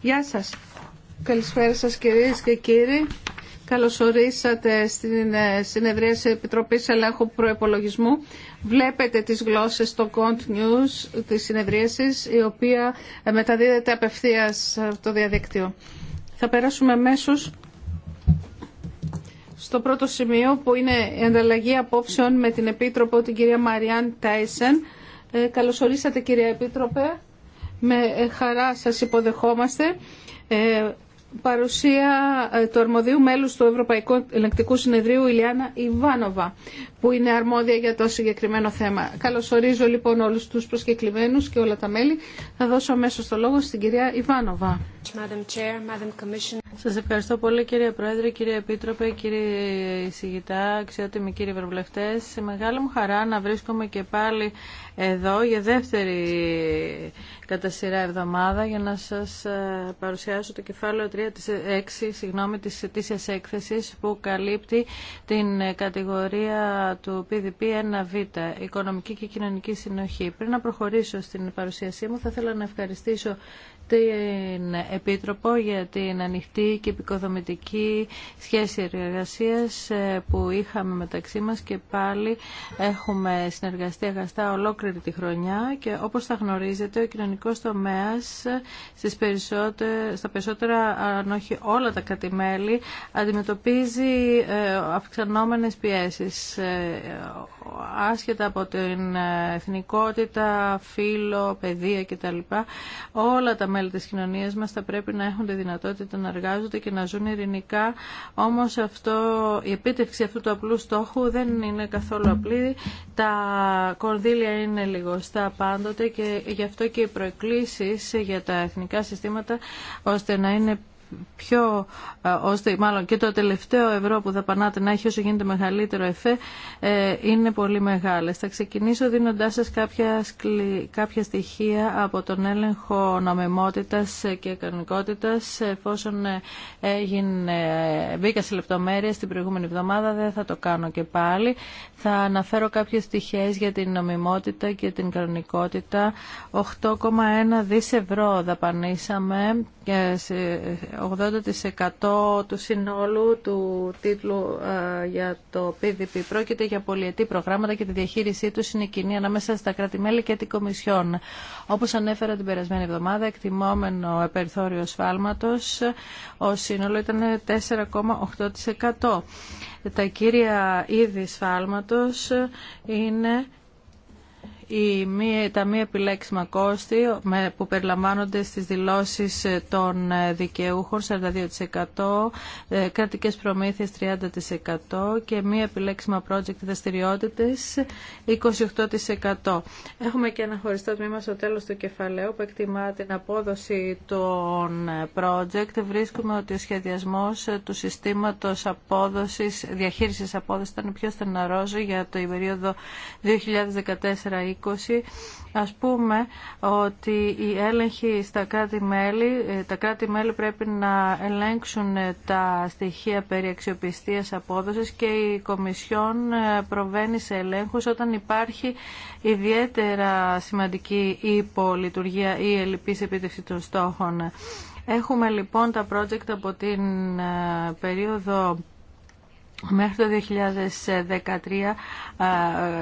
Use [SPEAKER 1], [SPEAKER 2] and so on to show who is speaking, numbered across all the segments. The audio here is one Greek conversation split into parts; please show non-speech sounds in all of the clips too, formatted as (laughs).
[SPEAKER 1] Γεια σας. Καλησπέρα σας κυρίες και κύριοι. Καλωσορίσατε στην ε, συνεδρία της Επιτροπής Ελέγχου Προεπολογισμού. Βλέπετε τις γλώσσες στο Cont News της συνεδρίασης, η οποία ε, μεταδίδεται απευθείας το διαδίκτυο. Θα περάσουμε αμέσω στο πρώτο σημείο που είναι η ανταλλαγή απόψεων με την Επίτροπο την κυρία Μαριάν Τάισεν. Καλώς ε, καλωσορίσατε κυρία Επίτροπε. Με χαρά σας υποδεχόμαστε ε, παρουσία ε, του αρμοδίου μέλους του Ευρωπαϊκού Ελεκτικού Συνεδρίου Ηλιάνα Ιβάνοβα που είναι αρμόδια για το συγκεκριμένο θέμα. Καλωσορίζω λοιπόν όλους τους προσκεκλημένους και όλα τα μέλη. Θα δώσω αμέσως το λόγο στην κυρία Ιβάνοβα. Madam Chair, Madam Σα ευχαριστώ πολύ κύριε Πρόεδρε, κύριε Επίτροπε, κύριε Συγητά, αξιότιμοι κύριοι Σε Μεγάλη μου χαρά να βρίσκομαι και πάλι εδώ για δεύτερη κατά σειρά εβδομάδα για να σα ε, παρουσιάσω το κεφάλαιο 3 6 ε, συγγνώμη, τη ετήσια έκθεση που καλύπτει την ε, κατηγορία του PDP 1β, Οικονομική και Κοινωνική Συνοχή. Πριν να προχωρήσω στην παρουσίασή μου θα ήθελα να ευχαριστήσω την Επίτροπο για την ανοιχτή και επικοδομητική σχέση εργασία ε, που είχαμε μεταξύ μας και πάλι έχουμε συνεργαστεί αγαστά ολόκληρη τη χρονιά και όπως θα γνωρίζετε ο κοινωνικός τομέας ε, στις στα περισσότερα αν όχι όλα τα κατημέλη αντιμετωπίζει ε, αυξανόμενες πιέσεις άσχετα από την εθνικότητα, φύλο, παιδεία κτλ. Όλα τα μέλη της κοινωνίας μας θα πρέπει να έχουν τη δυνατότητα να εργάζονται και να ζουν ειρηνικά. Όμως αυτό, η επίτευξη αυτού του απλού στόχου δεν είναι καθόλου απλή. Τα κονδύλια είναι λιγοστά πάντοτε και γι' αυτό και οι προεκκλήσεις για τα εθνικά συστήματα ώστε να είναι πιο, ε, ώστε μάλλον και το τελευταίο ευρώ που δαπανάτε να έχει όσο γίνεται μεγαλύτερο εφέ, ε, είναι πολύ μεγάλες. Θα ξεκινήσω δίνοντάς σας κάποια, κάποια στοιχεία από τον έλεγχο νομιμότητας και κανονικότητας, εφόσον ε, έγινε, μπήκα σε λεπτομέρειες την προηγούμενη εβδομάδα, δεν θα το κάνω και πάλι. Θα αναφέρω κάποιες στοιχείες για την νομιμότητα και την κανονικότητα. 8,1 ευρώ δαπανίσαμε 80% του συνόλου του τίτλου ε, για το PDP. Πρόκειται για πολιετή προγράμματα και τη διαχείρισή του είναι κοινή ανάμεσα στα κράτη-μέλη και την Κομισιόν. Όπως ανέφερα την περασμένη εβδομάδα, εκτιμόμενο περιθώριο σφάλματος, ο σύνολο ήταν 4,8%. Τα κύρια είδη σφάλματος είναι η μη, τα μη επιλέξιμα κόστη που περιλαμβάνονται στις δηλώσεις ε, των ε, δικαιούχων 42%, ε, κρατικές προμήθειες 30% και μη επιλέξιμα project δραστηριότητες 28%. Έχουμε και ένα χωριστό τμήμα στο τέλος του κεφαλαίου που εκτιμά την απόδοση των project. Βρίσκουμε ότι ο σχεδιασμός του συστήματος απόδοσης, διαχείρισης απόδοσης ήταν πιο στεναρός για το περίοδο 2014 ας πούμε ότι οι έλεγχοι στα κράτη-μέλη, ε, τα κράτη-μέλη πρέπει να ελέγξουν ε, τα στοιχεία περί αξιοπιστίας απόδοσης και η Κομισιόν ε, προβαίνει σε ελέγχους όταν υπάρχει ιδιαίτερα σημαντική υπολειτουργία ή ελλειπής επίτευξη των στόχων. Έχουμε λοιπόν τα project από την περίοδο μέχρι το 2013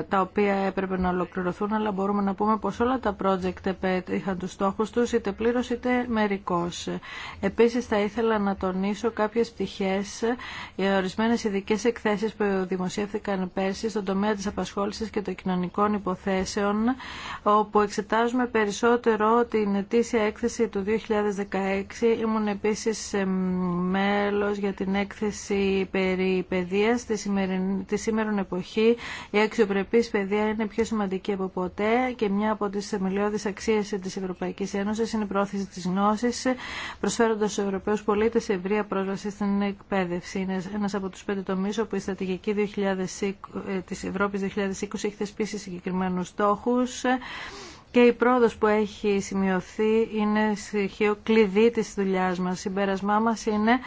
[SPEAKER 1] τα οποία έπρεπε να ολοκληρωθούν αλλά μπορούμε να πούμε πως όλα τα project είχαν τους στόχους τους είτε πλήρως είτε μερικώς. Επίσης θα ήθελα να τονίσω κάποιες πτυχές για ε, ορισμένες ειδικέ εκθέσεις που δημοσιεύθηκαν πέρσι στον τομέα της απασχόλησης και των κοινωνικών υποθέσεων όπου εξετάζουμε περισσότερο την ετήσια έκθεση του 2016. Ήμουν επίσης μέλος για την έκθεση περί παιδείας στη, σημεριν... τη σήμερον εποχή η αξιοπρεπή παιδεία είναι πιο σημαντική από ποτέ και μια από τις θεμελιώδει αξίες της Ευρωπαϊκής Ένωσης είναι η πρόθεση της γνώσης προσφέροντας στους Ευρωπαίους πολίτες ευρεία πρόσβαση στην εκπαίδευση. Είναι ένας από τους πέντε τομείς όπου η στρατηγική 2020... Ε, της Ευρώπης 2020 έχει θεσπίσει συγκεκριμένους στόχους και η πρόοδο που έχει σημειωθεί είναι στοιχείο κλειδί τη δουλειά μα. Συμπέρασμά μα είναι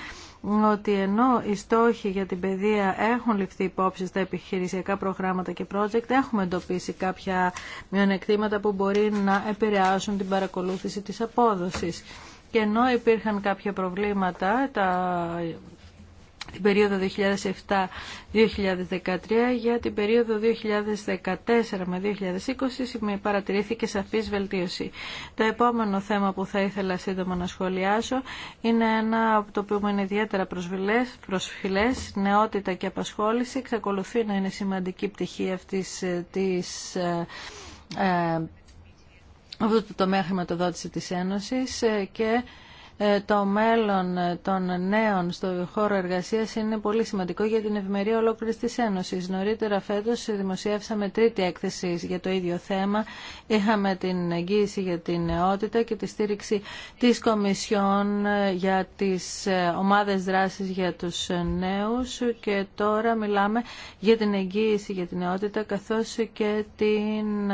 [SPEAKER 1] ότι ενώ οι στόχοι για την παιδεία έχουν ληφθεί υπόψη στα επιχειρησιακά προγράμματα και project, έχουμε εντοπίσει κάποια μειονεκτήματα που μπορεί να επηρεάσουν την παρακολούθηση της απόδοσης. Και ενώ υπήρχαν κάποια προβλήματα, τα την περίοδο 2007-2013 για την περίοδο 2014 με 2020 παρατηρήθηκε σαφής βελτίωση. Το επόμενο θέμα που θα ήθελα σύντομα να σχολιάσω είναι ένα από το οποίο είναι ιδιαίτερα προσφυλές, προσφυλές, νεότητα και απασχόληση. Ξεκολουθεί να είναι σημαντική πτυχή αυτής ε, της ε, ε, αυτού του τομέα χρηματοδότηση της Ένωσης και ε, το μέλλον ε, των νέων στο χώρο εργασία είναι πολύ σημαντικό για την ευημερία ολόκληρη τη Ένωση. Νωρίτερα φέτος δημοσιεύσαμε τρίτη έκθεση για το ίδιο θέμα. Είχαμε την εγγύηση για την νεότητα και τη στήριξη τη Κομισιόν ε, για τι ομάδε δράση για του νέου. και τώρα μιλάμε για την εγγύηση για την νεότητα καθώ και την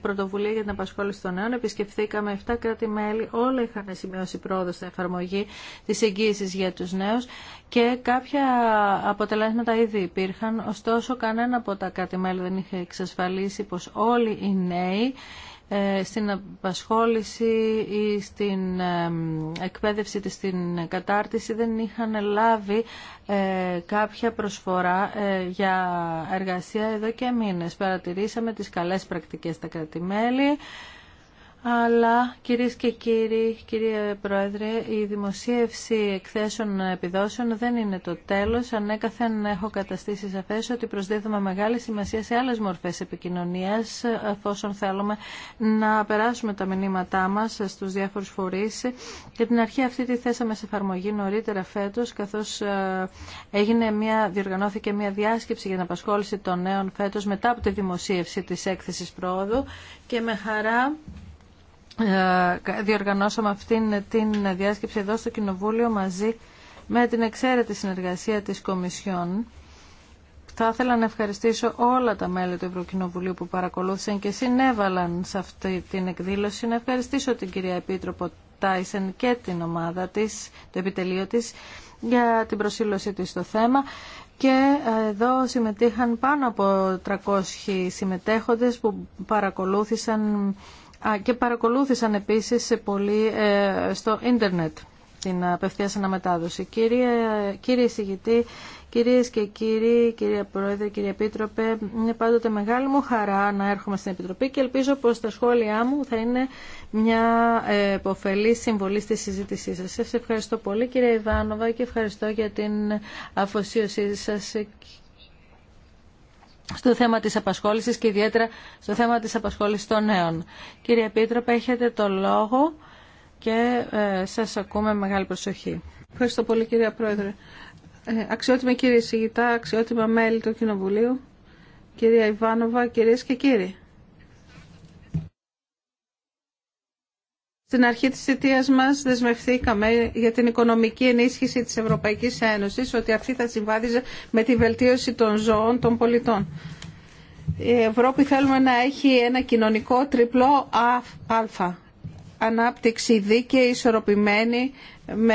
[SPEAKER 1] πρωτοβουλία για την απασχόληση των νέων. Επισκεφθήκαμε 7 κράτη-μέλη, όλα είχαν σημειώσει πρόβλημα πρόοδο στην εφαρμογή της εγγύηση για τους νέους και κάποια αποτελέσματα ήδη υπήρχαν, ωστόσο κανένα από τα κάτι μέλη δεν είχε εξασφαλίσει πως όλοι οι νέοι ε, στην απασχόληση ή στην ε, εκπαίδευση της, στην κατάρτιση δεν είχαν λάβει ε, κάποια προσφορά για εργασία εδώ και μήνες. Παρατηρήσαμε τις καλές πρακτικές στα κρατημέλη αλλά κυρίε και κύριοι, κύριε Πρόεδρε, η δημοσίευση εκθέσεων επιδόσεων δεν είναι το τέλο, Ανέκαθεν έχω καταστήσει σαφέ ότι προσδίδουμε μεγάλη σημασία σε άλλε μορφέ επικοινωνία, εφόσον θέλουμε να περάσουμε τα μηνύματά μα στου διάφορου φορεί. Και την αρχή αυτή τη θέσαμε σε εφαρμογή νωρίτερα φέτο, καθώ ε, έγινε μια, διοργανώθηκε μια διάσκεψη για την απασχόληση των νέων φέτο μετά από τη δημοσίευση τη έκθεση πρόοδου και με χαρά ε, διοργανώσαμε αυτήν την διάσκεψη εδώ στο Κοινοβούλιο μαζί με την εξαίρετη συνεργασία της Κομισιόν. Θα ήθελα να ευχαριστήσω όλα τα μέλη του Ευρωκοινοβουλίου που παρακολούθησαν και συνέβαλαν σε αυτή την εκδήλωση. Να ευχαριστήσω την κυρία Επίτροπο Τάισεν και την ομάδα της, το επιτελείο της, για την προσήλωσή της στο θέμα. Και ε, εδώ συμμετείχαν πάνω από 300 συμμετέχοντες που παρακολούθησαν και παρακολούθησαν επίσης πολύ ε, στο ίντερνετ την απευθεία αναμετάδοση. Κύριε, κύριε εισηγητή, κυρίες και κύριοι, κυρία Πρόεδρε, κύριε Επίτροπε, είναι πάντοτε μεγάλη μου χαρά να έρχομαι στην Επιτροπή και ελπίζω πως τα σχόλιά μου θα είναι μια υποφελή ε, συμβολή στη συζήτησή σας. Σας ευχαριστώ πολύ κύριε Ιβάνοβα και ευχαριστώ για την αφοσίωσή σας στο θέμα της απασχόλησης και ιδιαίτερα στο θέμα της απασχόλησης των νέων. Κύριε Επίτροπε, έχετε το λόγο και ε, σας ακούμε μεγάλη προσοχή. Ευχαριστώ πολύ κύριε Πρόεδρε. Ε, αξιότιμη κύριε Σιγητά, αξιότιμα μέλη του Κοινοβουλίου, κυρία Ιβάνοβα, κυρίες και κύριοι. Στην αρχή της θητείας μας δεσμευθήκαμε για την οικονομική ενίσχυση της Ευρωπαϊκής Ένωσης ότι αυτή θα συμβάδιζε με τη βελτίωση των ζώων των πολιτών. Η Ευρώπη θέλουμε να έχει ένα κοινωνικό τριπλό α, α ανάπτυξη δίκαιη, ισορροπημένη, με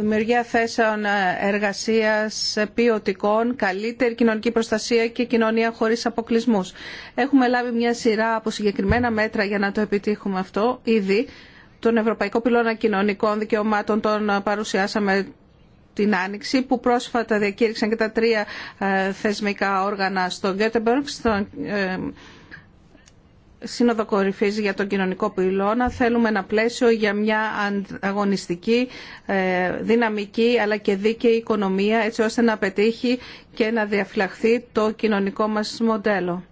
[SPEAKER 1] δημιουργία θέσεων ε, εργασίας ε, ποιοτικών, καλύτερη κοινωνική προστασία και κοινωνία χωρίς αποκλεισμούς. Έχουμε λάβει μια σειρά από συγκεκριμένα μέτρα για να το επιτύχουμε αυτό ήδη τον Ευρωπαϊκό Πυλώνα Κοινωνικών Δικαιωμάτων τον ε, παρουσιάσαμε την Άνοιξη που πρόσφατα διακήρυξαν και τα τρία ε, θεσμικά όργανα στο Γκέτεμπεργκ, στον ε, Σύνοδο Κορυφής για τον Κοινωνικό Πυλώνα. Θέλουμε ένα πλαίσιο για μια αγωνιστική, δυναμική αλλά και δίκαιη οικονομία έτσι ώστε να πετύχει και να διαφυλαχθεί το κοινωνικό μας μοντέλο.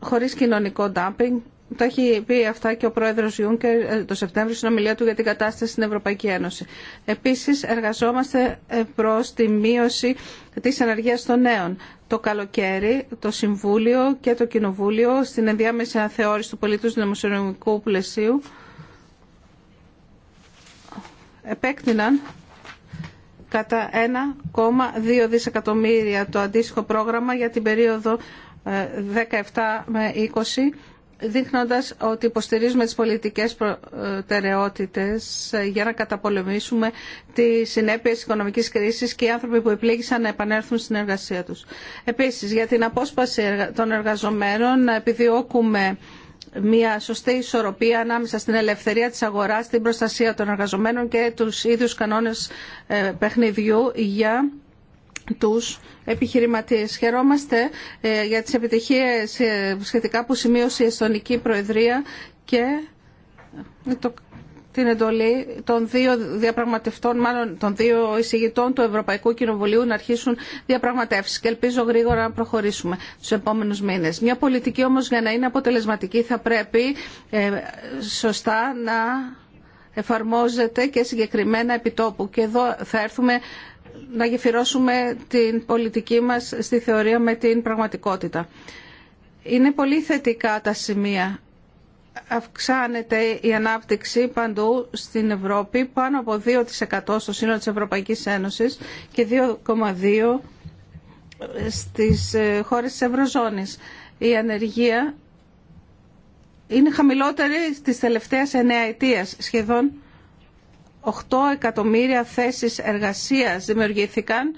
[SPEAKER 1] Χωρίς κοινωνικό ντάμπινγκ το έχει πει αυτά και ο πρόεδρο Γιούνκερ ε, το Σεπτέμβριο στην ομιλία του για την κατάσταση στην Ευρωπαϊκή Ένωση. Επίση, εργαζόμαστε ε, προ τη μείωση τη ενέργεια των νέων. Το καλοκαίρι, το Συμβούλιο και το Κοινοβούλιο, στην ενδιάμεση αναθεώρηση του πολιτού δημοσιονομικού πλαισίου, επέκτηναν κατά 1,2 δισεκατομμύρια το αντίστοιχο πρόγραμμα για την περίοδο 17 ε, 20 δείχνοντας ότι υποστηρίζουμε τις πολιτικές προτεραιότητες ε, για να καταπολεμήσουμε τις συνέπειες οικονομικής κρίσης και οι άνθρωποι που επλήγησαν να επανέλθουν στην εργασία τους. Επίσης, για την απόσπαση των εργαζομένων να επιδιώκουμε μια σωστή ισορροπία ανάμεσα στην ελευθερία της αγοράς, την προστασία των εργαζομένων και τους ίδιους κανόνες ε, παιχνιδιού για τους επιχειρηματίες. Χαιρόμαστε ε, για τις επιτυχίες ε, σχετικά που σημείωσε η Εστονική Προεδρία και ε, την εντολή των δύο διαπραγματευτών, μάλλον των δύο εισηγητών του Ευρωπαϊκού Κοινοβουλίου να αρχίσουν διαπραγματεύσεις και ελπίζω γρήγορα να προχωρήσουμε στους επόμενους μήνες. Μια πολιτική όμως για να είναι αποτελεσματική θα πρέπει σωστά να εφαρμόζεται και συγκεκριμένα επιτόπου και εδώ θα έρθουμε να γεφυρώσουμε την πολιτική μας στη θεωρία με την πραγματικότητα. Είναι πολύ θετικά τα σημεία. Αυξάνεται η ανάπτυξη παντού στην Ευρώπη πάνω από 2% στο σύνολο της Ευρωπαϊκής Ένωσης και 2,2% στις ε, χώρες της Ευρωζώνης. Η ανεργία είναι χαμηλότερη στις τελευταίες εννέα ετίας, σχεδόν 8 εκατομμύρια θέσεις εργασίας δημιουργήθηκαν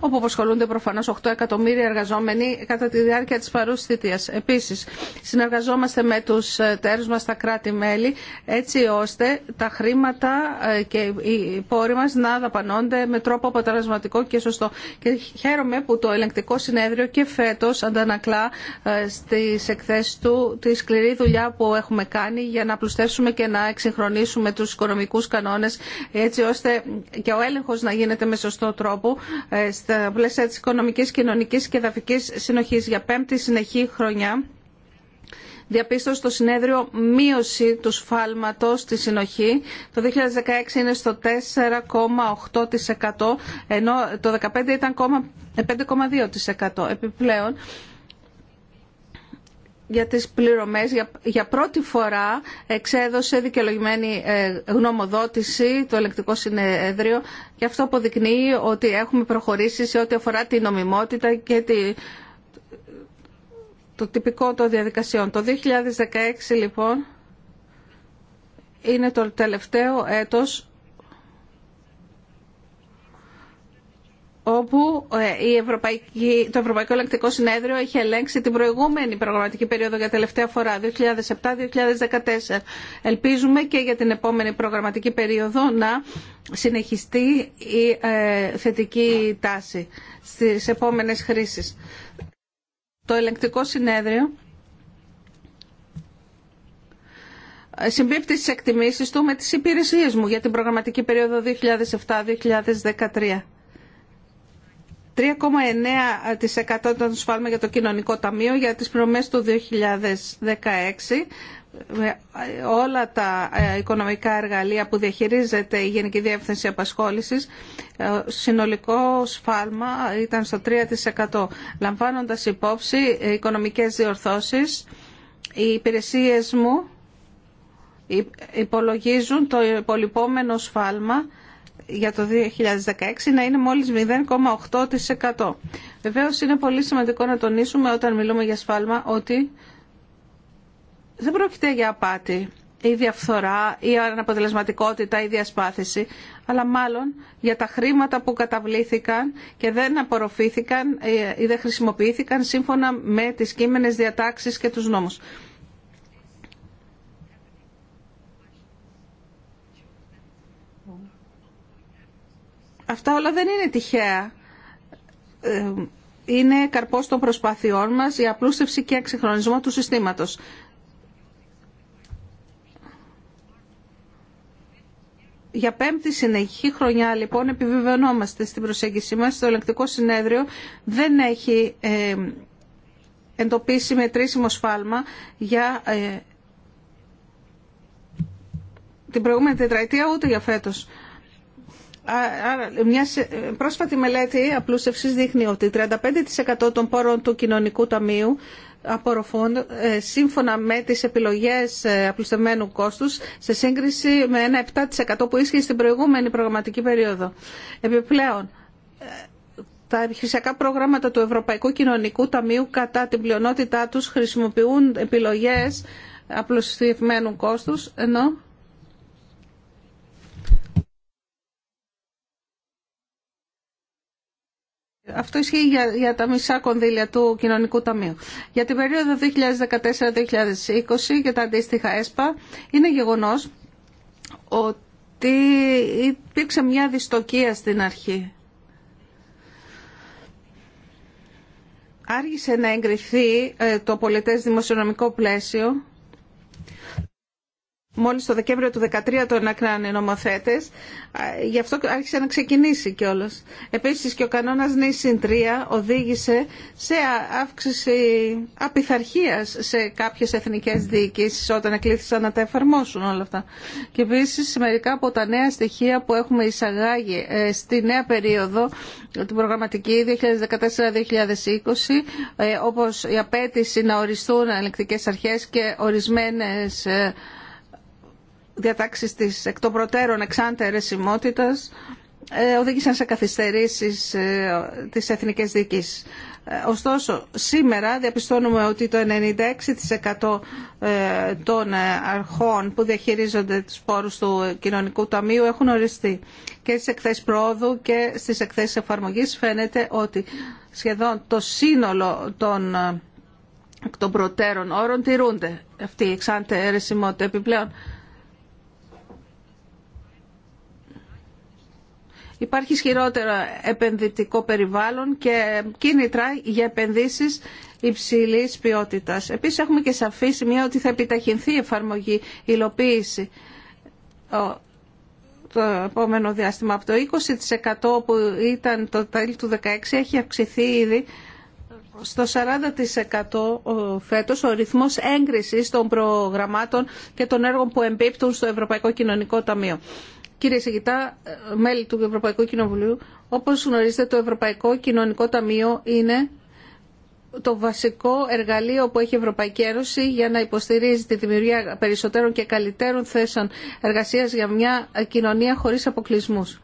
[SPEAKER 1] όπου απασχολούνται προφανώ 8 εκατομμύρια εργαζόμενοι κατά τη διάρκεια τη παρούς θητείας. Επίσης, συνεργαζόμαστε με του ε, τέρους μα τα κράτη-μέλη, έτσι ώστε τα χρήματα ε, και οι πόροι μα να δαπανώνται με τρόπο αποτελεσματικό και σωστό. Και χαίρομαι που το ελεγκτικό συνέδριο και φέτο, αντανακλά ε, στις εκθέσει του τη σκληρή δουλειά που έχουμε κάνει για να πλουστεύσουμε και να εξυγχρονίσουμε του οικονομικού κανόνε, έτσι ώστε και ο έλεγχο να γίνεται με σωστό τρόπο στα πλαίσια της οικονομικής, κοινωνικής και δαφικής συνοχής για πέμπτη συνεχή χρονιά διαπίστωσε στο συνέδριο μείωση του σφάλματος στη συνοχή. Το 2016 είναι στο 4,8% ενώ το 2015 ήταν 5,2% επιπλέον για τις πληρωμές για, για πρώτη φορά εξέδωσε δικαιολογημένη ε, γνωμοδότηση το ελεκτικό συνέδριο και αυτό αποδεικνύει ότι έχουμε προχωρήσει σε ό,τι αφορά την νομιμότητα και τη, το τυπικό των διαδικασιών. Το 2016 λοιπόν είναι το τελευταίο έτος όπου ε, η Ευρωπαϊκή, το Ευρωπαϊκό Ελεκτικό Συνέδριο έχει ελέγξει την προηγούμενη προγραμματική περίοδο για τελευταία φορά, 2007-2014. Ελπίζουμε και για την επόμενη προγραμματική περίοδο να συνεχιστεί η ε, θετική τάση στις επόμενες χρήσεις. Το Ελεκτικό Συνέδριο συμπίπτει στις εκτιμήσεις του με τις υπηρεσίες μου για την προγραμματική περίοδο 2007-2013. 3,9% των σφάλμα για το κοινωνικό ταμείο για τις πληρωμές του 2016 όλα τα ε, οικονομικά εργαλεία που διαχειρίζεται η Γενική Διεύθυνση Απασχόλησης ε, συνολικό σφάλμα ήταν στο 3% λαμβάνοντας υπόψη ε, οικονομικές διορθώσεις οι υπηρεσίες μου υπολογίζουν το υπολοιπόμενο σφάλμα για το 2016 να είναι μόλις 0,8%. Βεβαίως είναι πολύ σημαντικό να τονίσουμε όταν μιλούμε για σφάλμα ότι δεν πρόκειται για απάτη η διαφθορά, η αναποτελεσματικότητα, η διασπάθηση, αλλά μάλλον για τα χρήματα που καταβλήθηκαν και δεν απορροφήθηκαν ε, ή δεν χρησιμοποιήθηκαν σύμφωνα με τις κείμενες διατάξεις και τους νόμους. Αυτά όλα δεν είναι τυχαία. Ε, είναι καρπός των προσπάθειών μας η απλούστευση και εξυγχρονισμό του συστήματος. Για πέμπτη συνεχή χρονιά λοιπόν επιβεβαιωνόμαστε στην προσέγγιση μας. Το Ελεκτικό συνέδριο δεν έχει ε, εντοπίσει μετρήσιμο σφάλμα για ε, την προηγούμενη τετραετία ούτε για φέτος. Μια πρόσφατη μελέτη απλούσευσης δείχνει ότι 35% των πόρων του κοινωνικού ταμείου απορροφούν ε, σύμφωνα με τις επιλογές ε, απλουστευμένου κόστους σε σύγκριση με ένα 7% που ίσχυε στην προηγούμενη προγραμματική περίοδο. Επιπλέον, ε, τα επιχειρησιακά προγράμματα του Ευρωπαϊκού Κοινωνικού Ταμείου κατά την πλειονότητά τους χρησιμοποιούν επιλογές απλουστευμένου κόστους, ενώ Αυτό ισχύει για, τα μισά κονδύλια του Κοινωνικού Ταμείου. Για την περίοδο 2014-2020 και τα αντίστοιχα ΕΣΠΑ είναι γεγονός ότι υπήρξε μια δυστοκία στην αρχή. Άργησε να εγκριθεί ε, το πολιτές δημοσιονομικό πλαίσιο μόλις το Δεκέμβριο του 2013 το τον οι νομοθέτες, γι' αυτό άρχισε να ξεκινήσει κιόλας. Επίσης και ο κανόνας νήσιν 3 οδήγησε σε αύξηση απειθαρχίας σε κάποιες εθνικές διοικήσεις όταν εκλήθησαν να τα εφαρμόσουν όλα αυτά. Και επίσης μερικά από τα νέα στοιχεία που έχουμε εισαγάγει ε, στη νέα περίοδο, την προγραμματική 2014-2020, ε, όπως η απέτηση να οριστούν ελεκτικές αρχές και ορισμένες ε, διατάξεις της εκ των προτέρων ε, οδήγησαν σε καθυστερήσεις ε, της εθνικές δίκης. Ε, ωστόσο, σήμερα διαπιστώνουμε ότι το 96% ε, των αρχών που διαχειρίζονται τους πόρους του Κοινωνικού Ταμείου έχουν οριστεί. Και στις εκθέσεις πρόοδου και στις εκθέσεις εφαρμογής φαίνεται ότι σχεδόν το σύνολο των των προτέρων όρων τηρούνται αυτή η εξάντε αιρεσιμότητα επιπλέον υπάρχει ισχυρότερο επενδυτικό περιβάλλον και κίνητρα για επενδύσεις υψηλής ποιότητας. Επίσης έχουμε και σαφή σημεία ότι θα επιταχυνθεί η εφαρμογή, η υλοποίηση το επόμενο διάστημα. Από το 20% που ήταν το τέλη του 2016 έχει αυξηθεί ήδη στο 40% φέτος ο ρυθμός έγκρισης των προγραμμάτων και των έργων που εμπίπτουν στο Ευρωπαϊκό Κοινωνικό Ταμείο. Κύριε Σεγητά, μέλη του Ευρωπαϊκού Κοινοβουλίου, όπως γνωρίζετε το Ευρωπαϊκό Κοινωνικό Ταμείο είναι το βασικό εργαλείο που έχει η Ευρωπαϊκή Ένωση για να υποστηρίζει τη δημιουργία περισσότερων και καλύτερων θέσεων εργασίας για μια κοινωνία χωρίς αποκλεισμούς.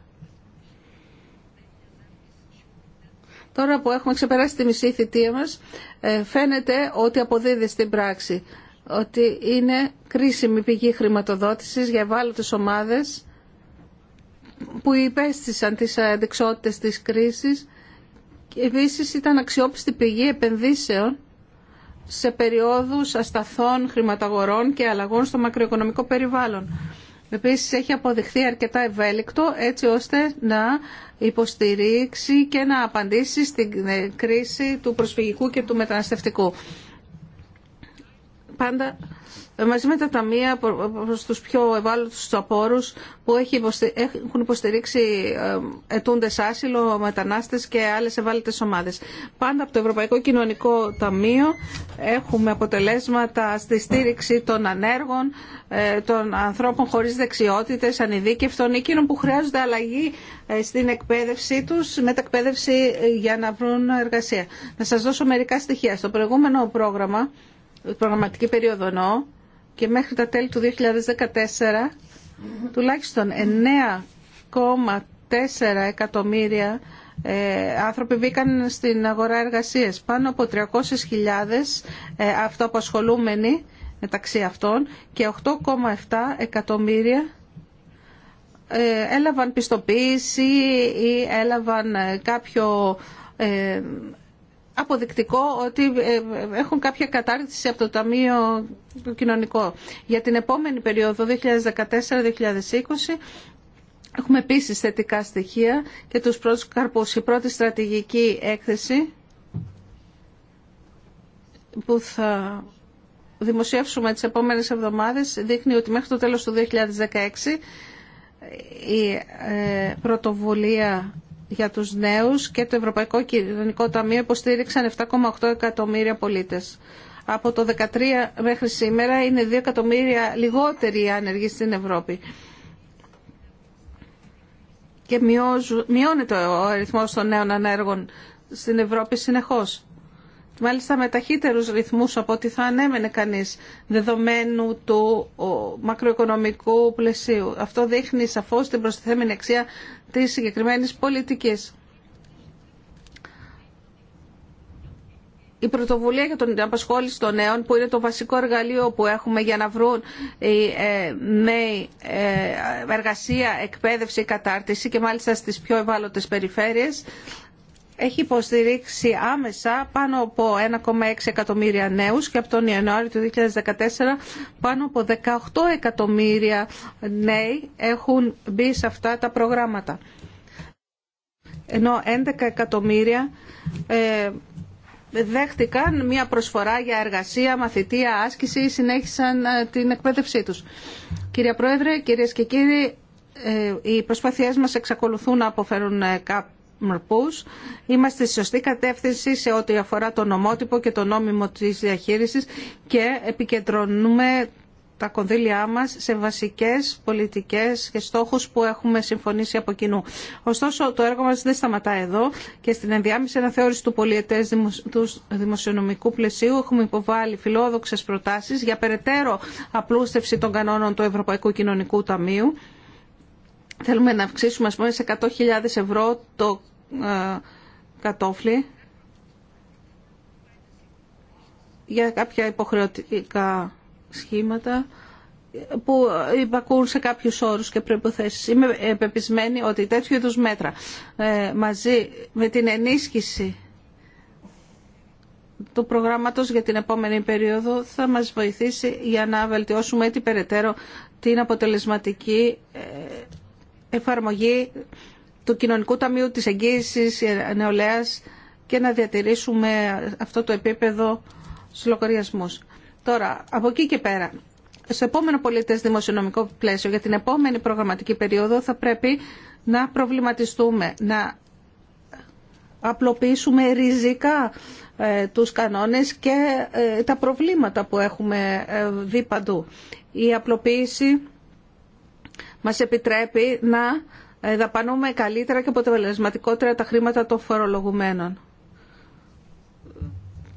[SPEAKER 1] Τώρα που έχουμε ξεπεράσει τη μισή θητεία μας, ε, φαίνεται ότι αποδίδει στην πράξη, ότι είναι κρίσιμη πηγή χρηματοδότησης για ευάλωτες ομάδες που υπέστησαν τις τη της κρίσης. Επίσης ήταν αξιόπιστη πηγή επενδύσεων σε περιόδους ασταθών χρηματαγορών και αλλαγών στο μακροοικονομικό περιβάλλον. Επίσης έχει αποδειχθεί αρκετά ευέλικτο έτσι ώστε να υποστηρίξει και να απαντήσει στην ε, κρίση του προσφυγικού και του μεταναστευτικού. Πάντα μαζί με τα ταμεία προς τους πιο ευάλωτους απόρους που έχουν υποστηρίξει ε, ετούντες άσυλο, μετανάστες και άλλες ευάλωτες ομάδες. Πάντα από το Ευρωπαϊκό Κοινωνικό Ταμείο έχουμε αποτελέσματα στη στήριξη των ανέργων, ε, των ανθρώπων χωρίς δεξιότητες, ανειδίκευτων, εκείνων που χρειάζονται αλλαγή ε, στην εκπαίδευσή τους, μετακπαίδευση για να βρουν εργασία. Να σας δώσω μερικά στοιχεία. Στο προηγούμενο πρόγραμμα, προγραμματική περίοδο εννοώ, και μέχρι τα τέλη του 2014 τουλάχιστον 9,4 εκατομμύρια ε, άνθρωποι μπήκαν στην αγορά εργασίας. Πάνω από 300.000 ε, αυτοαπασχολούμενοι μεταξύ αυτών και 8,7 εκατομμύρια ε, έλαβαν πιστοποίηση ή έλαβαν κάποιο αποδεικτικό ότι ε, ε, έχουν κάποια κατάρτιση από το Ταμείο Κοινωνικό. Για την επόμενη περίοδο 2014-2020 έχουμε επίσης θετικά στοιχεία και τους πρώτους καρπούς. Η πρώτη στρατηγική έκθεση που θα δημοσιεύσουμε τις επόμενες εβδομάδες δείχνει ότι μέχρι το τέλος του 2016 η ε, πρωτοβουλία για τους νέους και το Ευρωπαϊκό Κοινωνικό Ταμείο υποστήριξαν 7,8 εκατομμύρια πολίτες. Από το 2013 μέχρι σήμερα είναι 2 εκατομμύρια λιγότεροι οι άνεργοι στην Ευρώπη. Και μειώνεται ο αριθμός των νέων ανέργων στην Ευρώπη συνεχώς. Μάλιστα με ταχύτερους ρυθμούς από ό,τι θα ανέμενε κανείς δεδομένου του μακροοικονομικού πλαισίου. Αυτό δείχνει σαφώς την προστιθέμενη αξία της συγκεκριμένης πολιτικής. η πρωτοβουλία για την απασχόληση των νέων που είναι το βασικό εργαλείο που έχουμε για να βρουν οι ε, νέοι ε, εργασία, εκπαίδευση, κατάρτιση και μάλιστα στις πιο ευάλωτες περιφέρειες έχει υποστηρίξει άμεσα πάνω από 1,6 εκατομμύρια νέους και από τον Ιανουάριο του 2014 πάνω από 18 εκατομμύρια νέοι έχουν μπει σε αυτά τα προγράμματα. Ενώ 11 εκατομμύρια ε, δέχτηκαν μια προσφορά για εργασία, μαθητεία, άσκηση ή συνέχισαν ε, την εκπαίδευσή τους. Κυρία Πρόεδρε, κυρίες και κύριοι, ε, οι προσπάθειές μας εξακολουθούν να αποφέρουν ε, Είμαστε στη σωστή κατεύθυνση σε ό,τι αφορά το νομότυπο και το νόμιμο της διαχείρισης και επικεντρωνούμε τα κονδύλια μας σε βασικές πολιτικές και στόχους που έχουμε συμφωνήσει από κοινού. Ωστόσο, το έργο μας δεν σταματά εδώ και στην ενδιάμεση αναθεώρηση του πολιετές του δημοσιονομικού πλαισίου έχουμε υποβάλει φιλόδοξες προτάσεις για περαιτέρω απλούστευση των κανόνων του Ευρωπαϊκού Κοινωνικού Ταμείου Θέλουμε να αυξήσουμε ας πούμε σε 100.000 ευρώ το ε, κατόφλι για κάποια υποχρεωτικά σχήματα που υπακούν σε κάποιους όρους και προϋποθέσεις. Είμαι επεπισμένη ότι τέτοιου είδους μέτρα ε, μαζί με την ενίσχυση του προγράμματος για την επόμενη περίοδο θα μας βοηθήσει για να βελτιώσουμε έτσι περαιτέρω την αποτελεσματική ε, εφαρμογή του Κοινωνικού Ταμείου της Εγγύησης Νεολαίας και να διατηρήσουμε αυτό το επίπεδο στους λογαριασμούς. Τώρα, από εκεί και πέρα, στο επόμενο πολιτές δημοσιονομικό πλαίσιο για την επόμενη προγραμματική περίοδο θα πρέπει να προβληματιστούμε, να απλοποιήσουμε ριζικά ε, τους κανόνες και ε, τα προβλήματα που έχουμε ε, δει παντού. Η απλοποίηση μας επιτρέπει να ε, δαπανούμε καλύτερα και αποτελεσματικότερα τα χρήματα των φορολογουμένων.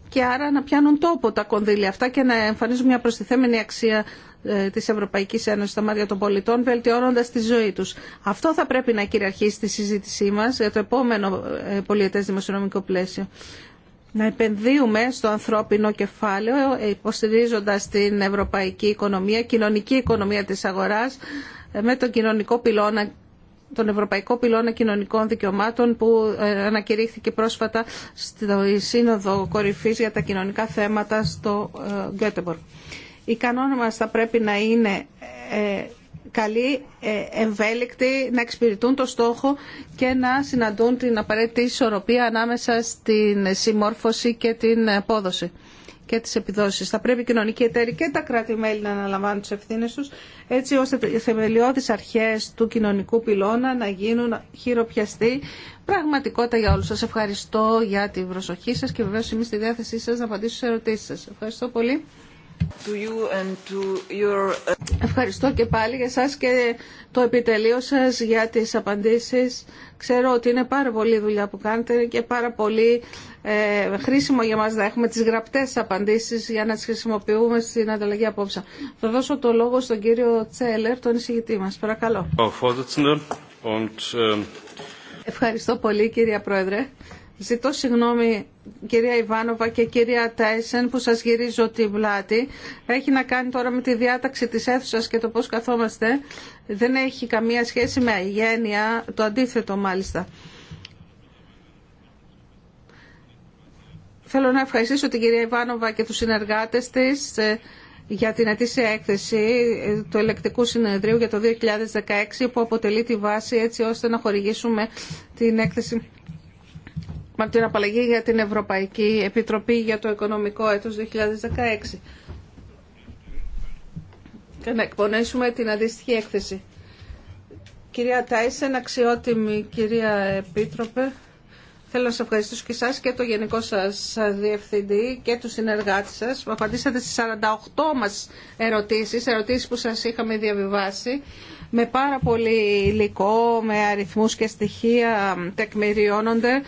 [SPEAKER 1] Και άρα να πιάνουν τόπο τα κονδύλια αυτά και να εμφανίζουν μια προστιθέμενη αξία ε, της Ευρωπαϊκή Ένωση στα μάτια των πολιτών, βελτιώνοντας τη ζωή τους. Αυτό θα πρέπει να κυριαρχήσει στη συζήτησή μας για το επόμενο ε, πολιετές δημοσιονομικό πλαίσιο να επενδύουμε στο ανθρώπινο κεφάλαιο ε, υποστηρίζοντας την ευρωπαϊκή οικονομία, κοινωνική οικονομία της αγοράς ε, με τον κοινωνικό πυλώνα τον Ευρωπαϊκό Πυλώνα Κοινωνικών Δικαιωμάτων που ε, ανακηρύχθηκε πρόσφατα στο Σύνοδο Κορυφής για τα κοινωνικά θέματα στο Γκέτεμπορ. Η κανόνα μας θα πρέπει να είναι καλή, ευέλικτη, να εξυπηρετούν το στόχο και να συναντούν την απαραίτητη ισορροπία ανάμεσα στην συμμόρφωση και την απόδοση και τις επιδόσεις. Θα πρέπει οι κοινωνικοί εταίροι και τα κράτη-μέλη να αναλαμβάνουν τις ευθύνες τους, έτσι ώστε οι θεμελιώδεις αρχές του κοινωνικού πυλώνα να γίνουν χειροπιαστή πραγματικότητα για όλους. Σας ευχαριστώ για την προσοχή σας και βεβαίως είμαι στη διάθεσή σας να απαντήσω σε ερωτήσεις σας. Ευχαριστώ πολύ. Uh, Ευχαριστώ και πάλι για σας και το επιτελείο σας για τις απαντήσεις. Ξέρω ότι είναι πάρα πολύ δουλειά που κάνετε και πάρα πολύ ε, χρήσιμο για μας να έχουμε τις γραπτές απαντήσεις για να τις χρησιμοποιούμε στην ανταλλαγή απόψε. Θα δώσω το λόγο στον κύριο Τσέλερ, τον εισηγητή μας. Παρακαλώ. Ähm, Ευχαριστώ πολύ κύριε Πρόεδρε. Ζητώ συγγνώμη κυρία Ιβάνοβα και κυρία Τάισεν που σας γυρίζω την πλάτη. Έχει να κάνει τώρα με τη διάταξη της αίθουσα και το πώς καθόμαστε. Δεν έχει καμία σχέση με αγένεια, το αντίθετο μάλιστα. Θέλω να ευχαριστήσω την κυρία Ιβάνοβα και τους συνεργάτες της ε, για την ετήσια έκθεση του Ελεκτικού Συνεδρίου για το 2016 που αποτελεί τη βάση έτσι ώστε να χορηγήσουμε την έκθεση από την απαλλαγή για την Ευρωπαϊκή Επιτροπή για το Οικονομικό έτος 2016 και να εκπονήσουμε την αντίστοιχη έκθεση. Κυρία Τάισεν, αξιότιμη κυρία Επίτροπε, θέλω να σας ευχαριστήσω και εσάς και το γενικό σας διευθυντή και τους συνεργάτες σας που απαντήσατε στις 48 μας ερωτήσεις, ερωτήσεις που σας είχαμε διαβιβάσει με πάρα πολύ υλικό, με αριθμούς και στοιχεία τεκμηριώνονται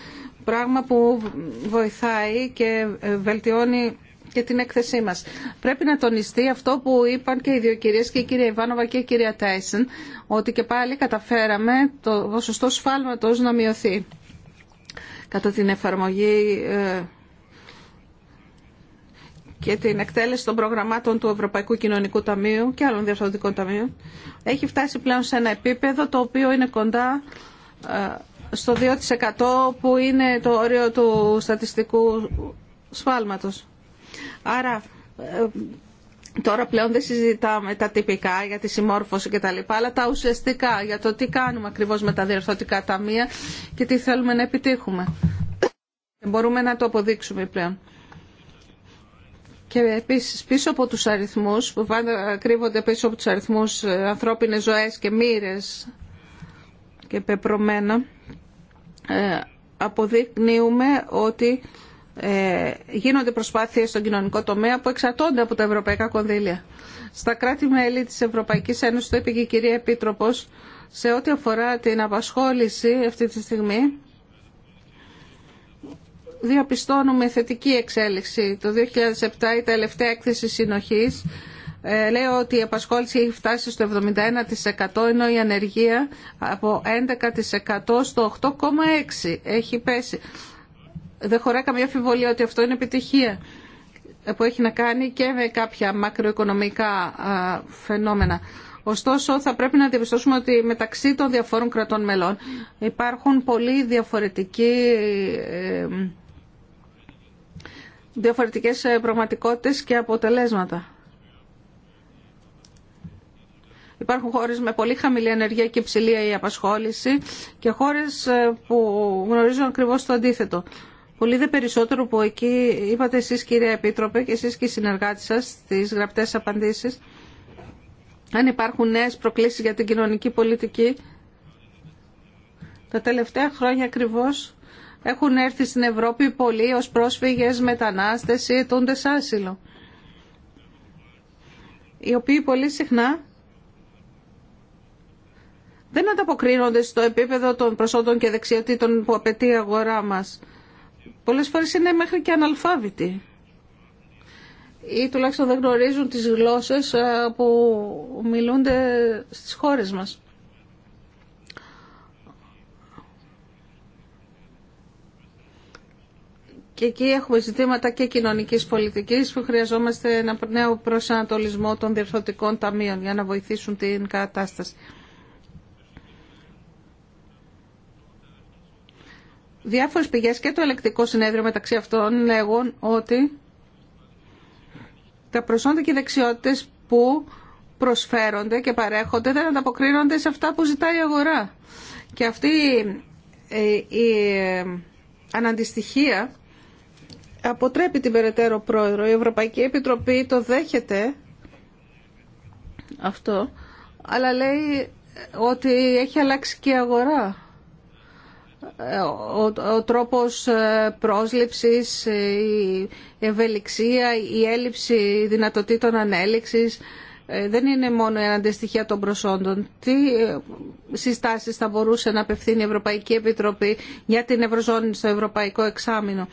[SPEAKER 1] πράγμα που βοηθάει και βελτιώνει και την έκθεσή μας. Πρέπει να τονιστεί αυτό που είπαν και οι δύο κυρίες και η κυρία Ιβάνοβα και η κυρία Τάισεν, ότι και πάλι καταφέραμε το ποσοστό σφάλματος να μειωθεί κατά την εφαρμογή ε, και την εκτέλεση των προγραμμάτων του Ευρωπαϊκού Κοινωνικού Ταμείου και άλλων διαφορετικών ταμείων έχει φτάσει πλέον σε ένα επίπεδο το οποίο είναι κοντά ε, στο 2% που είναι το όριο του στατιστικού σφάλματος. Άρα ε, Τώρα πλέον δεν συζητάμε τα τυπικά για τη συμμόρφωση και τα λοιπά, αλλά τα ουσιαστικά για το τι κάνουμε ακριβώς με τα διορθωτικά ταμεία και τι θέλουμε να επιτύχουμε. Μπορούμε να το αποδείξουμε πλέον. Και επίσης πίσω από τους αριθμούς, που κρύβονται πίσω από τους αριθμούς ε, ανθρώπινες ζωές και μοίρες και πεπρωμένα, ε, αποδεικνύουμε ότι ε, γίνονται προσπάθειες στον κοινωνικό τομέα που εξαρτώνται από τα ευρωπαϊκά κονδύλια. Στα κράτη-μέλη της Ευρωπαϊκής Ένωσης, το είπε και η κυρία Επίτροπος, σε ό,τι αφορά την απασχόληση αυτή τη στιγμή, διαπιστώνουμε θετική εξέλιξη. Το 2007 η τελευταία έκθεση συνοχής ε, λέω ότι η απασχόληση έχει φτάσει στο 71% ενώ η ανεργία από 11% στο 8,6% έχει πέσει. Δεν χωράει καμία αφιβολία ότι αυτό είναι επιτυχία που έχει να κάνει και με κάποια μακροοικονομικά φαινόμενα. Ωστόσο, θα πρέπει να διαπιστώσουμε ότι μεταξύ των διαφόρων κρατών μελών υπάρχουν πολύ διαφορετικοί διαφορετικές ε, πραγματικότητες και αποτελέσματα. Υπάρχουν χώρε με πολύ χαμηλή ενεργεία και υψηλή η απασχόληση και χώρες ε, που γνωρίζουν ακριβώ το αντίθετο. Πολύ δε περισσότερο που εκεί είπατε εσείς κύριε Επίτροπε και εσείς και οι συνεργάτε σα στις γραπτές απαντήσεις αν υπάρχουν νέε προκλήσεις για την κοινωνική πολιτική τα τελευταία χρόνια ακριβώ έχουν έρθει στην Ευρώπη πολλοί ως πρόσφυγες, μετανάστες ή αιτούντες άσυλο οι οποίοι πολύ συχνά δεν ανταποκρίνονται στο επίπεδο των προσόντων και δεξιοτήτων που απαιτεί η αγορά μας. Πολλές φορές είναι μέχρι και αναλφάβητοι ή τουλάχιστον δεν γνωρίζουν τις γλώσσες ε, που μιλούνται στις χώρες μας. Και εκεί έχουμε ζητήματα και κοινωνικής πολιτικής που χρειαζόμαστε ένα νέο προσανατολισμό των διευθυντικών ταμείων για να βοηθήσουν την κατάσταση. Διάφορε πηγέ και το ελεκτικό συνέδριο μεταξύ αυτών λέγουν ότι τα προσόντα και οι δεξιότητες που προσφέρονται και παρέχονται δεν ανταποκρίνονται σε αυτά που ζητάει η αγορά. Και αυτή ε, η ε, αναντιστοιχία αποτρέπει την περαιτέρω πρόεδρο. Η Ευρωπαϊκή Επιτροπή το δέχεται αυτό, αλλά λέει ότι έχει αλλάξει και η αγορά ο, ο τρόπος ε, πρόσληψης, η ευελιξία, η έλλειψη δυνατοτήτων ανέλυξης ε, δεν είναι μόνο η αντιστοιχεία των προσόντων. Τι ε, συστάσεις θα μπορούσε να απευθύνει η Ευρωπαϊκή Επιτροπή για την Ευρωζώνη στο Ευρωπαϊκό Εξάμεινο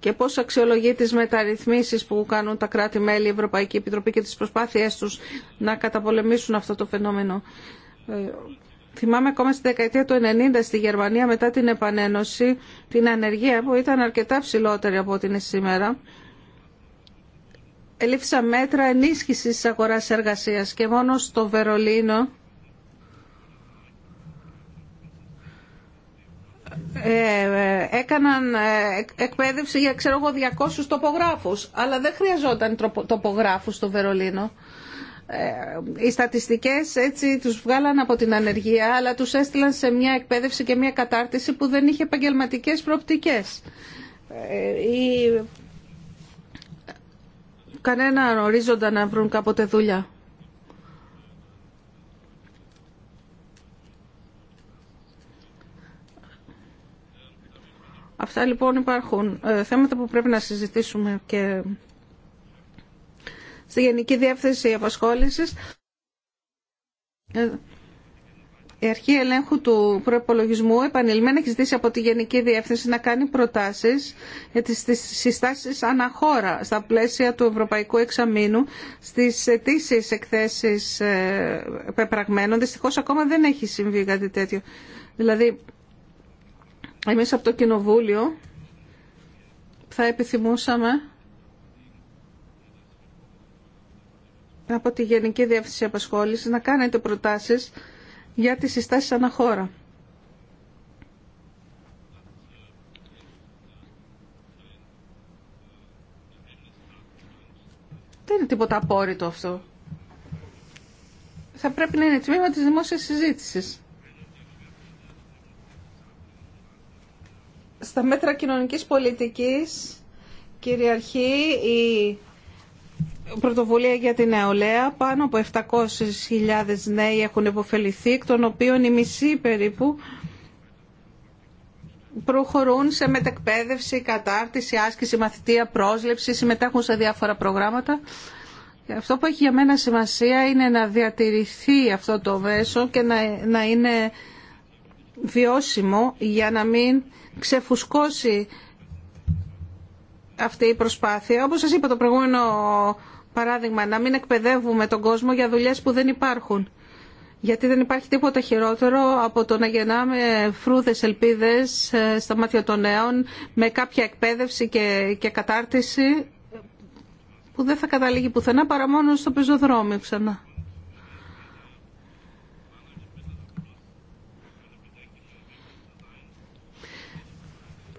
[SPEAKER 1] και πώς αξιολογεί τις μεταρρυθμίσεις που κάνουν τα κράτη-μέλη, η Ευρωπαϊκή Επιτροπή και τις προσπάθειές τους να καταπολεμήσουν αυτό το φαινόμενο. Θυμάμαι ακόμα στη δεκαετία του 90 στη Γερμανία μετά την επανένωση την ανεργία που ήταν αρκετά ψηλότερη από ό,τι είναι σήμερα. Ελήφθησα μέτρα ενίσχυσης της αγοράς εργασίας και μόνο στο Βερολίνο ε, ε, έκαναν ε, εκπαίδευση για ξέρω εγώ 200 τοπογράφους αλλά δεν χρειαζόταν τοπογράφους στο Βερολίνο ε, οι στατιστικές έτσι τους βγάλαν από την ανεργία αλλά τους έστειλαν σε μια εκπαίδευση και μια κατάρτιση που δεν είχε επαγγελματικέ προοπτικές. Ή... Ε, Κανένα ορίζοντα να βρουν κάποτε δουλειά. Αυτά λοιπόν υπάρχουν ε, θέματα που πρέπει να συζητήσουμε και στη Γενική Διεύθυνση Απασχόλησης. Η Αρχή Ελέγχου του Προπολογισμού επανειλημμένα έχει ζητήσει από τη Γενική Διεύθυνση να κάνει προτάσεις για τις συστάσεις αναχώρα στα πλαίσια του Ευρωπαϊκού Εξαμήνου στις αιτήσεις εκθέσεις ε, πεπραγμένων. Δυστυχώς ακόμα δεν έχει συμβεί κάτι τέτοιο. Δηλαδή, εμεί από το Κοινοβούλιο θα επιθυμούσαμε από τη Γενική Διεύθυνση Απασχόλησης να κάνετε προτάσεις για τις συστάσεις αναχώρα. Δεν είναι τίποτα απόρριτο αυτό. Θα πρέπει να είναι τμήμα της δημόσιας συζήτησης. Στα μέτρα κοινωνικής πολιτικής κυριαρχεί η πρωτοβουλία για την νεολαία. Πάνω από 700.000 νέοι έχουν υποφεληθεί, εκ των οποίων η μισή περίπου προχωρούν σε μετεκπαίδευση, κατάρτιση, άσκηση, μαθητεία, πρόσληψη, συμμετέχουν σε διάφορα προγράμματα. Αυτό που έχει για μένα σημασία είναι να διατηρηθεί αυτό το μέσο και να, να είναι βιώσιμο για να μην ξεφουσκώσει αυτή η προσπάθεια. Όπως σας είπα το προηγούμενο Παράδειγμα, να μην εκπαιδεύουμε τον κόσμο για δουλειές που δεν υπάρχουν. Γιατί δεν υπάρχει τίποτα χειρότερο από το να γεννάμε φρούδες ελπίδες ε, στα μάτια των νέων με κάποια εκπαίδευση και, και κατάρτιση που δεν θα καταλήγει πουθενά παρά μόνο στο πεζοδρόμιο ξανά.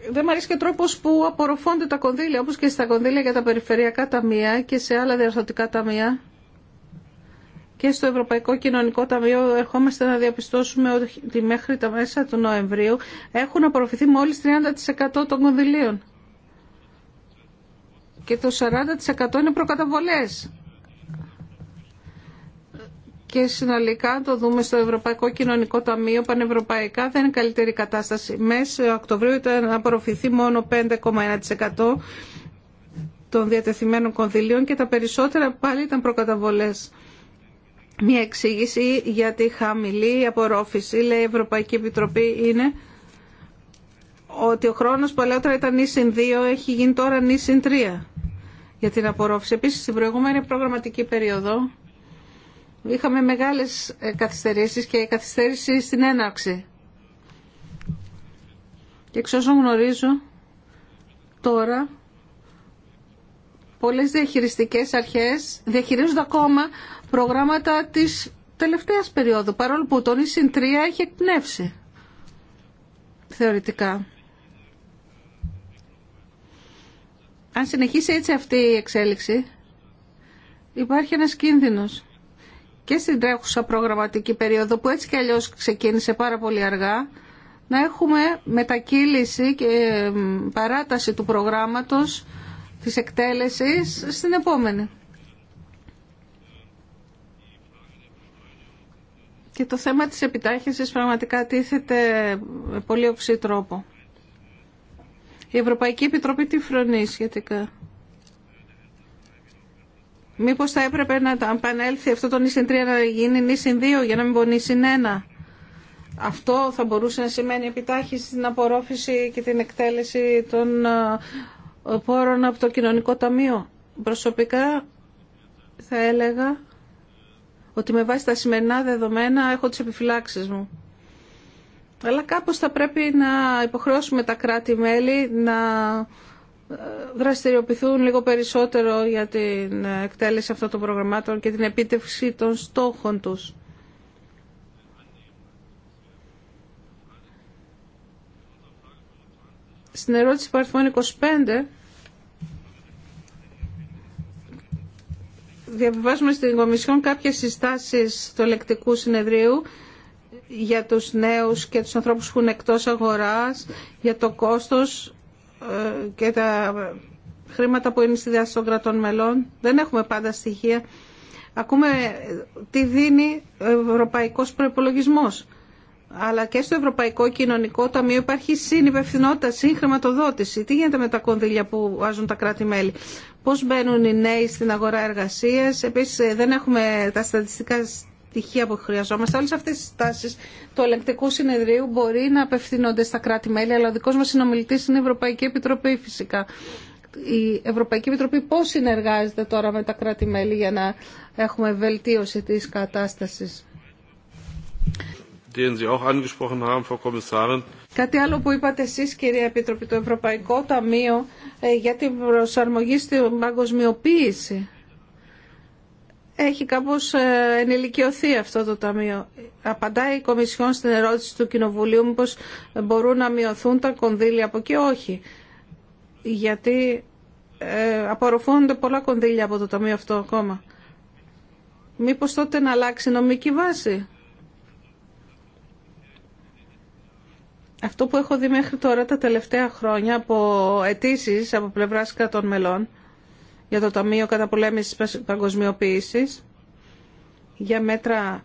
[SPEAKER 1] δεν μου αρέσει και ο τρόπος που απορροφώνται τα κονδύλια, όπως και στα κονδύλια για τα περιφερειακά ταμεία και σε άλλα διαρθωτικά ταμεία. Και στο Ευρωπαϊκό Κοινωνικό Ταμείο ερχόμαστε να διαπιστώσουμε ότι μέχρι τα μέσα του Νοεμβρίου έχουν απορροφηθεί μόλις 30% των κονδυλίων. Και το 40% είναι προκαταβολές και συνολικά το δούμε στο Ευρωπαϊκό Κοινωνικό Ταμείο πανευρωπαϊκά δεν είναι καλύτερη κατάσταση. Μέσα Οκτωβρίου ήταν να απορροφηθεί μόνο 5,1% των διατεθειμένων κονδυλίων και τα περισσότερα πάλι ήταν προκαταβολές. Μία εξήγηση για τη χαμηλή απορρόφηση, λέει η Ευρωπαϊκή Επιτροπή, είναι ότι ο χρόνος παλαιότερα ήταν νησιν 2, έχει γίνει τώρα νησιν 3 για την απορρόφηση. Επίσης, στην προηγούμενη προγραμματική περίοδο Είχαμε μεγάλες ε, καθυστερήσεις και καθυστέρηση στην έναρξη. Και εξ όσων γνωρίζω, τώρα πολλές διαχειριστικές αρχές διαχειρίζονται ακόμα προγράμματα της τελευταίας περίοδου, παρόλο που τον ΙΣΥΝ 3 έχει εκπνεύσει, θεωρητικά. Αν συνεχίσει έτσι αυτή η εξέλιξη, υπάρχει ένας κίνδυνος και στην τρέχουσα προγραμματική περίοδο που έτσι κι αλλιώς ξεκίνησε πάρα πολύ αργά να έχουμε μετακύληση και παράταση του προγράμματος της εκτέλεσης στην επόμενη. Και το θέμα της επιτάχυνσης πραγματικά τίθεται με πολύ οξύ τρόπο. Η Ευρωπαϊκή Επιτροπή τι φρονεί σχετικά. Μήπως θα έπρεπε να επανέλθει αυτό το νησιν 3 να γίνει νησιν 2 για να μην πω νησιν 1. Αυτό θα μπορούσε να σημαίνει επιτάχυση στην απορρόφηση και την εκτέλεση των ε, πόρων από το κοινωνικό ταμείο. Προσωπικά θα έλεγα ότι με βάση τα σημερινά δεδομένα έχω τις επιφυλάξεις μου. Αλλά κάπως θα πρέπει να υποχρεώσουμε τα κράτη-μέλη να δραστηριοποιηθούν λίγο περισσότερο για την εκτέλεση αυτών των προγραμμάτων και την επίτευξη των στόχων τους. Στην ερώτηση παρθμών 25 διαβιβάζουμε στην Κομισιόν κάποιες συστάσεις του ελεκτικού συνεδρίου για τους νέους και τους ανθρώπους που είναι εκτός αγοράς, για το κόστος και τα χρήματα που είναι στη διάθεση των κρατών μελών. Δεν έχουμε πάντα στοιχεία. Ακούμε τι δίνει ο ευρωπαϊκός προϋπολογισμός. Αλλά και στο Ευρωπαϊκό Κοινωνικό Ταμείο υπάρχει συνυπευθυνότητα, συγχρηματοδότηση. Τι γίνεται με τα κονδύλια που βάζουν τα κράτη-μέλη. Πώς μπαίνουν οι νέοι στην αγορά εργασίας. Επίσης ε, δεν έχουμε τα στατιστικά στοιχεία που χρειαζόμαστε. Όλες αυτές τις τάσει του ελεγκτικού συνεδρίου μπορεί να απευθύνονται στα κράτη-μέλη, αλλά ο δικός μας συνομιλητής είναι η Ευρωπαϊκή Επιτροπή φυσικά. Η Ευρωπαϊκή Επιτροπή πώς συνεργάζεται τώρα με τα κράτη-μέλη για να έχουμε βελτίωση της κατάστασης. Κάτι άλλο που είπατε εσείς κυρία Επίτροπη, το Ευρωπαϊκό Ταμείο ε, για την προσαρμογή στην παγκοσμιοποίηση έχει κάπως ε, ενηλικιωθεί αυτό το ταμείο. Απαντάει η Κομισιόν στην ερώτηση του Κοινοβουλίου μήπως μπορούν να μειωθούν τα κονδύλια από εκεί. όχι. Γιατί ε, απορροφώνονται πολλά κονδύλια από το ταμείο αυτό ακόμα. Μήπως τότε να αλλάξει νομική βάση. Αυτό που έχω δει μέχρι τώρα τα τελευταία χρόνια από αιτήσει από πλευράς κρατών μελών για το Ταμείο Καταπολέμησης της Παγκοσμιοποίησης για μέτρα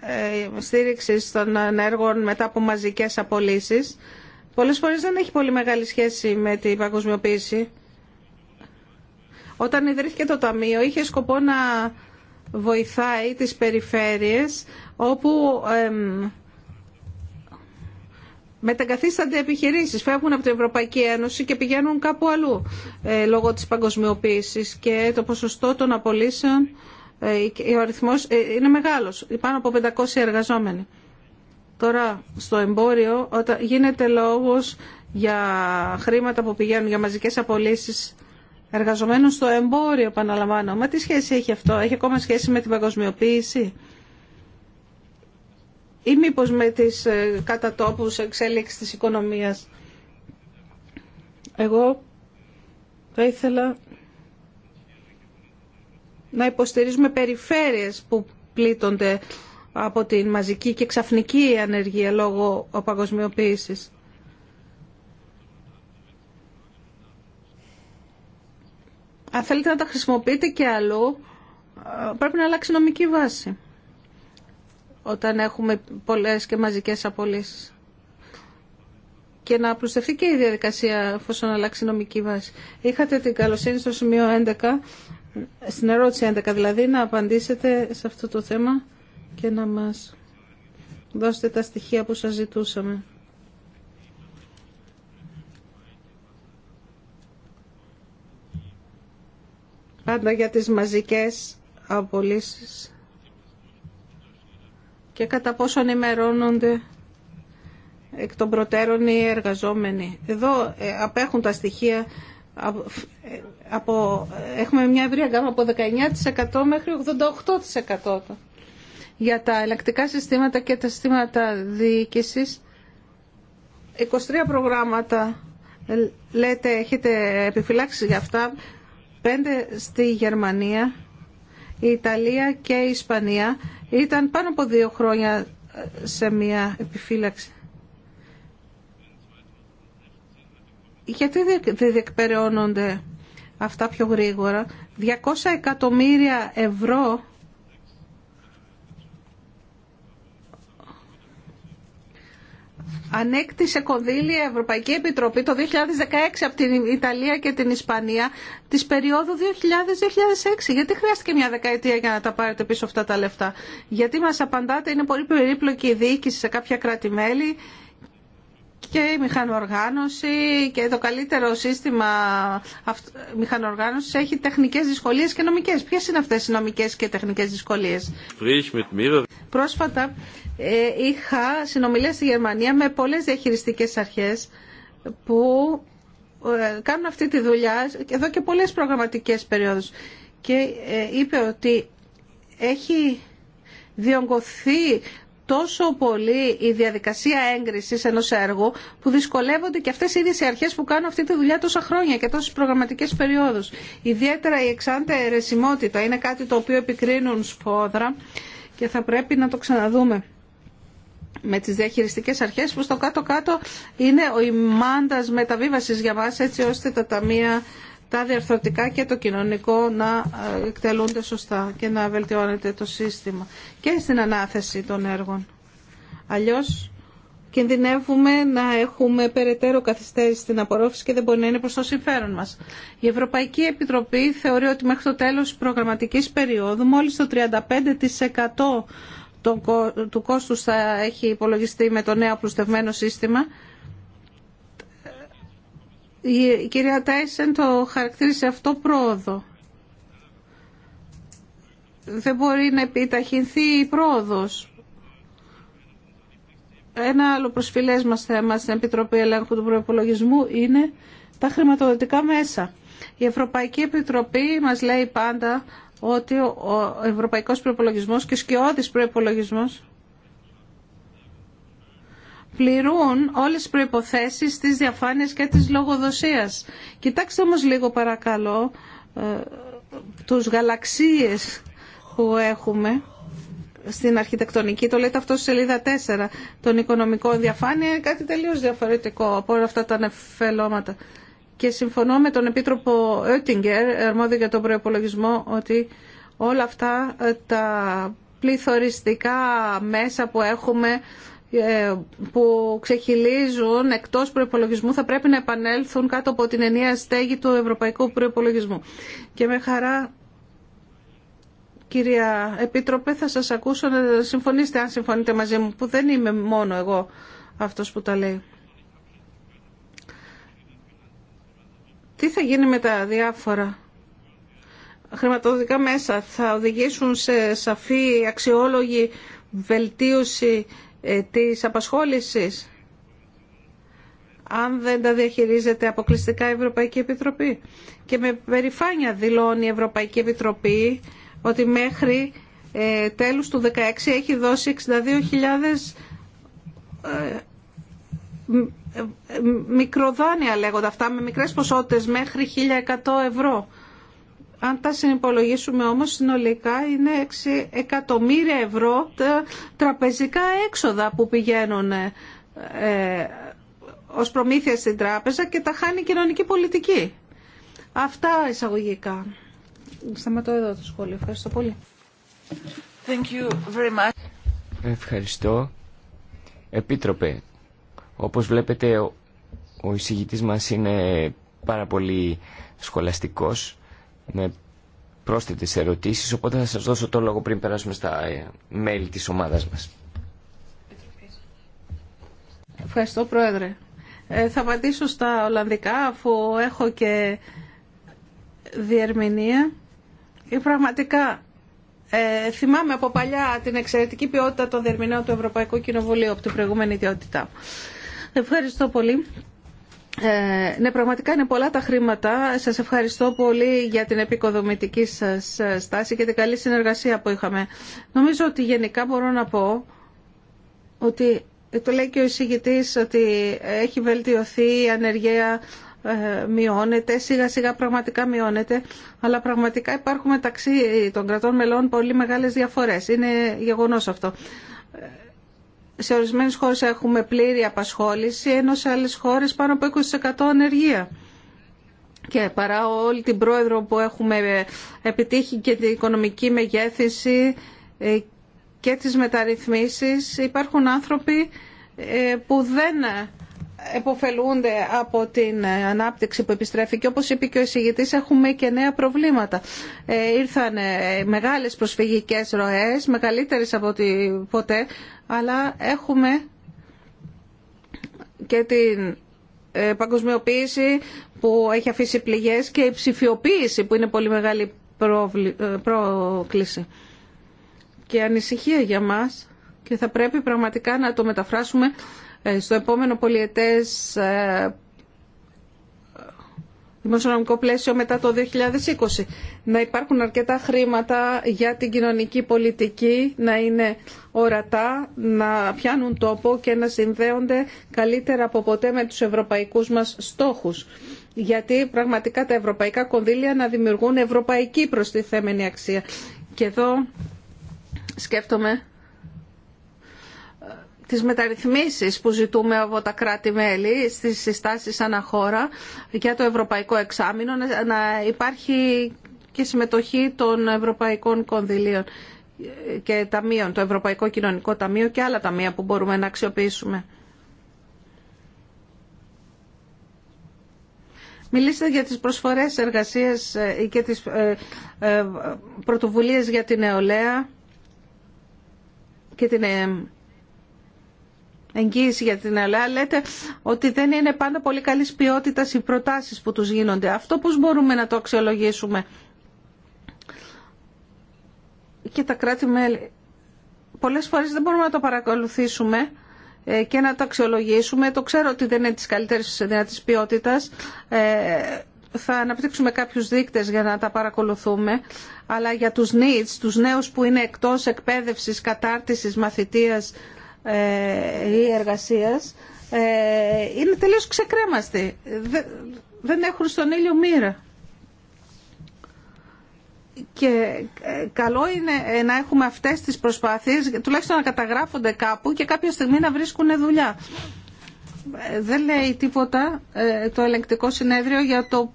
[SPEAKER 1] ε, στήριξης των έργων μετά από μαζικές απολύσεις. Πολλές φορές δεν έχει πολύ μεγάλη σχέση με την παγκοσμιοποίηση. Όταν ιδρύθηκε το Ταμείο είχε σκοπό να βοηθάει τις περιφέρειες όπου μεταγκαθίστανται επιχειρήσεις, φεύγουν από την Ευρωπαϊκή Ένωση και πηγαίνουν κάπου αλλού ε, λόγω της παγκοσμιοποίησης και το ποσοστό των απολύσεων, ε, ο αριθμός ε, είναι μεγάλος, πάνω από 500 εργαζόμενοι. Τώρα στο εμπόριο όταν γίνεται λόγος για χρήματα που πηγαίνουν για μαζικές απολύσεις εργαζομένων στο εμπόριο, επαναλαμβάνω. Μα τι σχέση έχει αυτό, έχει ακόμα σχέση με την παγκοσμιοποίηση ή μήπως με τις ε, κατατόπους εξέλιξη της οικονομίας. Εγώ θα ήθελα να υποστηρίζουμε περιφέρειες που πλήττονται από την μαζική και ξαφνική ανεργία λόγω παγκοσμιοποίησης. Αν θέλετε να τα χρησιμοποιείτε και αλλού, ε, πρέπει να αλλάξει νομική βάση όταν έχουμε πολλές και μαζικές απολύσεις. Και να προσθεθεί και η διαδικασία εφόσον αλλάξει νομική βάση. Είχατε την καλοσύνη στο σημείο 11, στην ερώτηση 11 δηλαδή, να απαντήσετε σε αυτό το θέμα και να μας δώσετε τα στοιχεία που σας ζητούσαμε. Πάντα για τις μαζικές απολύσεις και κατά πόσο ενημερώνονται εκ των προτέρων οι εργαζόμενοι. Εδώ ε, απέχουν τα στοιχεία ε, από, ε, έχουμε μια ευρία γκάμα από 19% μέχρι 88% για τα ελακτικά συστήματα και τα συστήματα διοίκησης 23 προγράμματα λέτε έχετε επιφυλάξει για αυτά 5 στη Γερμανία η Ιταλία και η Ισπανία ήταν πάνω από δύο χρόνια σε μια επιφύλαξη. Γιατί δεν διεκπεραιώνονται αυτά πιο γρήγορα. 200 εκατομμύρια ευρώ ανέκτησε κονδύλια Ευρωπαϊκή Επιτροπή το 2016 από την Ιταλία και την Ισπανία της περίοδου 2000-2006. Γιατί χρειάστηκε μια δεκαετία για να τα πάρετε πίσω αυτά τα λεφτά. Γιατί μας απαντάτε είναι πολύ περίπλοκη η διοίκηση σε κάποια κράτη-μέλη και η μηχανοργάνωση και το καλύτερο σύστημα μηχανοργάνωσης έχει τεχνικές δυσκολίες και νομικές. Ποιες είναι αυτές οι νομικές και τεχνικές δυσκολίες. Πρόσφατα ε, είχα συνομιλία στη Γερμανία με πολλές διαχειριστικές αρχές που ε, κάνουν αυτή τη δουλειά εδώ και πολλές προγραμματικές περιόδους και ε, είπε ότι έχει διωγγωθεί τόσο πολύ η διαδικασία έγκρισης ενός έργου που δυσκολεύονται και αυτές οι ίδιες οι αρχές που κάνουν αυτή τη δουλειά τόσα χρόνια και τόσες προγραμματικές περιόδους. Ιδιαίτερα η εξάντα αιρεσιμότητα είναι κάτι το οποίο επικρίνουν σπόδρα και θα πρέπει να το ξαναδούμε με τις διαχειριστικές αρχές που στο κάτω-κάτω είναι ο ημάντας μεταβίβασης για μας έτσι ώστε τα ταμεία τα διαρθρωτικά και το κοινωνικό να ε, εκτελούνται σωστά και να βελτιώνεται το σύστημα και στην ανάθεση των έργων. Αλλιώς κινδυνεύουμε να έχουμε περαιτέρω καθυστέρηση στην απορρόφηση και δεν μπορεί να είναι προς το συμφέρον μας. Η Ευρωπαϊκή Επιτροπή θεωρεί ότι μέχρι το τέλος της προγραμματικής περίοδου μόλις το 35% του κόστους θα έχει υπολογιστεί με το νέο απλουστευμένο σύστημα η κυρία Τάισεν το χαρακτήρισε αυτό πρόοδο. Δεν μπορεί να επιταχυνθεί η πρόοδος. Ένα άλλο προσφυλές μας θέμα στην Επιτροπή Ελέγχου του Προϋπολογισμού είναι τα χρηματοδοτικά μέσα. Η Ευρωπαϊκή Επιτροπή μας λέει πάντα ότι ο ευρωπαϊκός προϋπολογισμός και ο σκιώδης προϋπολογισμός πληρούν όλες τις προϋποθέσεις της διαφάνειας και της λογοδοσίας. Κοιτάξτε όμως λίγο παρακαλώ ε, τους γαλαξίες που έχουμε στην αρχιτεκτονική, το λέτε αυτό στη σελίδα 4, τον οικονομικό διαφάνεια, είναι κάτι τελείως διαφορετικό από όλα αυτά τα ανεφελώματα. Και συμφωνώ με τον Επίτροπο Oettinger, αρμόδιο για τον προπολογισμό, ότι όλα αυτά ε, τα πληθωριστικά μέσα που έχουμε ε, που ξεχυλίζουν εκτός προϋπολογισμού θα πρέπει να επανέλθουν κάτω από την ενιαία στέγη του ευρωπαϊκού προϋπολογισμού. Και με χαρά, κυρία Επίτροπε, θα σας ακούσω να συμφωνήσετε αν συμφωνείτε μαζί μου, που δεν είμαι μόνο εγώ αυτός που τα λέει. Τι θα γίνει με τα διάφορα χρηματοδοτικά μέσα, θα οδηγήσουν σε σαφή αξιόλογη βελτίωση ε, της απασχόλησης αν δεν τα διαχειρίζεται αποκλειστικά η Ευρωπαϊκή Επιτροπή. Και με περηφάνεια δηλώνει η Ευρωπαϊκή Επιτροπή ότι μέχρι ε, τέλους του 2016 έχει δώσει 62.000 ε, μικροδάνεια λέγονται αυτά με μικρές ποσότητες μέχρι 1.100 ευρώ. Αν τα συνυπολογίσουμε όμως συνολικά είναι 6 εκατομμύρια ευρώ τα τραπεζικά έξοδα που πηγαίνουν ε, ως προμήθεια στην τράπεζα και τα χάνει η κοινωνική πολιτική. Αυτά εισαγωγικά. Σταματώ εδώ το σχόλιο. Ευχαριστώ πολύ. Thank you very much.
[SPEAKER 2] Ευχαριστώ. Επίτροπε, όπως βλέπετε ο εισηγητής μας είναι πάρα πολύ σχολαστικός με πρόσθετες ερωτήσεις, οπότε θα σας δώσω το λόγο πριν περάσουμε στα μέλη ε, της ομάδας μας.
[SPEAKER 1] Ευχαριστώ, Πρόεδρε. Ε, θα απαντήσω στα Ολλανδικά, αφού έχω και διερμηνία. Και πραγματικά ε, θυμάμαι από παλιά την εξαιρετική ποιότητα των διερμηνέων του Ευρωπαϊκού Κοινοβουλίου από την προηγούμενη ιδιότητά Ευχαριστώ πολύ. Ε, ναι, πραγματικά είναι πολλά τα χρήματα. Σας ευχαριστώ πολύ για την επικοδομητική σας ε, στάση και την καλή συνεργασία που είχαμε. Νομίζω ότι γενικά μπορώ να πω ότι το λέει και ο εισηγητής ότι έχει βελτιωθεί η ανεργία ε, μειώνεται, σιγά σιγά πραγματικά μειώνεται, αλλά πραγματικά υπάρχουν μεταξύ των κρατών μελών πολύ μεγάλες διαφορές. Είναι γεγονός αυτό σε ορισμένε χώρε έχουμε πλήρη απασχόληση, ενώ σε άλλε χώρες πάνω από 20% ανεργία. Και παρά όλη την πρόεδρο που έχουμε επιτύχει και την οικονομική μεγέθυνση ε, και τις μεταρρυθμίσεις, υπάρχουν άνθρωποι ε, που δεν εποφελούνται από την ε, ανάπτυξη που επιστρέφει και όπως είπε και ο εισηγητής έχουμε και νέα προβλήματα. Ε, Ήρθαν ε, μεγάλες προσφυγικές ροές, μεγαλύτερες από ό,τι ποτέ, αλλά έχουμε και την παγκοσμιοποίηση που έχει αφήσει πληγές και η ψηφιοποίηση που είναι πολύ μεγάλη πρόκληση και ανησυχία για μας και θα πρέπει πραγματικά να το μεταφράσουμε ε, στο επόμενο πολιετές ε, δημοσιονομικό πλαίσιο μετά το 2020. Να υπάρχουν αρκετά χρήματα για την κοινωνική πολιτική, να είναι ορατά, να πιάνουν τόπο και να συνδέονται καλύτερα από ποτέ με τους ευρωπαϊκούς μας στόχους. Γιατί πραγματικά τα ευρωπαϊκά κονδύλια να δημιουργούν ευρωπαϊκή προστιθέμενη αξία. Και εδώ σκέφτομαι τις μεταρρυθμίσεις που ζητούμε από τα κράτη-μέλη στις συστάσεις αναχώρα για το ευρωπαϊκό εξάμεινο να υπάρχει και συμμετοχή των ευρωπαϊκών κονδυλίων και ταμείων, το Ευρωπαϊκό Κοινωνικό Ταμείο και άλλα ταμεία που μπορούμε να αξιοποιήσουμε. Μιλήσατε για τις προσφορές εργασίας ε, και τις ε, ε, πρωτοβουλίες για την νεολαία και την εγγύηση για την Ελλάδα λέτε ότι δεν είναι πάντα πολύ καλή ποιότητα οι προτάσει που του γίνονται. Αυτό πώ μπορούμε να το αξιολογήσουμε. Και τα κράτη-μέλη. Πολλέ φορέ δεν μπορούμε να το παρακολουθήσουμε ε, και να το αξιολογήσουμε. Το ξέρω ότι δεν είναι της καλύτερης δυνατή ποιότητα. Ε, θα αναπτύξουμε κάποιου δείκτε για να τα παρακολουθούμε. Αλλά για του needs, τους νέου που είναι εκτό εκπαίδευση, κατάρτιση μαθητεία, ε, ή εργασίας ε, είναι τελείως ξεκρέμαστοι. Δεν έχουν στον ήλιο μοίρα. Και ε, καλό είναι να έχουμε αυτές τις προσπάθειες, τουλάχιστον να καταγράφονται κάπου και κάποια στιγμή να βρίσκουν δουλειά. Δεν λέει τίποτα το ελεγκτικό συνέδριο για το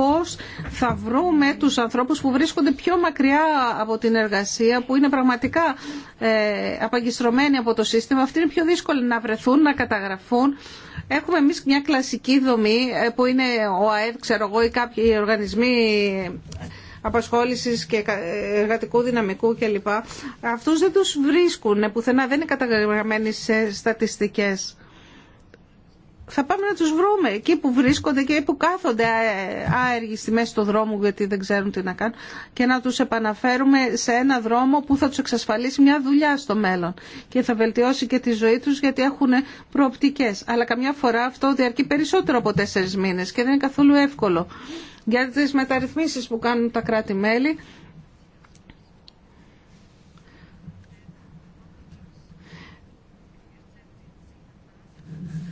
[SPEAKER 1] πώς θα βρούμε τους ανθρώπους που βρίσκονται πιο μακριά από την εργασία, που είναι πραγματικά ε, απαγκιστρωμένοι από το σύστημα. Αυτοί είναι πιο δύσκολοι να βρεθούν, να καταγραφούν. Έχουμε εμεί μια κλασική δομή ε, που είναι ο ΑΕΔ, ξέρω εγώ, ή κάποιοι οργανισμοί απασχόλησης και ε, εργατικού δυναμικού κλπ. Αυτούς δεν τους βρίσκουν πουθενά, δεν είναι καταγραμμένοι σε στατιστικές θα πάμε να τους βρούμε εκεί που βρίσκονται και που κάθονται ε, άεργοι στη μέση του δρόμου γιατί δεν ξέρουν τι να κάνουν και να τους επαναφέρουμε σε ένα δρόμο που θα τους εξασφαλίσει μια δουλειά στο μέλλον και θα βελτιώσει και τη ζωή τους γιατί έχουν προοπτικές. Αλλά καμιά φορά αυτό διαρκεί περισσότερο από τέσσερις μήνες και δεν είναι καθόλου εύκολο. Για τις μεταρρυθμίσεις που κάνουν τα κράτη-μέλη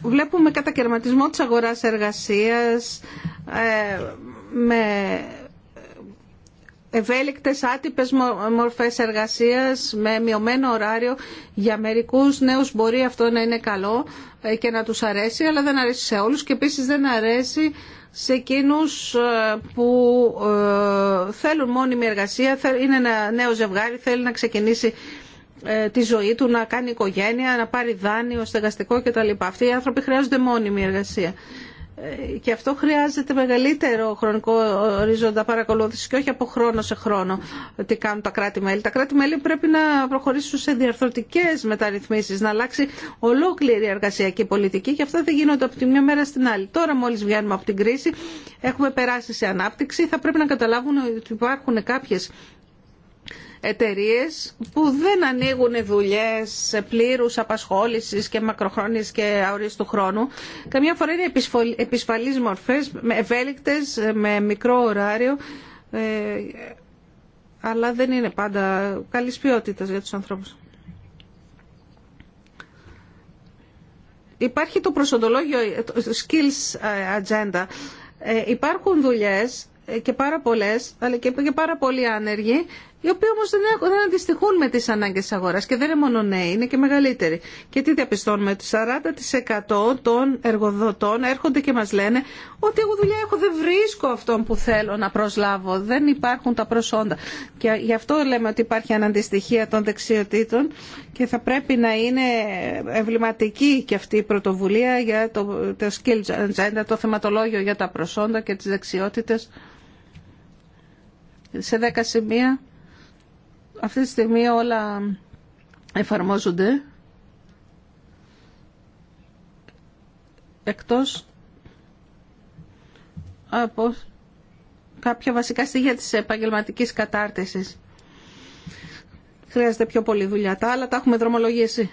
[SPEAKER 1] Βλέπουμε κατακαιρματισμό της αγοράς εργασίας ε, με ευέλικτες άτυπες μορφές εργασίας με μειωμένο ωράριο για μερικούς νέους μπορεί αυτό να είναι καλό ε, και να τους αρέσει αλλά δεν αρέσει σε όλους και επίσης δεν αρέσει σε εκείνους ε, που θέλουν μόνιμη εργασία είναι ένα νέο ζευγάρι θέλει να ξεκινήσει ε, τη ζωή του, να κάνει οικογένεια, να πάρει δάνειο, στεγαστικό κτλ. Αυτοί οι άνθρωποι χρειάζονται μόνιμη εργασία. Ε, και αυτό χρειάζεται μεγαλύτερο χρονικό ορίζοντα παρακολούθηση και όχι από χρόνο σε χρόνο τι κάνουν τα κράτη-μέλη. Τα κράτη-μέλη πρέπει να προχωρήσουν σε διαρθρωτικές μεταρρυθμίσει, να αλλάξει ολόκληρη η εργασιακή πολιτική και αυτά δεν γίνονται από τη μια μέρα στην άλλη. Τώρα μόλι βγαίνουμε από την κρίση, έχουμε περάσει σε ανάπτυξη, θα πρέπει να καταλάβουν ότι υπάρχουν κάποιε εταιρείε που δεν ανοίγουν δουλειέ πλήρους απασχόλησης και μακροχρόνιες και αορίστου χρόνου. Καμιά φορά είναι επισφαλεί μορφέ ευέλικτε με μικρό ωράριο, ε, αλλά δεν είναι πάντα καλής ποιότητας για τους ανθρώπους. Υπάρχει το προσοντολόγιο, skills ε, agenda. Ε, υπάρχουν δουλειές και πάρα πολλές, αλλά και πάρα πολλοί άνεργοι οι οποίοι όμω δεν, αντιστοιχούν με τι ανάγκε τη αγοράς και δεν είναι μόνο νέοι, είναι και μεγαλύτεροι. Και τι διαπιστώνουμε, ότι 40% των εργοδοτών έρχονται και μα λένε ότι εγώ δουλειά έχω, δεν βρίσκω αυτόν που θέλω να προσλάβω, δεν υπάρχουν τα προσόντα. Και γι' αυτό λέμε ότι υπάρχει αναντιστοιχία των δεξιοτήτων και θα πρέπει να είναι εμβληματική και αυτή η πρωτοβουλία για το, το skill agenda, το θεματολόγιο για τα προσόντα και τι δεξιότητε. σε δέκα σημεία αυτή τη στιγμή όλα εφαρμόζονται εκτός από κάποια βασικά στοιχεία της επαγγελματικής κατάρτισης. Χρειάζεται πιο πολύ δουλειά. Τα άλλα τα έχουμε δρομολογήσει.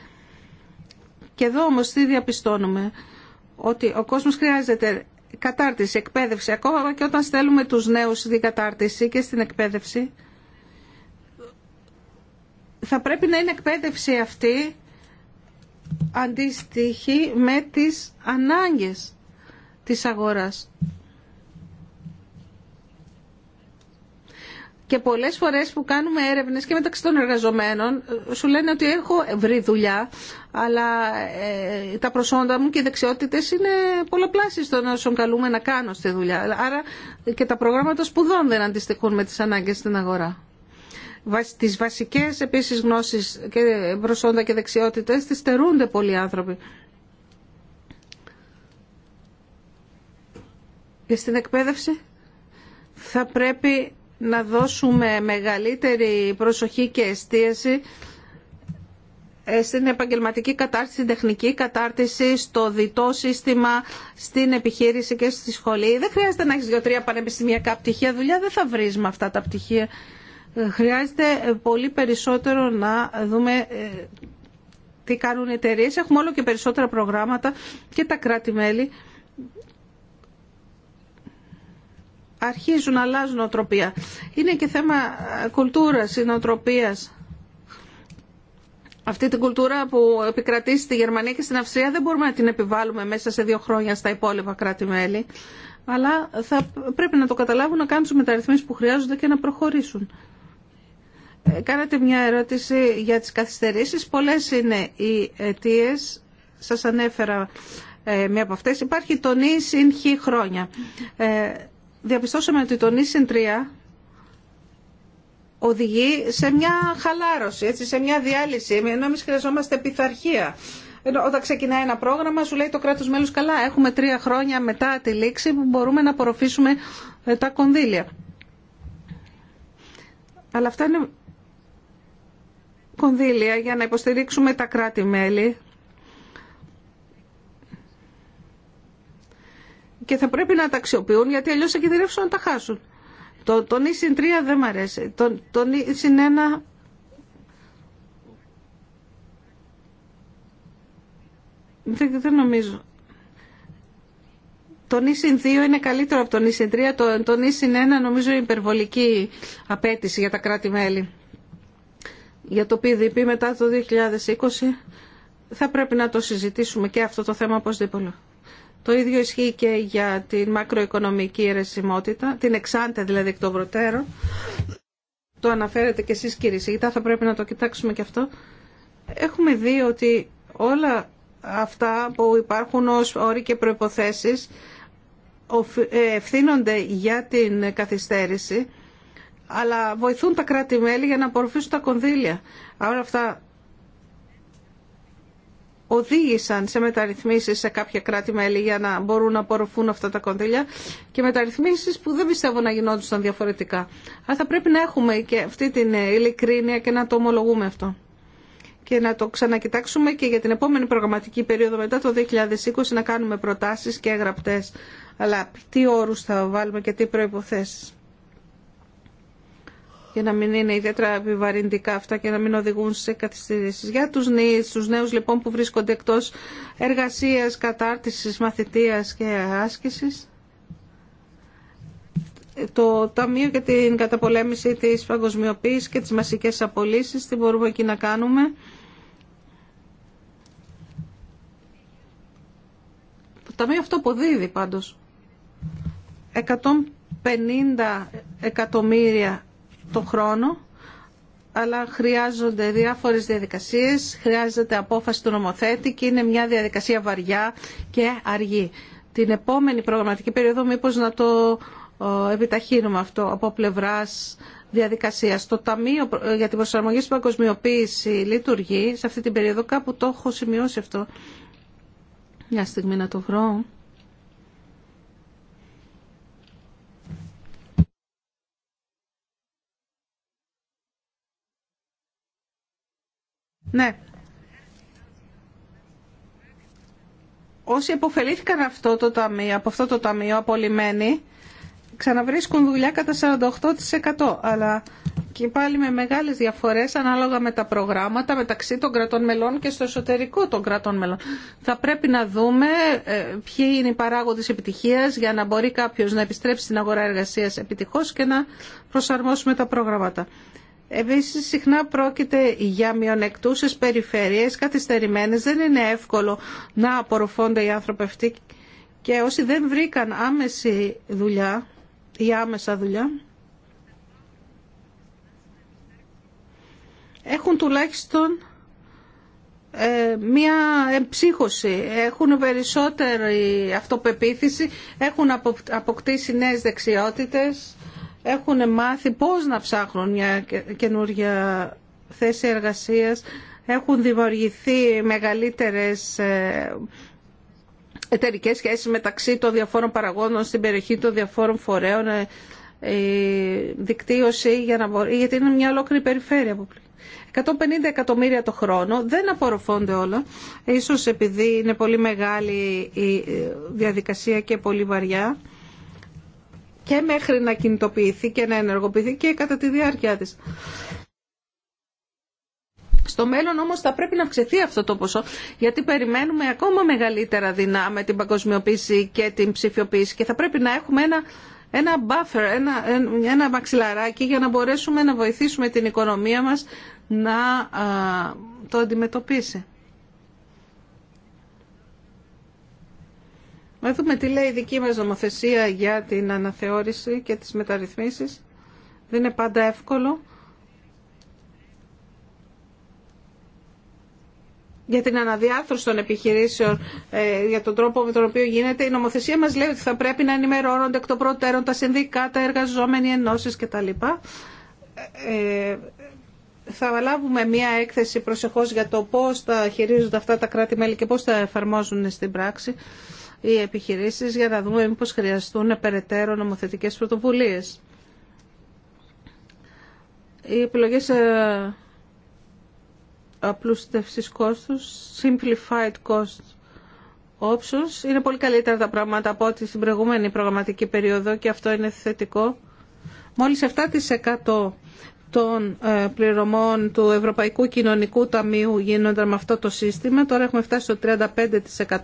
[SPEAKER 1] Και εδώ όμως τι διαπιστώνουμε. Ότι ο κόσμος χρειάζεται κατάρτιση, εκπαίδευση. Ακόμα και όταν στέλνουμε τους νέους στην κατάρτιση και στην εκπαίδευση, θα πρέπει να είναι εκπαίδευση αυτή αντίστοιχη με τις ανάγκες της αγοράς. Και πολλές φορές που κάνουμε έρευνες και μεταξύ των εργαζομένων σου λένε ότι έχω βρει δουλειά αλλά ε, τα προσόντα μου και οι δεξιότητες είναι πολλαπλάσεις των όσων καλούμε να κάνω στη δουλειά. Άρα και τα προγράμματα σπουδών δεν αντιστοιχούν με τις ανάγκες στην αγορά τις βασικές επίσης γνώσεις και προσόντα και δεξιότητες τις στερούνται πολλοί άνθρωποι. Και στην εκπαίδευση θα πρέπει να δώσουμε μεγαλύτερη προσοχή και εστίαση ε, στην επαγγελματική κατάρτιση, στην τεχνική κατάρτιση, στο διτό σύστημα, στην επιχείρηση και στη σχολή. Δεν χρειάζεται να εχεις δυο δύο-τρία πανεπιστημιακά πτυχία. Δουλειά δεν θα βρεις με αυτά τα πτυχία. Χρειάζεται πολύ περισσότερο να δούμε ε, τι κάνουν οι εταιρείε. Έχουμε όλο και περισσότερα προγράμματα και τα κράτη-μέλη αρχίζουν να αλλάζουν οτροπία. Είναι και θέμα ε, κουλτούρας, νοοτροπίας. Αυτή την κουλτούρα που επικρατεί στη Γερμανία και στην Αυστρία δεν μπορούμε να την επιβάλλουμε μέσα σε δύο χρόνια στα υπόλοιπα κράτη-μέλη. Αλλά πρέπει να το καταλάβουν, να κάνουν του μεταρρυθμίσει που χρειάζονται και να προχωρήσουν. Κάνατε μια ερώτηση για τις καθυστερήσεις. Πολλές είναι οι αιτίε. Σας ανέφερα ε, μία από αυτές. Υπάρχει το νησιν χ χρόνια. Ε, διαπιστώσαμε ότι το νησιν 3 οδηγεί σε μια χαλάρωση, έτσι, σε μια διάλυση, ενώ εμείς χρειαζόμαστε πειθαρχία. Ενώ όταν ξεκινάει ένα πρόγραμμα, σου λέει το κράτος μέλος καλά, έχουμε τρία χρόνια μετά τη λήξη που μπορούμε να απορροφήσουμε ε, τα κονδύλια. Αλλά αυτά είναι κονδύλια για να υποστηρίξουμε τα κράτη-μέλη και θα πρέπει να τα αξιοποιούν γιατί αλλιώς θα κινδυνεύσουν να τα χάσουν. Το, το νησιν 3 δεν μ' αρέσει. Το, το νησιν 1 δεν, δεν νομίζω. Το νησιν 2 είναι καλύτερο από το νησιν 3. Το, το νησιν 1 νομίζω είναι υπερβολική απέτηση για τα κράτη-μέλη για το PDP μετά το 2020 θα πρέπει να το συζητήσουμε και αυτό το θέμα οπωσδήποτε. Το ίδιο ισχύει και για την μακροοικονομική ερεσιμότητα, την εξάντε δηλαδή εκ των προτέρων. Το αναφέρετε και εσείς κύριε Σιγητά, θα πρέπει να το κοιτάξουμε και αυτό. Έχουμε δει ότι όλα αυτά που υπάρχουν ως όροι και προϋποθέσεις ε, ευθύνονται για την καθυστέρηση αλλά βοηθούν τα κράτη-μέλη για να απορροφήσουν τα κονδύλια. Άρα αυτά οδήγησαν σε μεταρρυθμίσεις σε κάποια κράτη-μέλη για να μπορούν να απορροφούν αυτά τα κονδύλια και μεταρρυθμίσεις που δεν πιστεύω να γινόντουσαν διαφορετικά. Αλλά θα πρέπει να έχουμε και αυτή την ειλικρίνεια και να το ομολογούμε αυτό. Και να το ξανακοιτάξουμε και για την επόμενη προγραμματική περίοδο μετά το 2020 να κάνουμε προτάσεις και γραπτές. Αλλά τι όρους θα βάλουμε και τι προϋποθέσεις για να μην είναι ιδιαίτερα επιβαρυντικά αυτά και να μην οδηγούν σε καθυστερήσεις. Για τους νέους, τους νέους λοιπόν που βρίσκονται εκτός εργασίας, κατάρτισης, μαθητείας και άσκησης. Το Ταμείο για την καταπολέμηση της παγκοσμιοποίησης και τις μασικές απολύσεις, τι μπορούμε εκεί να κάνουμε. Το Ταμείο αυτό αποδίδει πάντως. 150 εκατομμύρια το χρόνο, αλλά χρειάζονται διάφορες διαδικασίες, χρειάζεται απόφαση του νομοθέτη και είναι μια διαδικασία βαριά και αργή. Την επόμενη προγραμματική περίοδο μήπως να το ε, επιταχύνουμε αυτό από πλευράς διαδικασίας. Το Ταμείο ε, για την Προσαρμογή στην Παγκοσμιοποίηση λειτουργεί σε αυτή την περίοδο, κάπου το έχω σημειώσει αυτό. Μια στιγμή να το βρω. Ναι. Όσοι αποφελήθηκαν αυτό το ταμείο, από αυτό το ταμείο απολυμμένοι, ξαναβρίσκουν δουλειά κατά 48%. Αλλά και πάλι με μεγάλες διαφορές ανάλογα με τα προγράμματα μεταξύ των κρατών μελών και στο εσωτερικό των κρατών μελών. Θα πρέπει να δούμε ε, ποιοι είναι οι παράγοντες επιτυχίας για να μπορεί κάποιος να επιστρέψει στην αγορά εργασίας επιτυχώς και να προσαρμόσουμε τα προγράμματα. Επίσης συχνά πρόκειται για μειονεκτούσες περιφέρειες, καθυστερημένες. Δεν είναι εύκολο να απορροφώνται οι άνθρωποι αυτοί και όσοι δεν βρήκαν άμεση δουλειά ή άμεσα δουλειά έχουν τουλάχιστον ε, μία εμψύχωση, έχουν περισσότερη αυτοπεποίθηση, έχουν αποκτήσει νέες δεξιότητες έχουν μάθει πώς να ψάχνουν μια καινούργια θέση εργασίας, έχουν δημιουργηθεί μεγαλύτερες ε, εταιρικέ σχέσεις μεταξύ των διαφόρων παραγόντων στην περιοχή των διαφόρων φορέων, ε, δικτύωση, για να μπορεί, γιατί είναι μια ολόκληρη περιφέρεια. 150 εκατομμύρια το χρόνο, δεν απορροφώνται όλα, ίσως επειδή είναι πολύ μεγάλη η ε, διαδικασία και πολύ βαριά και μέχρι να κινητοποιηθεί και να ενεργοποιηθεί και κατά τη διάρκεια της. Στο μέλλον όμως θα πρέπει να αυξηθεί αυτό το ποσό γιατί περιμένουμε ακόμα μεγαλύτερα δεινά με την παγκοσμιοποίηση και την ψηφιοποίηση και θα πρέπει να έχουμε ένα, ένα buffer, ένα, ένα μαξιλαράκι για να μπορέσουμε να βοηθήσουμε την οικονομία μας να το αντιμετωπίσει. Να δούμε τι λέει η δική μας νομοθεσία για την αναθεώρηση και τις μεταρρυθμίσεις. Δεν είναι πάντα εύκολο. για την αναδιάρθρωση των επιχειρήσεων, ε, για τον τρόπο με τον οποίο γίνεται. Η νομοθεσία μας λέει ότι θα πρέπει να ενημερώνονται εκ των προτέρων τα συνδικάτα, εργαζόμενοι ενώσεις κτλ. Ε, θα λάβουμε μία έκθεση προσεχώς για το πώς τα χειρίζονται αυτά τα κράτη-μέλη και πώς τα εφαρμόζουν στην πράξη οι επιχειρήσεις για να δούμε πώς χρειαστούν περαιτέρω νομοθετικές πρωτοβουλίες. Οι επιλογές ε, απλούστευσης κόστους, simplified cost options, είναι πολύ καλύτερα τα πράγματα από ό,τι στην προηγούμενη προγραμματική περίοδο και αυτό είναι θετικό. Μόλις 7% των ε, πληρωμών του Ευρωπαϊκού Κοινωνικού Ταμείου γίνονταν με αυτό το σύστημα. Τώρα έχουμε φτάσει στο 35%.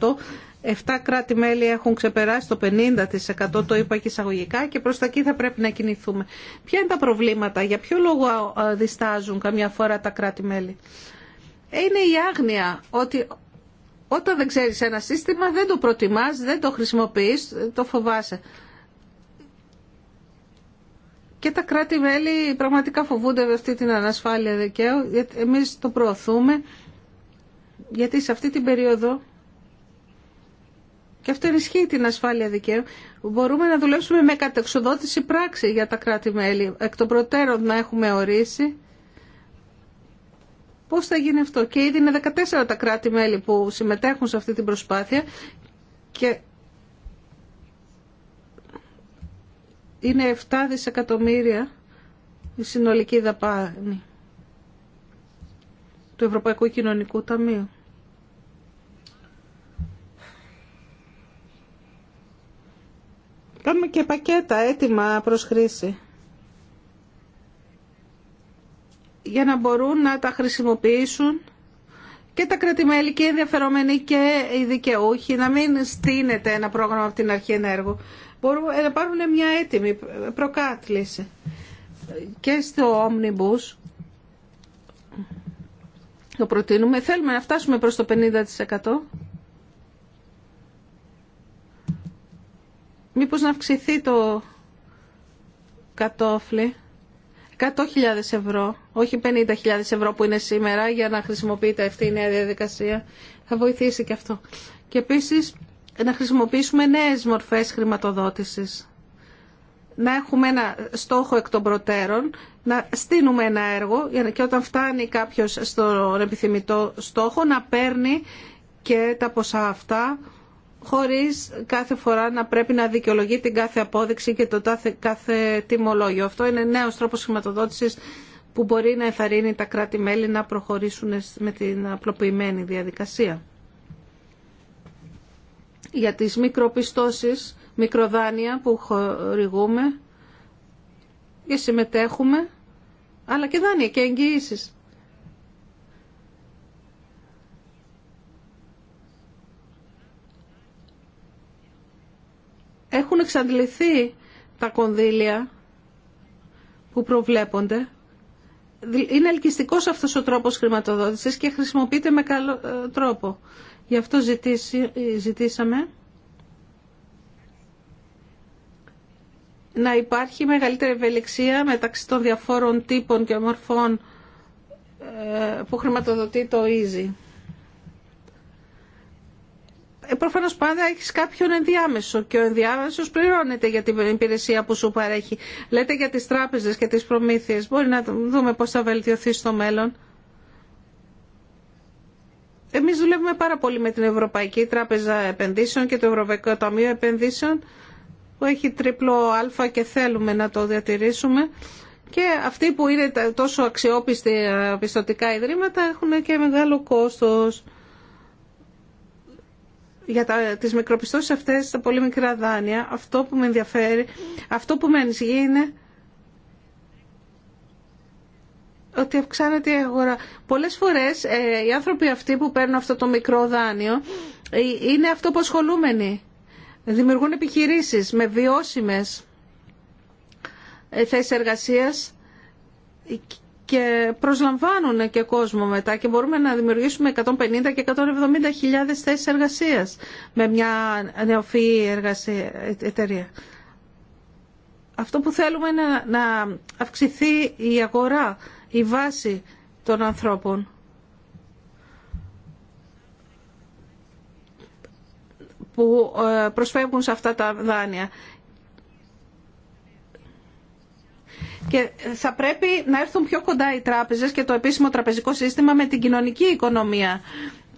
[SPEAKER 1] Εφτά κράτη-μέλη έχουν ξεπεράσει το 50%, το είπα και εισαγωγικά, και προς τα εκεί θα πρέπει να κινηθούμε. Ποια είναι τα προβλήματα, για ποιο λόγο διστάζουν καμιά φορά τα κράτη-μέλη. Είναι η άγνοια ότι όταν δεν ξέρεις ένα σύστημα δεν το προτιμάς, δεν το χρησιμοποιείς, το φοβάσαι. Και τα κράτη-μέλη πραγματικά φοβούνται αυτή την ανασφάλεια δικαίου. Γιατί εμείς το προωθούμε γιατί σε αυτή την περίοδο και αυτό ενισχύει την ασφάλεια δικαίου. Μπορούμε να δουλέψουμε με κατεξοδότηση πράξη για τα κράτη-μέλη. Εκ των προτέρων να έχουμε ορίσει πώς θα γίνει αυτό. Και ήδη είναι 14 τα κράτη-μέλη που συμμετέχουν σε αυτή την προσπάθεια και είναι 7 δισεκατομμύρια η συνολική δαπάνη του Ευρωπαϊκού Κοινωνικού Ταμείου. Κάνουμε και πακέτα έτοιμα προς χρήση για να μπορούν να τα χρησιμοποιήσουν και τα κρατημέλη και οι ενδιαφερόμενοι και οι δικαιούχοι να μην στείνεται ένα πρόγραμμα από την αρχή ενέργου μπορούν ε, να πάρουν μια έτοιμη προκάτληση. Και στο Omnibus το προτείνουμε. Θέλουμε να φτάσουμε προς το 50%. Μήπως να αυξηθεί το κατόφλι 100.000 ευρώ, όχι 50.000 ευρώ που είναι σήμερα για να χρησιμοποιείται αυτή η νέα διαδικασία. Θα βοηθήσει και αυτό. Και επίσης να χρησιμοποιήσουμε νέες μορφές χρηματοδότησης. Να έχουμε ένα στόχο εκ των προτέρων, να στείλουμε ένα έργο και όταν φτάνει κάποιος στον επιθυμητό στόχο να παίρνει και τα ποσά αυτά χωρίς κάθε φορά να πρέπει να δικαιολογεί την κάθε απόδειξη και το κάθε τιμολόγιο. Αυτό είναι νέος τρόπος χρηματοδότησης που μπορεί να εθαρρύνει τα κράτη-μέλη να προχωρήσουν με την απλοποιημένη διαδικασία για τις μικροπιστώσεις, μικροδάνεια που χορηγούμε και συμμετέχουμε, αλλά και δάνεια και εγγυήσεις. Έχουν εξαντληθεί τα κονδύλια που προβλέπονται. Είναι ελκυστικός αυτός ο τρόπος χρηματοδότησης και χρησιμοποιείται με καλό ε, τρόπο. Γι' αυτό ζητήσαμε να υπάρχει μεγαλύτερη ευελιξία μεταξύ των διαφόρων τύπων και μορφών ε, που χρηματοδοτεί το EASY. Ε, Προφανώ πάντα έχει κάποιον ενδιάμεσο και ο ενδιάμεσο πληρώνεται για την υπηρεσία που σου παρέχει. Λέτε για τι τράπεζε και τι προμήθειε. Μπορεί να δούμε πώ θα βελτιωθεί στο μέλλον. Εμείς δουλεύουμε πάρα πολύ με την Ευρωπαϊκή Τράπεζα Επενδύσεων και το Ευρωπαϊκό Ταμείο Επενδύσεων που έχει τριπλό α και θέλουμε να το διατηρήσουμε. Και αυτοί που είναι τόσο αξιόπιστοι πιστοτικά ιδρύματα έχουν και μεγάλο κόστος για τα, τις μικροπιστώσεις αυτές, τα πολύ μικρά δάνεια. Αυτό που με ενδιαφέρει, αυτό που με ανησυχεί είναι ότι αυξάνεται η αγορά. Πολλές φορές ε, οι άνθρωποι αυτοί που παίρνουν αυτό το μικρό δάνειο ε, είναι αυτοποσχολούμενοι. Δημιουργούν επιχειρήσει με βιώσιμες ε, θέσει εργασία και προσλαμβάνουν και κόσμο μετά και μπορούμε να δημιουργήσουμε 150 και 170 χιλιάδες θέσεις εργασίας με μια νεοφυή εταιρεία. Αυτό που θέλουμε είναι να αυξηθεί η αγορά η βάση των ανθρώπων. που ε, προσφεύγουν σε αυτά τα δάνεια. Και θα πρέπει να έρθουν πιο κοντά οι τράπεζες και το επίσημο τραπεζικό σύστημα με την κοινωνική οικονομία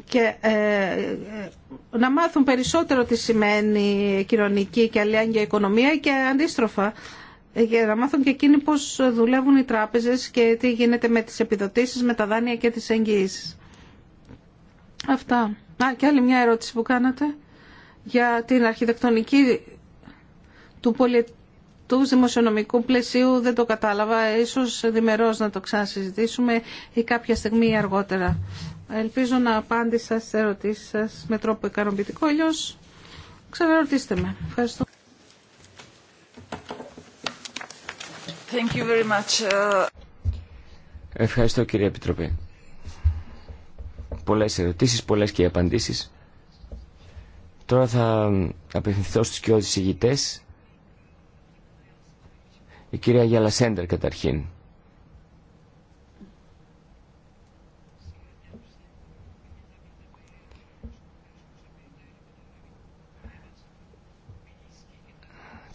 [SPEAKER 1] και ε, ε να μάθουν περισσότερο τι σημαίνει κοινωνική και αλληλέγγυα οικονομία και αντίστροφα ε, για να μάθουν και εκείνοι πώς δουλεύουν οι τράπεζες και τι γίνεται με τις επιδοτήσεις, με τα δάνεια και τις εγγυήσεις. Αυτά. Α, και άλλη μια ερώτηση που κάνατε για την αρχιτεκτονική του πολιτού δημοσιονομικού πλαισίου δεν το κατάλαβα. Ίσως διμερώς να το ξανασυζητήσουμε ή κάποια στιγμή αργότερα. Ελπίζω να απάντησα στις ερωτήσεις σας με τρόπο ικανοποιητικό. Αλλιώς ξαναρωτήστε με. Ευχαριστώ. Uh,
[SPEAKER 2] Ευχαριστώ κύριε Επιτροπή. Πολλές ερωτήσεις, πολλές και απαντήσεις. Τώρα θα απευθυνθώ στους κοιότητες ηγητές. Η κυρία Γιαλασέντερ καταρχήν.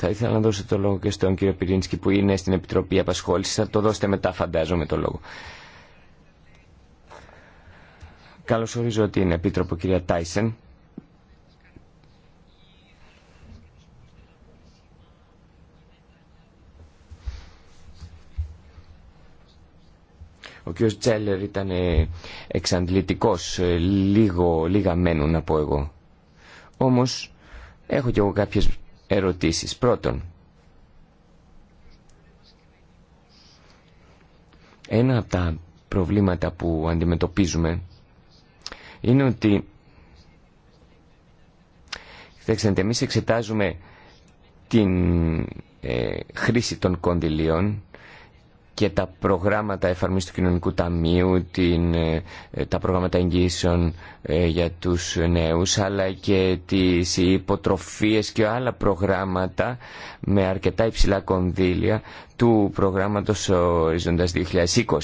[SPEAKER 2] Θα ήθελα να δώσω το λόγο και στον κύριο Πυρίνσκι που είναι στην Επιτροπή Απασχόλησης. Θα το δώσετε μετά φαντάζομαι το λόγο. Καλωσορίζω την Επίτροπο κυρία Τάισεν. Ο κύριος Τσέλερ ήταν ε, εξαντλητικός, ε, λίγο, λίγα μένουν να πω εγώ. Όμως έχω και εγώ κάποιες ερωτήσεις. Πρώτον, ένα από τα προβλήματα που αντιμετωπίζουμε είναι ότι εμεί εμείς εξετάζουμε την ε, χρήση των κονδυλίων και τα προγράμματα εφαρμής του κοινωνικού ταμείου, την, ε, τα προγράμματα εγγύσεων ε, για τους νέους, αλλά και τις υποτροφίες και άλλα προγράμματα με αρκετά υψηλά κονδύλια του προγράμματος Οριζοντας 2020.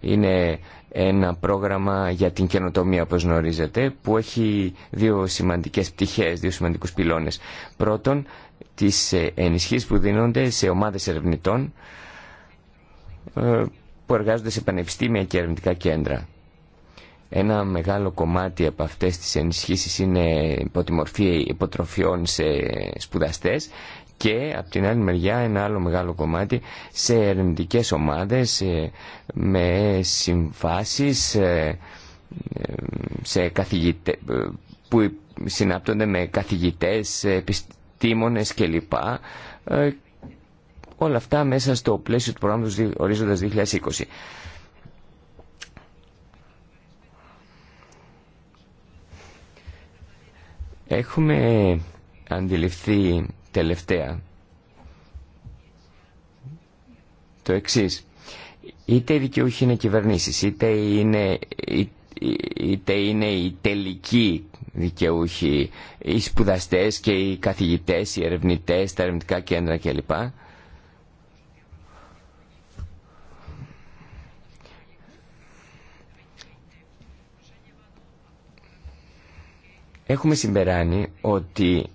[SPEAKER 2] Είναι ένα πρόγραμμα για την καινοτομία, όπως γνωρίζετε, που έχει δύο σημαντικές πτυχές, δύο σημαντικούς πυλώνες. Πρώτον, τις ενισχύσεις που δίνονται σε ομάδες ερευνητών, ε, που εργάζονται σε πανεπιστήμια και ερευνητικά κέντρα. Ένα μεγάλο κομμάτι από αυτές τις ενισχύσεις είναι υπό τη μορφή υποτροφιών σε σπουδαστές και από την άλλη μεριά ένα άλλο μεγάλο κομμάτι σε ερευνητικές ομάδες ε, με συμβάσεις ε, σε που συνάπτονται με καθηγητές, επιστήμονες κλπ Όλα αυτά μέσα στο πλαίσιο του προγράμματος Ορίζοντας 2020. Έχουμε αντιληφθεί τελευταία το εξής. Είτε οι δικαιούχοι είναι κυβερνήσεις, είτε είναι, είτε είναι οι τελικοί δικαιούχοι, οι σπουδαστές και οι καθηγητές, οι ερευνητές, τα ερευνητικά κέντρα κλπ. Έχουμε συμπεράνει ότι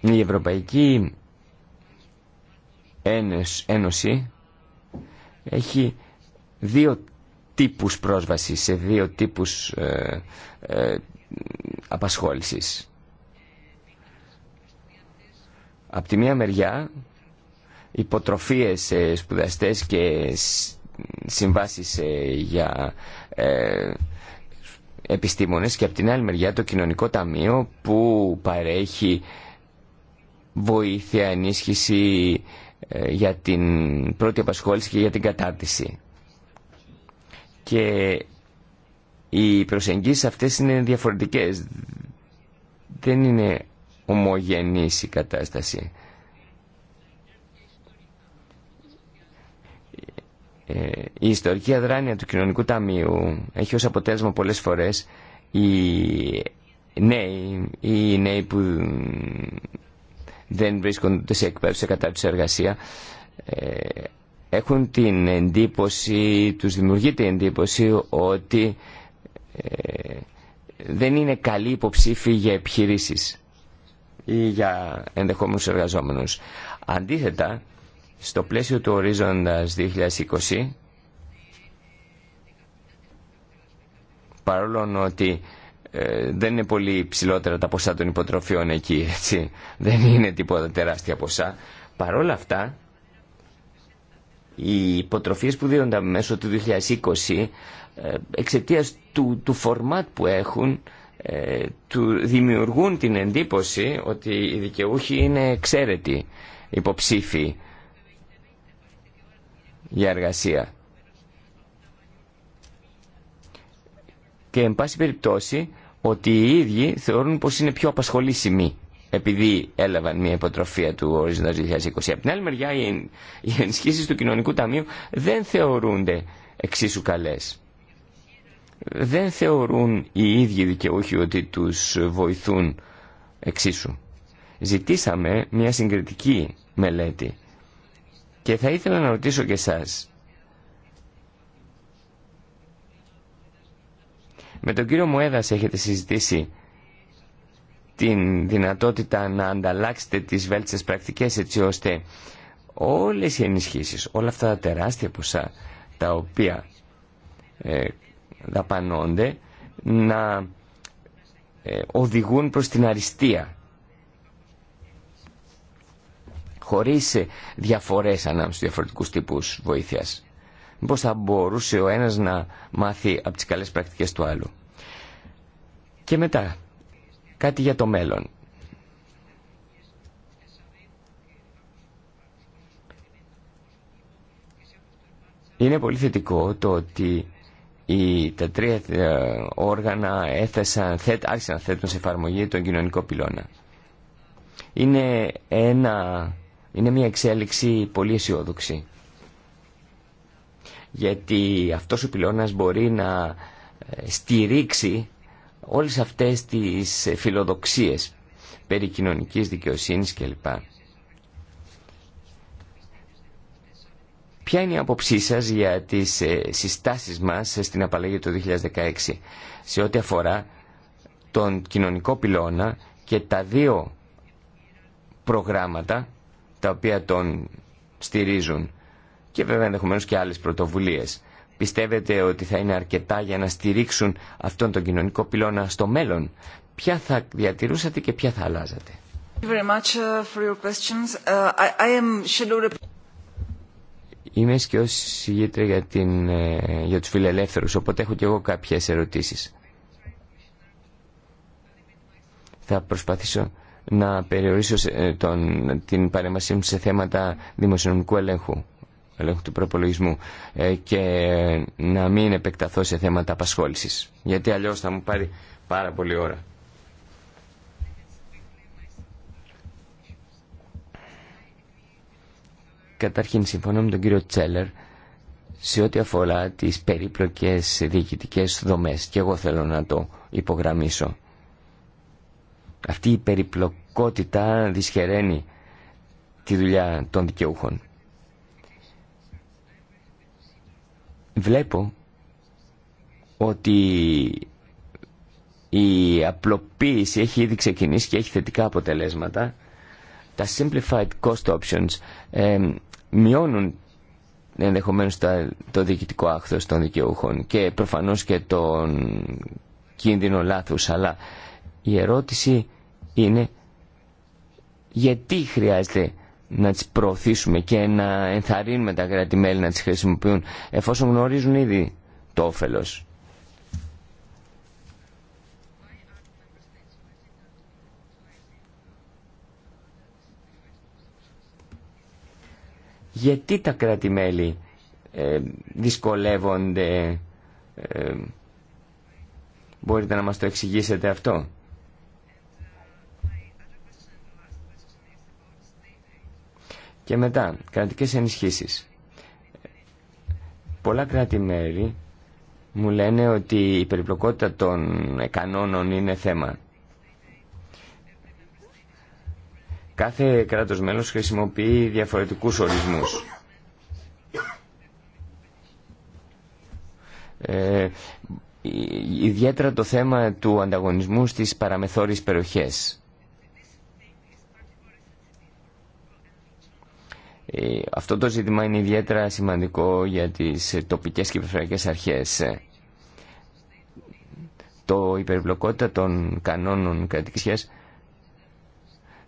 [SPEAKER 2] η Ευρωπαϊκή Ένωση έχει δύο τύπους πρόσβασης, σε δύο τύπους ε, ε, απασχόλησης. Απ' τη μία μεριά υποτροφίες σε σπουδαστές και συμβάσεις ε, για ε, επιστήμονες και από την άλλη μεριά το κοινωνικό ταμείο που παρέχει βοήθεια, ενίσχυση ε, για την πρώτη απασχόληση και για την κατάρτιση. Και οι προσεγγίσεις αυτές είναι διαφορετικές. Δεν είναι ομογενής η κατάσταση. Ε, η ιστορική αδράνεια του κοινωνικού ταμείου έχει ως αποτέλεσμα πολλές φορές οι νέοι, οι νέοι που δεν βρίσκονται σε εκπαίδευση κατά τη εργασία ε, έχουν την εντύπωση, τους δημιουργείται η εντύπωση ότι ε, δεν είναι καλή υποψήφοι για επιχειρήσεις ή για ενδεχόμενους εργαζόμενους. Αντίθετα, στο πλαίσιο του ορίζοντας 2020, παρόλο ότι ε, δεν είναι πολύ ψηλότερα τα ποσά των υποτροφιών εκεί, έτσι, δεν είναι τίποτα τεράστια ποσά, παρόλα αυτά, οι υποτροφίες που δίνονται μέσω του 2020 ε, εξαιτία του, του φορμάτ που έχουν ε, του δημιουργούν την εντύπωση ότι οι δικαιούχοι είναι εξαίρετοι υποψήφοι για εργασία. Και εν πάση περιπτώσει ότι οι ίδιοι θεωρούν πως είναι πιο απασχολήσιμοι επειδή έλαβαν μια υποτροφία του ορίζοντα 2020. Από την άλλη μεριά, οι ενισχύσει του κοινωνικού ταμείου δεν θεωρούνται εξίσου καλέ. Δεν θεωρούν οι ίδιοι δικαιούχοι ότι τους βοηθούν εξίσου. Ζητήσαμε μια συγκριτική μελέτη και θα ήθελα να ρωτήσω και εσάς. Με τον κύριο Μουέδας έχετε συζητήσει την δυνατότητα να ανταλλάξετε τις βέλτιστες πρακτικές έτσι ώστε όλες οι ενισχύσεις, όλα αυτά τα τεράστια ποσά τα οποία ε, δαπανώνται να ε, οδηγούν προς την αριστεία χωρίς διαφορές ανάμεσα στους διαφορετικούς τύπους βοήθειας. Μήπως θα μπορούσε ο ένας να μάθει από τις καλές πρακτικές του άλλου. Και μετά, κάτι για το μέλλον. Είναι πολύ θετικό το ότι οι, τα τρία ε, όργανα έθεσαν, θέτ, άρχισαν να θέτουν σε εφαρμογή τον κοινωνικό πυλώνα. Είναι ένα είναι μια εξέλιξη πολύ αισιόδοξη. Γιατί αυτός ο πυλώνας μπορεί να ε, στηρίξει όλες αυτές τις φιλοδοξίες περί κοινωνικής δικαιοσύνης κλπ. Ποια είναι η άποψή σα για τις ε, συστάσεις μας στην απαλλαγή του 2016 σε ό,τι αφορά τον κοινωνικό πυλώνα και τα δύο προγράμματα τα οποία τον στηρίζουν και βέβαια ενδεχομένω και άλλες πρωτοβουλίες. Πιστεύετε ότι θα είναι αρκετά για να στηρίξουν αυτόν τον κοινωνικό πυλώνα στο μέλλον. Ποια θα διατηρούσατε και ποια θα αλλάζατε. Είμαι και ως συγγήτρια για, την, ε, για τους φιλελεύθερους, οπότε έχω και εγώ κάποιες ερωτήσεις. Θα προσπαθήσω να περιορίσω ε, τον, την παρέμβασή μου σε θέματα δημοσιονομικού ελέγχου, ελέγχου του προπολογισμού ε, και να μην επεκταθώ σε θέματα απασχόλησης, γιατί αλλιώς θα μου πάρει πάρα πολύ ώρα. Καταρχήν συμφωνώ με τον κύριο Τσέλερ σε ό,τι αφορά τις περίπλοκες διοικητικές δομές και εγώ θέλω να το υπογραμμίσω. Αυτή η περιπλοκότητα δυσχεραίνει τη δουλειά των δικαιούχων. Βλέπω ότι η απλοποίηση έχει ήδη ξεκινήσει και έχει θετικά αποτελέσματα. Τα simplified cost options ε, μειώνουν ενδεχομένως το διοικητικό άχθος των δικαιούχων και προφανώς και τον κίνδυνο λάθους. Αλλά η ερώτηση είναι γιατί χρειάζεται να τις προωθήσουμε και να ενθαρρύνουμε τα κράτη-μέλη να τις χρησιμοποιούν εφόσον γνωρίζουν ήδη το όφελος. Γιατί τα κράτη-μέλη ε, δυσκολεύονται, ε, μπορείτε να μας το εξηγήσετε αυτό. Και μετά, κρατικές ενισχύσεις. Πολλά κράτη-μέρη μου λένε ότι η περιπλοκότητα των κανόνων είναι θέμα. Κάθε κράτος μέλος χρησιμοποιεί διαφορετικούς ορισμούς. Ε, ιδιαίτερα το θέμα του ανταγωνισμού στις παραμεθόρεις περιοχές. Ε, αυτό το ζήτημα είναι ιδιαίτερα σημαντικό για τις τοπικές και περιφερειακές αρχές. Το υπερπλοκότητα των κανόνων κρατικής σχέσης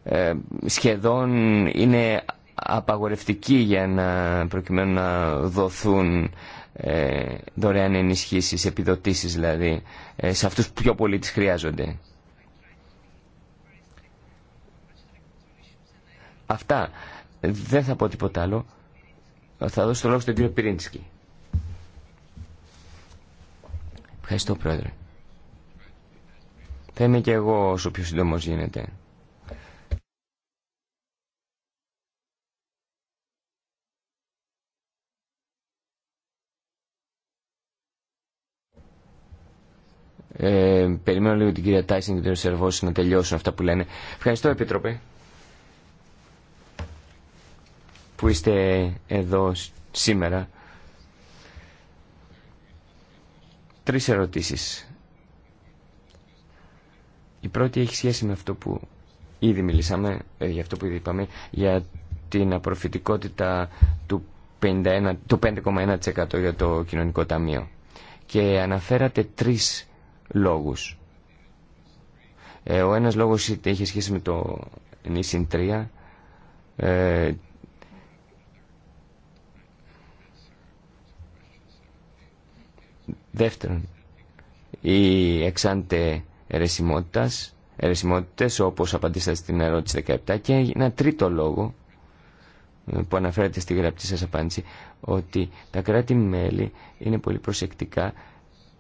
[SPEAKER 2] ε, σχεδόν είναι απαγορευτική για να προκειμένου να δοθούν ε, δωρεάν ενισχύσεις, επιδοτήσεις δηλαδή, σε αυτούς που πιο πολύ τις χρειάζονται. Αυτά. Δεν θα πω τίποτα άλλο. Θα δώσω το λόγο στον κύριο Πυρίνσκι. Ευχαριστώ, Πρόεδρε. Θα είμαι και εγώ όσο πιο σύντομο γίνεται. Ε, περιμένω λίγο την κυρία Τάισιν και τον Σερβόση να τελειώσουν αυτά που λένε. Ευχαριστώ, Επίτροπε που είστε εδώ σήμερα. Τρεις ερωτήσεις. Η πρώτη έχει σχέση με αυτό που ήδη μιλήσαμε, ε, για αυτό που ήδη είπαμε, για την απροφητικότητα του 5,1% για το κοινωνικό ταμείο. Και αναφέρατε τρεις λόγους. Ε, ο ένας λόγος είχε σχέση με το νησιντρία ε, Δεύτερον, οι εξάντε ερεσιμότητας, ερεσιμότητες όπως απαντήσατε στην ερώτηση 17 και ένα τρίτο λόγο ε, που αναφέρεται στη γραπτή σας απάντηση ότι τα κράτη-μέλη είναι πολύ προσεκτικά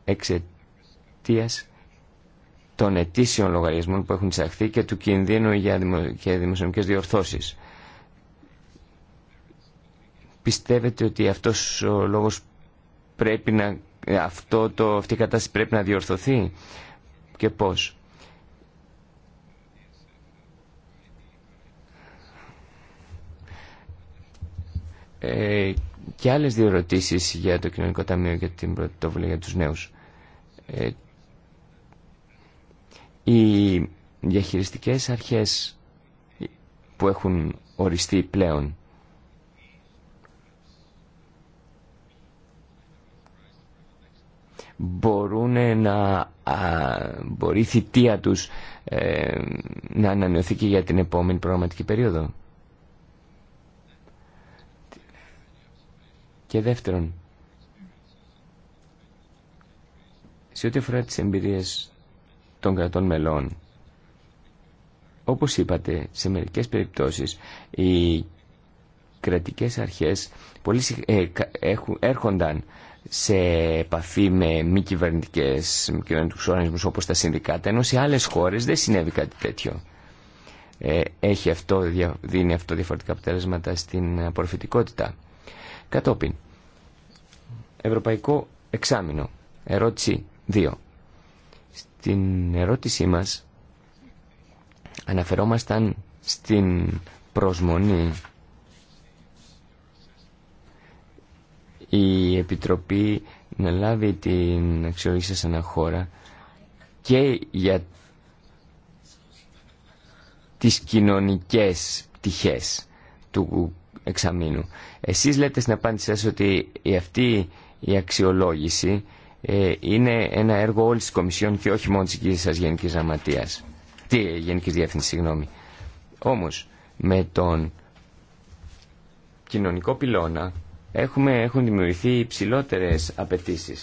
[SPEAKER 2] εξαιτία των ετήσιων λογαριασμών που έχουν εισαχθεί και του κινδύνου για δημο... και δημοσιονομικές διορθώσεις. Πιστεύετε ότι αυτός ο λόγος πρέπει να ε, αυτό το, αυτή η κατάσταση πρέπει να διορθωθεί και πώς. Ε, και άλλες δύο ερωτήσεις για το Κοινωνικό Ταμείο και την πρωτοβουλία για τους νέους. Ε, οι διαχειριστικές αρχές που έχουν οριστεί πλέον μπορούν να, μπορεί η θητεία τους ε, να ανανεωθεί και για την επόμενη προγραμματική περίοδο. Και δεύτερον, σε ό,τι αφορά τις εμπειρίες των κρατών μελών, όπως είπατε, σε μερικές περιπτώσεις οι κρατικές αρχές πολύ, ε, έρχονταν σε επαφή με μη κυβερνητικέ κυβερνητικού οργανισμού όπω τα συνδικάτα, ενώ σε άλλε χώρε δεν συνέβη κάτι τέτοιο. Ε, έχει αυτό, δίνει αυτό διαφορετικά αποτέλεσματα στην απορροφητικότητα. Κατόπιν, Ευρωπαϊκό Εξάμεινο, ερώτηση 2. Στην ερώτησή μας αναφερόμασταν στην προσμονή η Επιτροπή να λάβει την αξιολόγηση σε χώρα και για τις κοινωνικές πτυχές του εξαμήνου. Εσείς λέτε στην απάντησή σας ότι η αυτή η αξιολόγηση ε, είναι ένα έργο όλης της Κομισιόν και όχι μόνο της Γενική σας Γενικής Γραμματείας. Τι, Γενικής Διεύθυνσης, Όμως, με τον κοινωνικό πυλώνα έχουμε, έχουν δημιουργηθεί υψηλότερε απαιτήσει.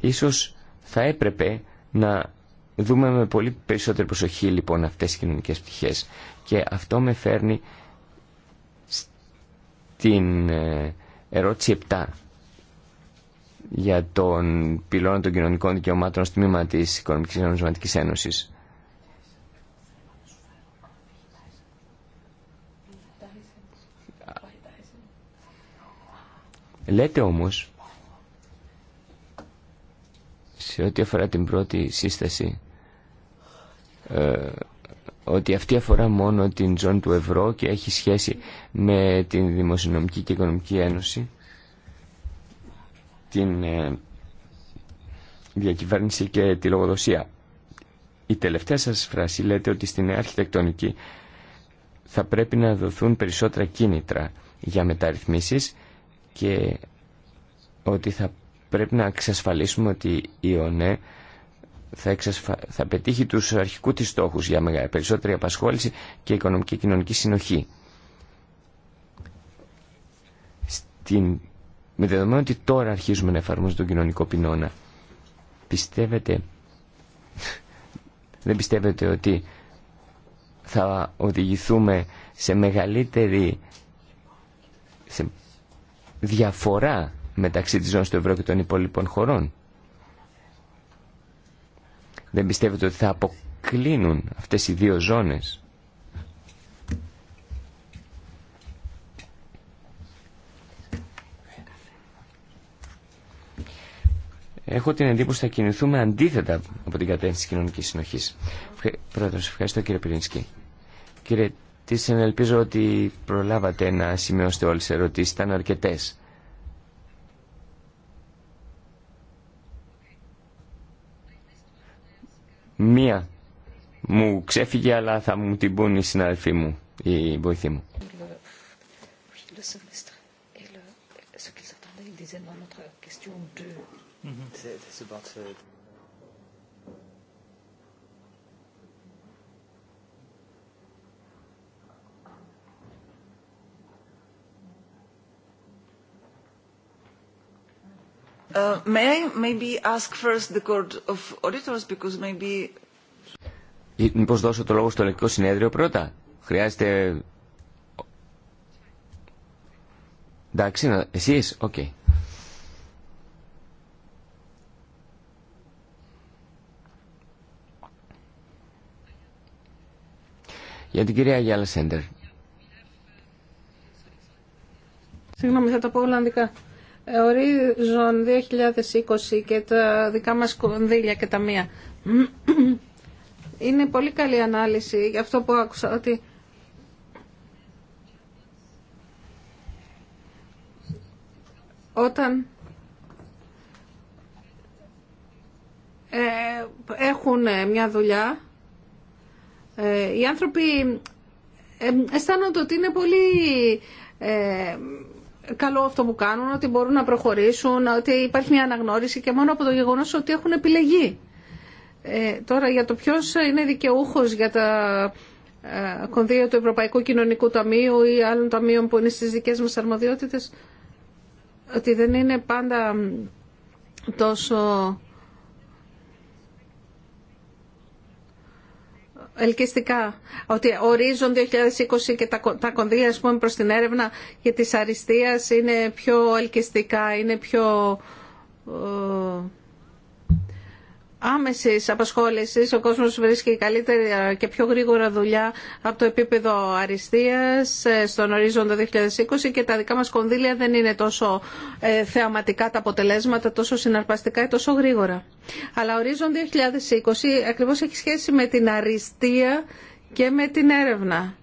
[SPEAKER 2] Ίσως θα έπρεπε να δούμε με πολύ περισσότερη προσοχή λοιπόν αυτές τις κοινωνικές πτυχές και αυτό με φέρνει στην ε, ερώτηση 7 για τον πυλώνα των κοινωνικών δικαιωμάτων στο τμήμα τη Οικονομικής και Νομισματική Ένωσης. Λέτε όμως, σε ό,τι αφορά την πρώτη σύσταση, ε, ότι αυτή αφορά μόνο την ζώνη του ευρώ και έχει σχέση με την Δημοσιονομική και Οικονομική Ένωση την ε, διακυβέρνηση και τη λογοδοσία. Η τελευταία σας φράση λέτε ότι στην αρχιτεκτονική θα πρέπει να δοθούν περισσότερα κίνητρα για μεταρρυθμίσεις και ότι θα πρέπει να εξασφαλίσουμε ότι η ΟΝΕ θα, εξασφα... θα πετύχει τους αρχικού της στόχους για περισσότερη απασχόληση και οικονομική και κοινωνική συνοχή. Στην με δεδομένο ότι τώρα αρχίζουμε να εφαρμόζουμε τον κοινωνικό πυλώνα, πιστεύετε, δεν πιστεύετε ότι θα οδηγηθούμε σε μεγαλύτερη σε διαφορά μεταξύ της ζώνης του ευρώ και των υπόλοιπων χωρών. Δεν πιστεύετε ότι θα αποκλίνουν αυτές οι δύο ζώνες. Έχω την εντύπωση ότι θα κινηθούμε αντίθετα από την κατεύθυνση τη κοινωνική συνοχή. Πρόεδρο, ευχαριστώ κύριε Πυρινσκή. Κύριε Τίσεν, ελπίζω ότι προλάβατε να σημειώσετε όλε τι ερωτήσει. Ήταν αρκετέ. Μία μου ξέφυγε, αλλά θα μου την πούν οι συναδελφοί μου, οι βοηθοί μου
[SPEAKER 1] disait dans notre question 2. Mm C'est Uh, May I maybe ask first the Court of Auditors because maybe...
[SPEAKER 2] Μήπως δώσω το λόγο στο Ελεκτικό Συνέδριο πρώτα. Χρειάζεται... Εντάξει, εσείς, οκ. Okay. Για την κυρία Γιάλα Σέντερ.
[SPEAKER 1] Συγγνώμη, θα το πω Ολλανδικά. Ε, Ορίζον 2020 και τα δικά μας κονδύλια και τα μία. Είναι πολύ καλή ανάλυση για αυτό που άκουσα ότι όταν ε, έχουν μια δουλειά ε, οι άνθρωποι ε, αισθάνονται ότι είναι πολύ ε, καλό αυτό που κάνουν, ότι μπορούν να προχωρήσουν, ότι υπάρχει μια αναγνώριση και μόνο από το γεγονός ότι έχουν επιλεγεί. Ε, τώρα για το ποιος είναι δικαιούχος για τα ε, κονδύλια του Ευρωπαϊκού Κοινωνικού Ταμείου ή άλλων ταμείων που είναι στις δικές μας αρμοδιότητες, ότι δεν είναι πάντα τόσο ελκυστικά ότι ορίζον 2020 και τα κονδύλια ας πούμε, προς την έρευνα για της αριστείας είναι πιο ελκυστικά, είναι πιο ε, Άμεση απασχόληση ο κόσμος βρίσκει καλύτερη και πιο γρήγορα δουλειά από το επίπεδο αριστείας ε, στον ορίζοντα 2020 και τα δικά μας κονδύλια δεν είναι τόσο ε, θεαματικά τα αποτελέσματα, τόσο συναρπαστικά ή τόσο γρήγορα. Αλλά ορίζοντα 2020 ακριβώς έχει σχέση με την αριστεία και με την έρευνα.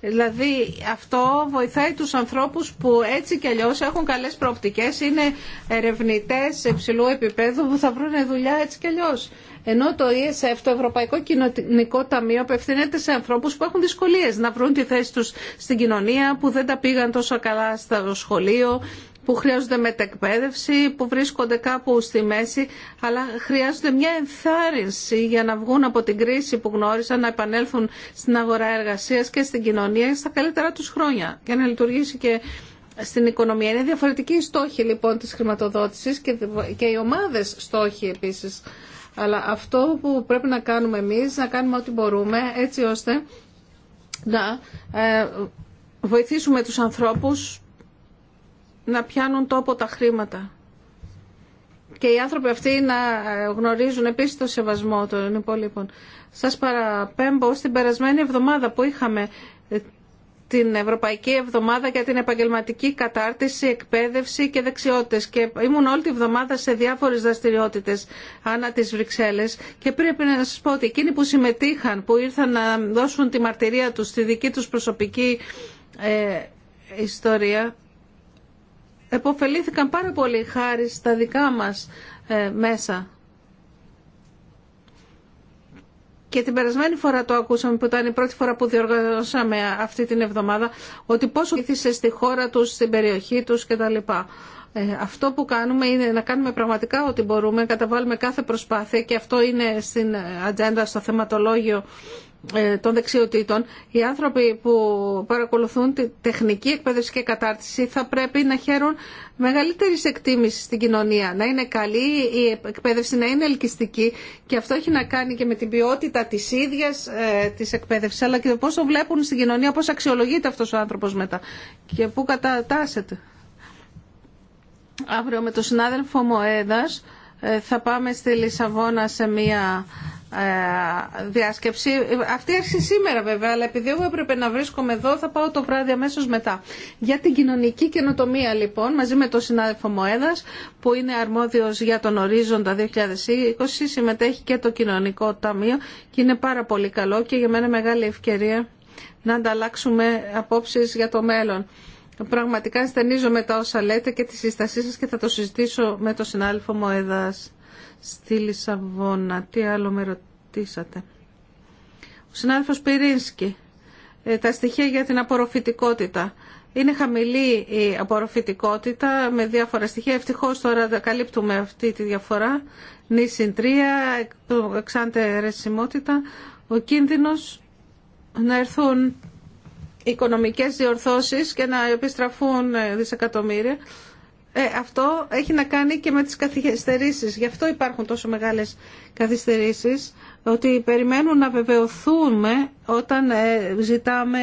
[SPEAKER 1] Δηλαδή αυτό βοηθάει τους ανθρώπους που έτσι κι αλλιώς έχουν καλές προοπτικές, είναι ερευνητές υψηλού επίπεδου που θα βρουν δουλειά έτσι κι αλλιώς. Ενώ το ESF, το Ευρωπαϊκό Κοινωνικό Ταμείο, απευθύνεται σε ανθρώπους που έχουν δυσκολίες να βρουν τη θέση τους στην κοινωνία, που δεν τα πήγαν τόσο καλά στο σχολείο, που χρειάζονται μετεκπαίδευση, που βρίσκονται κάπου στη μέση, αλλά χρειάζονται μια ενθάρρυνση για να βγουν από την κρίση που γνώρισαν, να επανέλθουν στην αγορά εργασία και στην κοινωνία στα καλύτερα του χρόνια και να λειτουργήσει και στην οικονομία. Είναι διαφορετική η στόχη λοιπόν της χρηματοδότησης και οι ομάδες στόχοι επίσης. Αλλά αυτό που πρέπει να κάνουμε εμείς, να κάνουμε ό,τι μπορούμε έτσι ώστε να ε, βοηθήσουμε τους ανθρώπους να πιάνουν τόπο τα χρήματα. Και οι άνθρωποι αυτοί να γνωρίζουν επίση το σεβασμό των υπόλοιπων. Σας παραπέμπω στην περασμένη εβδομάδα που είχαμε ε, την Ευρωπαϊκή Εβδομάδα για την Επαγγελματική Κατάρτιση, Εκπαίδευση και Δεξιότητες και ήμουν όλη τη βδομάδα σε διάφορες δραστηριότητες ανά τις Βρυξέλλες και πρέπει να σας πω ότι εκείνοι που συμμετείχαν, που ήρθαν να δώσουν τη μαρτυρία τους στη δική τους προσωπική ε, ιστορία εποφελήθηκαν πάρα πολύ χάρη στα δικά μας ε, μέσα. Και την περασμένη φορά το ακούσαμε που ήταν η πρώτη φορά που διοργανώσαμε αυτή την εβδομάδα ότι πόσο βοήθησε στη χώρα τους, στην περιοχή τους κτλ. Ε, αυτό που κάνουμε είναι να κάνουμε πραγματικά ό,τι μπορούμε, καταβάλουμε κάθε προσπάθεια και αυτό είναι στην ατζέντα, στο θεματολόγιο ε, των δεξιοτήτων, οι άνθρωποι που παρακολουθούν τη τεχνική εκπαίδευση και κατάρτιση θα πρέπει να χαίρουν μεγαλύτερη εκτίμηση στην κοινωνία, να είναι καλή η εκπαίδευση, να είναι ελκυστική και αυτό έχει να κάνει και με την ποιότητα τη ίδια ε, της εκπαίδευσης αλλά και πόσο βλέπουν στην κοινωνία, πώς αξιολογείται αυτό ο άνθρωπο μετά και πού κατατάσσεται. Αύριο με τον συνάδελφο Μοέδας ε, θα πάμε στη Λισαβόνα σε μία ε, διάσκεψη. Αυτή έρχεται σήμερα βέβαια, αλλά επειδή εγώ έπρεπε να βρίσκομαι εδώ, θα πάω το βράδυ αμέσω μετά. Για την κοινωνική καινοτομία λοιπόν, μαζί με τον συνάδελφο Μοέδα, που είναι αρμόδιο για τον ορίζοντα 2020, συμμετέχει και το κοινωνικό ταμείο και είναι πάρα πολύ καλό και για μένα μεγάλη ευκαιρία να ανταλλάξουμε απόψει για το μέλλον. Πραγματικά στενίζω τα όσα λέτε και τη συστασία σα και θα το συζητήσω με τον συνάδελφο Μοέδας στη Λισαβόνα. Τι άλλο με ρωτήσατε. Ο συνάδελφος Πυρίνσκι. Ε, τα στοιχεία για την απορροφητικότητα. Είναι χαμηλή η απορροφητικότητα με διάφορα στοιχεία. Ευτυχώς τώρα καλύπτουμε αυτή τη διαφορά. Νήσιν 3, εξάντε ρεσιμότητα. Ο κίνδυνος να έρθουν οικονομικές διορθώσεις και να επιστραφούν ε, δισεκατομμύρια. Ε, αυτό έχει να κάνει και με τις καθυστερήσεις. Γι' αυτό υπάρχουν τόσο μεγάλες καθυστερήσεις, ότι περιμένουν να βεβαιωθούμε όταν ε, ζητάμε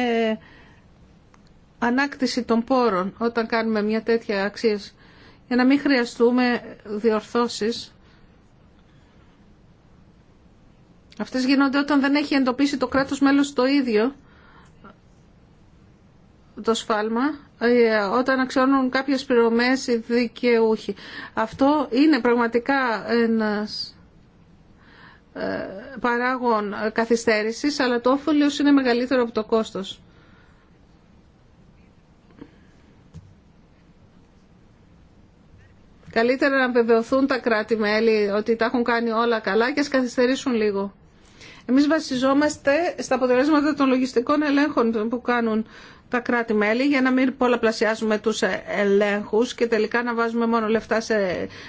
[SPEAKER 1] ανάκτηση των πόρων, όταν κάνουμε μια τέτοια αξία, για να μην χρειαστούμε διορθώσεις. Αυτές γίνονται όταν δεν έχει εντοπίσει το κράτος μέλος το ίδιο το σφάλμα ε, όταν αξιώνουν κάποιες πληρωμές οι δικαιούχοι. Αυτό είναι πραγματικά ένας ε, παράγων καθυστέρησης, αλλά το όφελος είναι μεγαλύτερο από το κόστος. Καλύτερα να βεβαιωθούν τα κράτη-μέλη ότι τα έχουν κάνει όλα καλά και ας καθυστερήσουν λίγο. Εμείς βασιζόμαστε στα αποτελέσματα των λογιστικών ελέγχων που κάνουν τα κράτη-μέλη για να μην πολλαπλασιάζουμε τους ελέγχους και τελικά να βάζουμε μόνο λεφτά σε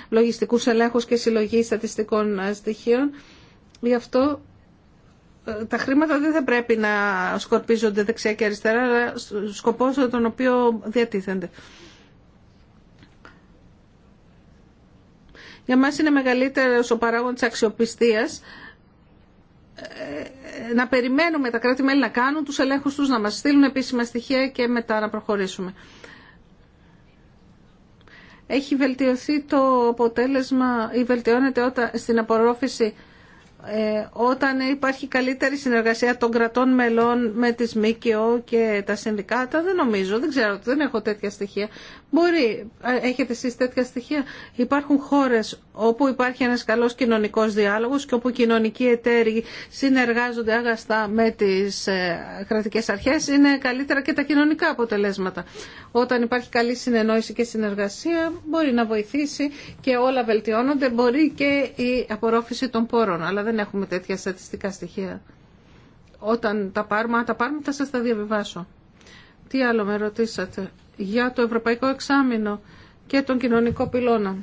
[SPEAKER 1] λογιστικούς ελέγχους και συλλογή στατιστικών στοιχείων. Γι' αυτό ε, τα χρήματα δεν θα πρέπει να σκορπίζονται δεξιά και αριστερά, αλλά σκοπός τον οποίο διατίθενται. Για μας είναι μεγαλύτερος ο παράγοντας αξιοπιστίας να περιμένουμε τα κράτη-μέλη να κάνουν τους ελέγχους τους, να μας στείλουν επίσημα στοιχεία και μετά να προχωρήσουμε. Έχει βελτιωθεί το αποτέλεσμα ή βελτιώνεται όταν, στην απορρόφηση ε, όταν υπάρχει καλύτερη συνεργασία των κρατών μελών με τις ΜΚΟ και τα συνδικάτα. Δεν νομίζω, δεν ξέρω, δεν έχω τέτοια στοιχεία. Μπορεί, έχετε εσείς τέτοια στοιχεία. Υπάρχουν χώρες όπου υπάρχει ένας καλός κοινωνικός διάλογος και όπου οι κοινωνικοί εταίροι συνεργάζονται άγαστα με τις ε, κρατικές αρχές. Είναι καλύτερα και τα κοινωνικά αποτελέσματα. Όταν υπάρχει καλή συνεννόηση και συνεργασία μπορεί να βοηθήσει και όλα βελτιώνονται. Μπορεί και η απορρόφηση των πόρων, αλλά δεν έχουμε τέτοια στατιστικά στοιχεία. Όταν τα πάρουμε, τα πάρουμε θα σας τα διαβιβάσω. Τι άλλο με ρωτήσατε για το Ευρωπαϊκό Εξάμεινο και τον κοινωνικό πυλώνα.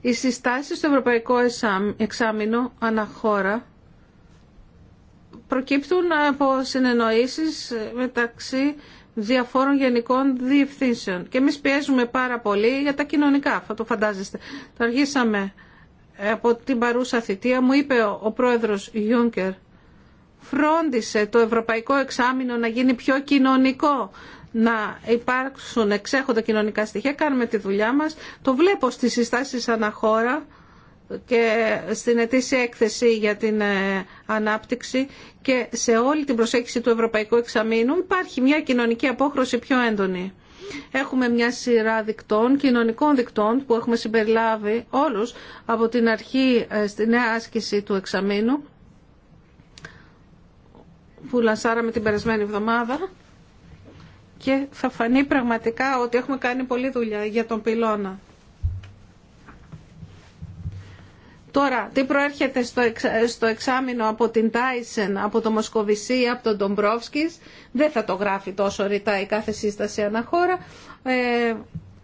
[SPEAKER 1] Οι συστάσεις στο Ευρωπαϊκό Εξάμεινο αναχώρα προκύπτουν από συνεννοήσεις μεταξύ διαφόρων γενικών διευθύνσεων. Και εμείς πιέζουμε πάρα πολύ για τα κοινωνικά, θα το φαντάζεστε. Το από την παρούσα θητεία, μου είπε ο πρόεδρος Γιούνκερ, φρόντισε το ευρωπαϊκό εξάμεινο να γίνει πιο κοινωνικό, να υπάρξουν εξέχοντα κοινωνικά στοιχεία. Κάνουμε τη δουλειά μας. Το βλέπω στις συστάσεις αναχώρα και στην ετήσια έκθεση για την ε, ανάπτυξη και σε όλη την προσέγγιση του Ευρωπαϊκού Εξαμήνου υπάρχει μια κοινωνική απόχρωση πιο έντονη. Έχουμε μια σειρά δικτών, κοινωνικών δικτών που έχουμε συμπεριλάβει όλους από την αρχή ε, στη νέα άσκηση του εξαμήνου που λανσάραμε την περασμένη εβδομάδα και θα φανεί πραγματικά ότι έχουμε κάνει πολλή δουλειά για τον πυλώνα. Τώρα, τι προέρχεται στο, στο εξάμεινο από την Τάισεν, από το Μοσκοβισί από τον Ντομπρόφσκης, δεν θα το γράφει τόσο ρητά η κάθε σύσταση αναχώρα. Ε,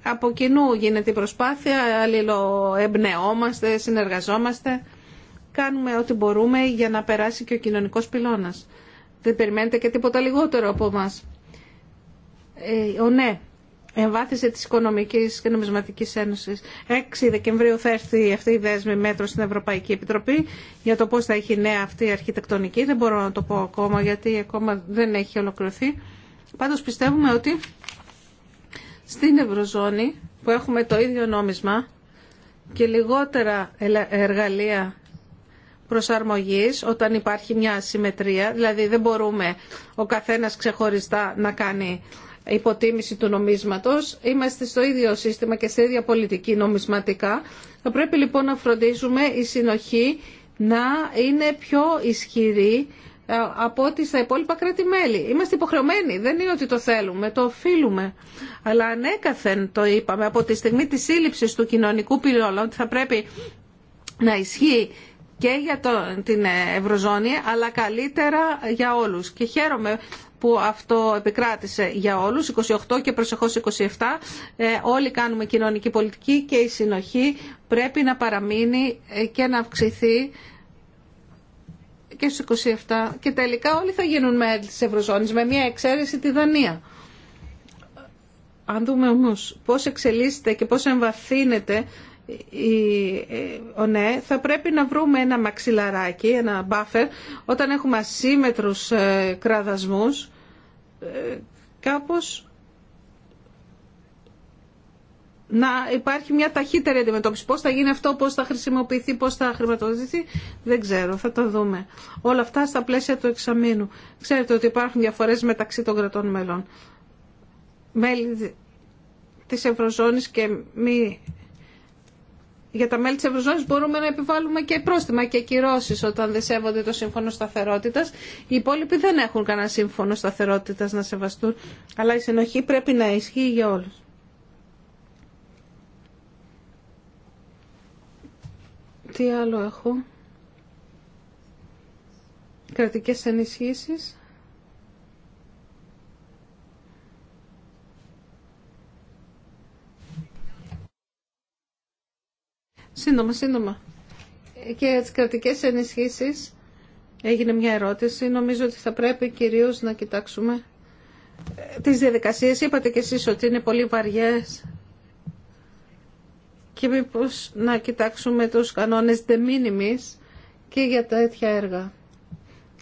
[SPEAKER 1] από κοινού γίνεται η προσπάθεια, αλληλοεμπνεόμαστε, συνεργαζόμαστε, κάνουμε ό,τι μπορούμε για να περάσει και ο κοινωνικός πυλώνας. Δεν περιμένετε και τίποτα λιγότερο από εμάς ε, ο ναι, εμβάθυνση τη οικονομική και Νομισματικής Ένωσης. 6 Δεκεμβρίου θα έρθει αυτή η δέσμη μέτρο στην Ευρωπαϊκή Επιτροπή για το πώ θα έχει νέα αυτή η αρχιτεκτονική. Δεν μπορώ να το πω ακόμα γιατί ακόμα δεν έχει ολοκληρωθεί. Πάντω πιστεύουμε ότι στην Ευρωζώνη που έχουμε το ίδιο νόμισμα και λιγότερα εργαλεία προσαρμογής όταν υπάρχει μια συμμετρία, δηλαδή δεν μπορούμε ο καθένας ξεχωριστά να κάνει υποτίμηση του νομίσματος. Είμαστε στο ίδιο σύστημα και σε ίδια πολιτική νομισματικά. Θα πρέπει λοιπόν να φροντίζουμε η συνοχή να είναι πιο ισχυρή ε, από ό,τι στα υπόλοιπα κράτη-μέλη. Είμαστε υποχρεωμένοι. Δεν είναι ότι το θέλουμε, το οφείλουμε. Αλλά ανέκαθεν το είπαμε από τη στιγμή της σύλληψης του κοινωνικού πυρόλα ότι θα πρέπει να ισχύει και για την ε, Ευρωζώνη, αλλά καλύτερα για όλους. Και χαίρομαι που αυτό επικράτησε για όλους, 28 και προσεχώς 27. Ε, όλοι κάνουμε κοινωνική πολιτική και η συνοχή πρέπει να παραμείνει ε, και να αυξηθεί και στους 27 και τελικά όλοι θα γίνουν μέλη της Ευρωζώνης με μια εξαίρεση τη Δανία. Αν δούμε όμως πώς εξελίσσεται και πώς εμβαθύνεται ε, ο ναι, θα πρέπει να βρούμε ένα μαξιλαράκι, ένα buffer, όταν έχουμε ασύμετρους ε, κραδασμούς, ε, κάπως να υπάρχει μια ταχύτερη αντιμετώπιση. Πώς θα γίνει αυτό, πώς θα χρησιμοποιηθεί, πώς θα χρηματοδοτηθεί, δεν ξέρω, θα το δούμε. Όλα αυτά στα πλαίσια του εξαμήνου. Ξέρετε ότι υπάρχουν διαφορές μεταξύ των κρατών μελών. Μέλη της Ευρωζώνης και μη για τα μέλη της Ευρωζώνης μπορούμε να επιβάλλουμε και πρόστιμα και κυρώσεις όταν δεν σέβονται το σύμφωνο σταθερότητας. Οι υπόλοιποι δεν έχουν κανένα σύμφωνο σταθερότητας να σεβαστούν, αλλά η συνοχή πρέπει να ισχύει για όλους. Τι άλλο έχω. Κρατικές ενισχύσεις. Σύντομα, σύντομα. Ε, και για κρατικέ κρατικές έγινε μια ερώτηση. Νομίζω ότι θα πρέπει κυρίως να κοιτάξουμε ε, τις διαδικασίες. Είπατε κι εσεί ότι είναι πολύ βαριέ και μήπω να κοιτάξουμε τους κανόνε de και για τα τέτοια έργα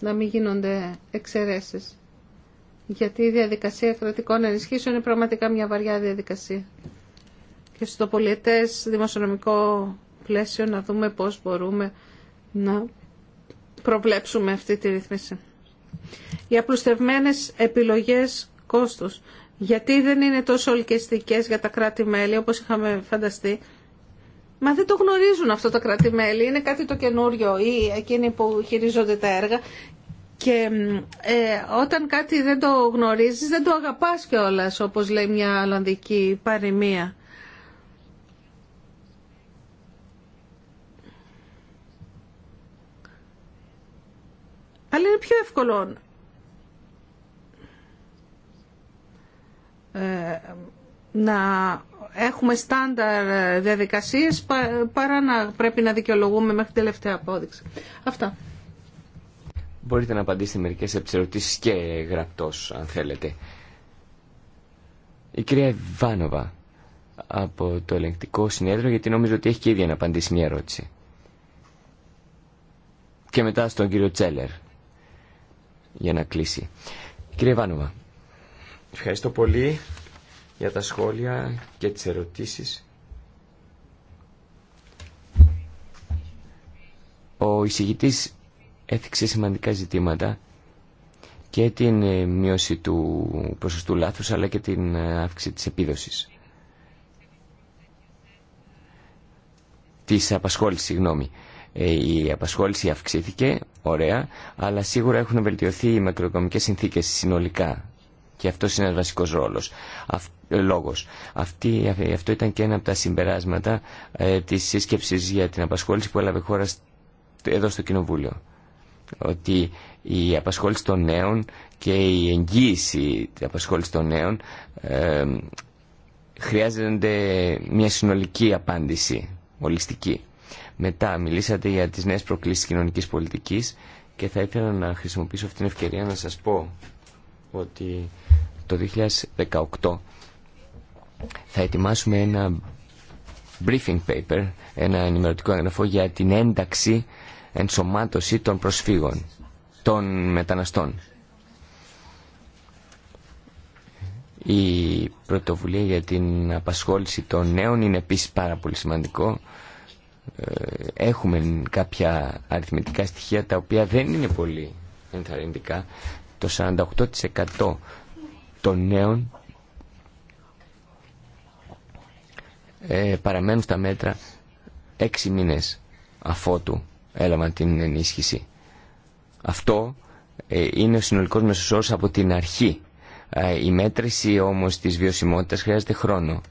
[SPEAKER 1] να μην γίνονται εξαιρέσει. Γιατί η διαδικασία κρατικών ενισχύσεων είναι πραγματικά μια βαριά διαδικασία. Και στο πολιτές δημοσιονομικό πλαίσιο να δούμε πώς μπορούμε να προβλέψουμε αυτή τη ρύθμιση. Οι απλουστευμένες επιλογές κόστους. Γιατί δεν είναι τόσο ολικιστικές για τα κράτη-μέλη όπως είχαμε φανταστεί. Μα δεν το γνωρίζουν αυτό τα κράτη-μέλη. Είναι κάτι το καινούριο ή εκείνοι που χειρίζονται τα έργα. Και ε, όταν κάτι δεν το γνωρίζεις δεν το αγαπάς κιόλας όπως λέει μια Ολλανδική παροιμία. Αλλά είναι πιο εύκολο ε, να έχουμε στάνταρ διαδικασίες παρά να πρέπει να δικαιολογούμε μέχρι την τελευταία απόδειξη. Αυτά.
[SPEAKER 2] Μπορείτε να απαντήσετε μερικές ερωτήσει και γραπτός αν θέλετε. Η κυρία Βάνοβα από το ελεγκτικό συνέδριο γιατί νομίζω ότι έχει και ίδια να απαντήσει μια ερώτηση. Και μετά στον κύριο Τσέλερ για να κλείσει. Κύριε Βάνουμα. Ευχαριστώ πολύ για τα σχόλια και τις ερωτήσεις. Ο εισηγητής έθιξε σημαντικά ζητήματα και την ε, μείωση του ποσοστού λάθους αλλά και την ε, αύξηση της επίδοσης. Της απασχόλησης, συγγνώμη. Ε, η απασχόληση αυξήθηκε, ωραία, αλλά σίγουρα έχουν βελτιωθεί οι μακροοικονομικές συνθήκες συνολικά. Και αυτό είναι ένα βασικό ρόλο. Ε, λόγος. Αυτή, αυτό ήταν και ένα από τα συμπεράσματα ε, της σύσκεψης για την απασχόληση που έλαβε χώρα εδώ στο Κοινοβούλιο. Ότι η απασχόληση των νέων και η εγγύηση της απασχόλησης των νέων χρειάζονται μια συνολική απάντηση, ολιστική. Μετά μιλήσατε για τις νέες προκλήσεις κοινωνικής πολιτικής και θα ήθελα να χρησιμοποιήσω αυτήν την ευκαιρία να σας πω ότι το 2018 θα ετοιμάσουμε ένα briefing paper, ένα ενημερωτικό έγγραφο για την ένταξη, ενσωμάτωση των προσφύγων, των μεταναστών. Η πρωτοβουλία για την απασχόληση των νέων είναι επίσης πάρα πολύ σημαντικό ε, έχουμε κάποια αριθμητικά στοιχεία τα οποία δεν είναι πολύ ενθαρρυντικά. Το 48% των νέων ε, παραμένουν στα μέτρα έξι μήνες αφότου έλαβαν την ενίσχυση. Αυτό ε, είναι ο συνολικός μέσος από την αρχή. Η μέτρηση όμως της βιωσιμότητας χρειάζεται χρόνο.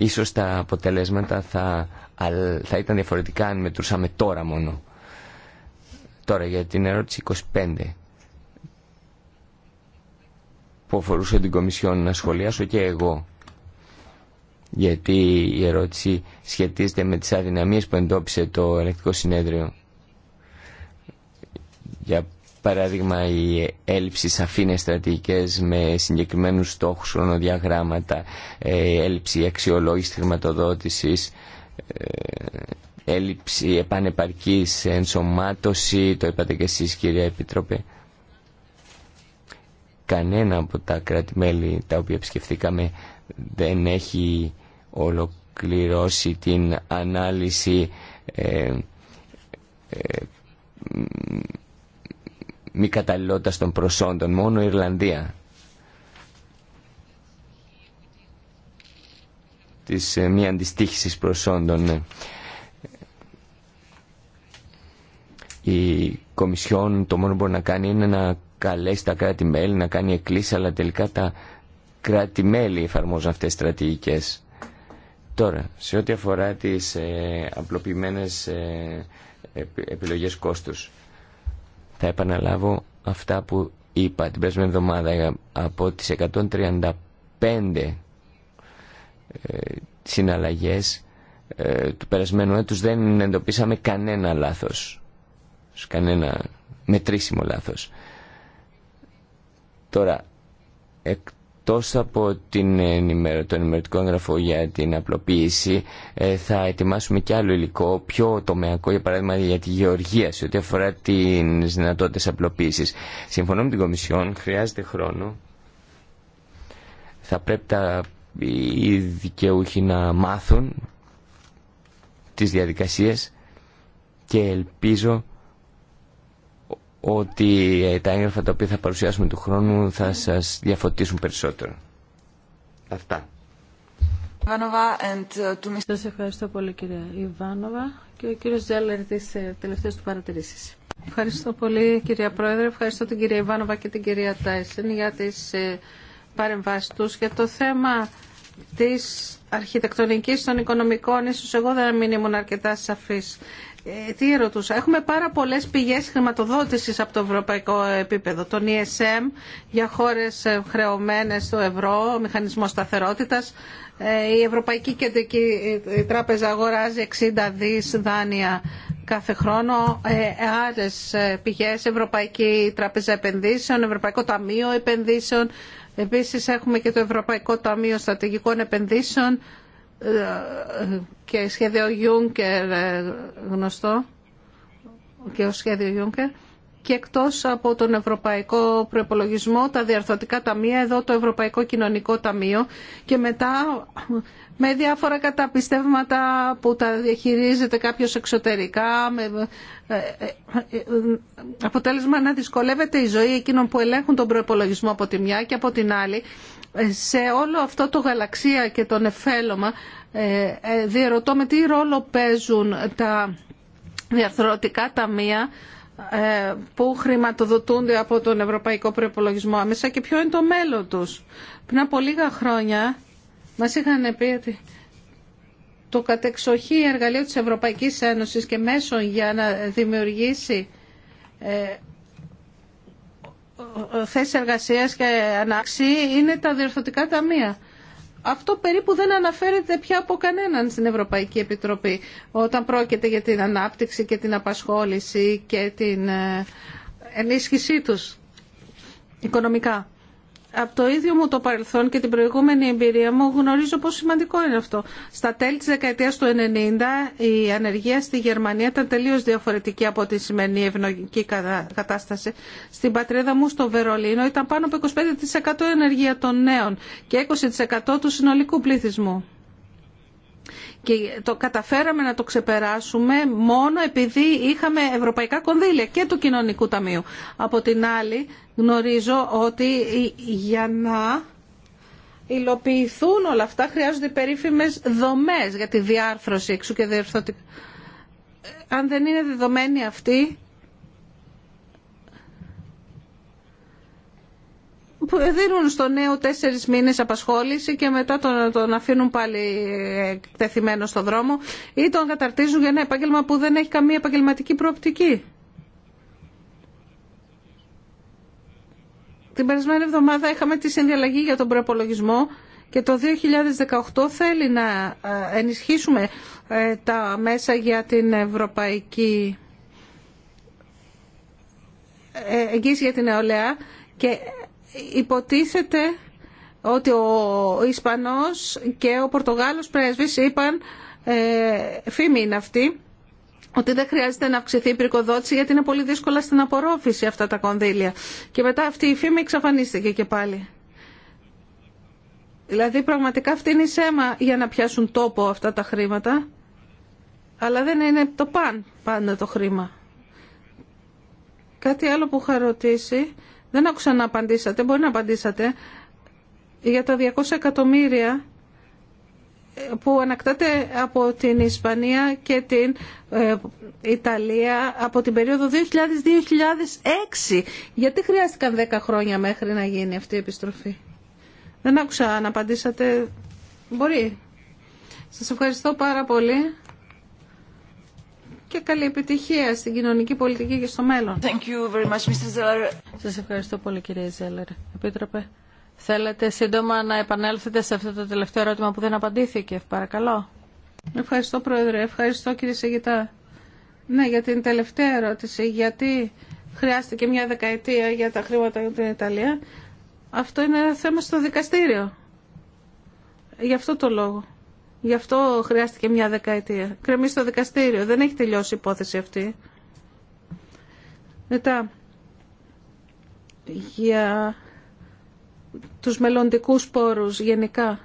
[SPEAKER 2] Ίσως τα αποτελέσματα θα, θα ήταν διαφορετικά αν μετρούσαμε τώρα μόνο. Τώρα για την ερώτηση 25 που αφορούσε την Κομισιόν να σχολιάσω και εγώ γιατί η ερώτηση σχετίζεται με τις αδυναμίες που εντόπισε το ελεκτικό συνέδριο παράδειγμα η έλλειψη σαφήνες στρατηγικές με συγκεκριμένους στόχους, χρονοδιαγράμματα, ε, έλλειψη αξιολόγηση χρηματοδότηση, ε, έλλειψη επανεπαρκής ενσωμάτωση, το είπατε και εσείς κυρία Επιτροπέ. Κανένα από τα κρατημέλη τα οποία επισκεφθήκαμε δεν έχει ολοκληρώσει την ανάλυση ε, μη καταλληλότητα των προσόντων. Μόνο η Ιρλανδία. Της μια ε, μη αντιστήχησης προσόντων. Ναι. Η Κομισιόν το μόνο που μπορεί να κάνει είναι να καλέσει τα κράτη-μέλη, να κάνει εκκλήσεις, αλλά τελικά τα κράτη-μέλη εφαρμόζουν αυτές τις στρατηγικές. Τώρα, σε ό,τι αφορά τις ε, απλοποιημένες ε, επιλογές κόστους. Θα επαναλάβω αυτά που είπα την περασμένη εβδομάδα από τις 135 ε, συναλλαγές ε, του περασμένου έτους δεν εντοπίσαμε κανένα λάθος κανένα μετρήσιμο λάθος τώρα εκ εκτός από την ενημερω... το ενημερωτικό έγγραφο για την απλοποίηση ε, θα ετοιμάσουμε και άλλο υλικό, πιο τομεακό για παράδειγμα για τη γεωργία σε ό,τι αφορά τις δυνατότητες απλοποίησης. Συμφωνώ με την Κομισιόν, χρειάζεται χρόνο. Θα πρέπει τα... οι δικαιούχοι να μάθουν τις διαδικασίες και ελπίζω ότι ε, τα έγγραφα τα οποία θα παρουσιάσουμε του χρόνου θα σας διαφωτίσουν περισσότερο. Αυτά.
[SPEAKER 1] Uh, σας ευχαριστώ πολύ κυρία Ιβάνοβα και ο κύριος Ζέλερ της ε, τελευταίες του παρατηρήσεις. Ευχαριστώ πολύ κυρία Πρόεδρε, ευχαριστώ την κυρία Ιβάνοβα και την κυρία Τάισεν για τις ε, παρεμβάσεις τους. Για το θέμα της αρχιτεκτονικής των οικονομικών, ίσως εγώ δεν μην ήμουν αρκετά σαφής. Ε, τι ερωτούσα; Έχουμε πάρα πολλές πηγές χρηματοδότησης από το ευρωπαϊκό επίπεδο. Τον ESM για χώρες ε, χρεωμένες στο ευρώ, ο μηχανισμός σταθερότητας. Ε, η Ευρωπαϊκή Κεντρική Τράπεζα αγοράζει 60 δις δάνεια κάθε χρόνο. Άλλες πηγές, Ευρωπαϊκή Τράπεζα Επενδύσεων, Ευρωπαϊκό Ταμείο Επενδύσεων. Επίσης έχουμε και το Ευρωπαϊκό Ταμείο Στρατηγικών Επενδύσεων και σχέδιο Juncker ε, γνωστό και ο σχέδιο Juncker και εκτός από τον Ευρωπαϊκό Προεπολογισμό τα διαρθωτικά ταμεία, εδώ το Ευρωπαϊκό Κοινωνικό Ταμείο και μετά με διάφορα καταπιστεύματα που τα διαχειρίζεται κάποιος εξωτερικά, ε, ε, αποτέλεσμα να δυσκολεύεται η ζωή εκείνων που ελέγχουν τον προπολογισμό από τη μια και από την άλλη σε όλο αυτό το γαλαξία και τον εφέλωμα ε, ε, διερωτώ με τι ρόλο παίζουν τα διαρθρωτικά ταμεία ε, που χρηματοδοτούνται από τον Ευρωπαϊκό Προϋπολογισμό άμεσα και ποιο είναι το μέλλον τους. Πριν από λίγα χρόνια μας είχαν πει ότι το κατεξοχή εργαλείο της Ευρωπαϊκής Ένωσης και μέσων για να δημιουργήσει Θέση εργασίας και ανάξη είναι τα διορθωτικά ταμεία. Αυτό περίπου δεν αναφέρεται πια από κανέναν στην Ευρωπαϊκή Επιτροπή όταν πρόκειται για την ανάπτυξη και την απασχόληση και την ε, ενίσχυσή τους οικονομικά από το ίδιο μου το παρελθόν και την προηγούμενη εμπειρία μου γνωρίζω πόσο σημαντικό είναι αυτό. Στα τέλη της δεκαετίας του 90 η ανεργία στη Γερμανία ήταν τελείως διαφορετική από τη σημερινή ευνοϊκή κατάσταση. Στην πατρίδα μου στο Βερολίνο ήταν πάνω από 25% η ανεργία των νέων και 20% του συνολικού πληθυσμού. Και το καταφέραμε να το ξεπεράσουμε μόνο επειδή είχαμε ευρωπαϊκά κονδύλια και του Κοινωνικού Ταμείου. Από την άλλη, Γνωρίζω ότι για να υλοποιηθούν όλα αυτά χρειάζονται περίφημες δομές για τη διάρθρωση εξού και Αν δεν είναι δεδομένη αυτή, που δίνουν στο νέο τέσσερις μήνες απασχόληση και μετά τον, τον αφήνουν πάλι εκτεθειμένο στο δρόμο ή τον καταρτίζουν για ένα επάγγελμα που δεν έχει καμία επαγγελματική προοπτική. Την περασμένη εβδομάδα είχαμε τη συνδιαλλαγή για τον προπολογισμό και το 2018 θέλει να ε, ενισχύσουμε ε, τα μέσα για την ευρωπαϊκή ε, εγγύηση για την νεολαία και υποτίθεται ότι ο Ισπανός και ο Πορτογάλος πρέσβης είπαν ε, φήμη είναι αυτή ότι δεν χρειάζεται να αυξηθεί η πυρκοδότηση γιατί είναι πολύ δύσκολα στην απορρόφηση αυτά τα κονδύλια. Και μετά αυτή η φήμη εξαφανίστηκε και πάλι. Δηλαδή πραγματικά αυτή η σέμα για να πιάσουν τόπο αυτά τα χρήματα, αλλά δεν είναι το παν πάντα το χρήμα. Κάτι άλλο που είχα ρωτήσει, δεν άκουσα να απαντήσατε, μπορεί να απαντήσατε, για τα 200 εκατομμύρια που ανακτάται από την Ισπανία και την ε, Ιταλία από την περίοδο 2000-2006. Γιατί χρειάστηκαν 10 χρόνια μέχρι να γίνει αυτή η επιστροφή. Δεν άκουσα να απαντήσατε. Μπορεί. Σας ευχαριστώ πάρα πολύ και καλή επιτυχία στην κοινωνική πολιτική και στο μέλλον. Thank you very much, Mr. Σας ευχαριστώ πολύ κύριε Ζέλερ. Επίτροπε. Θέλετε σύντομα να επανέλθετε σε αυτό το τελευταίο ερώτημα που δεν απαντήθηκε, παρακαλώ. Ευχαριστώ, Πρόεδρε. Ευχαριστώ, κύριε Σεγητά. Ναι, για την τελευταία ερώτηση. Γιατί χρειάστηκε μια δεκαετία για τα χρήματα για την Ιταλία. Αυτό είναι θέμα στο δικαστήριο. Γι' αυτό το λόγο. Γι' αυτό χρειάστηκε μια δεκαετία. Κρεμεί στο δικαστήριο. Δεν έχει τελειώσει η υπόθεση αυτή. Μετά, τους μελλοντικούς πόρους γενικά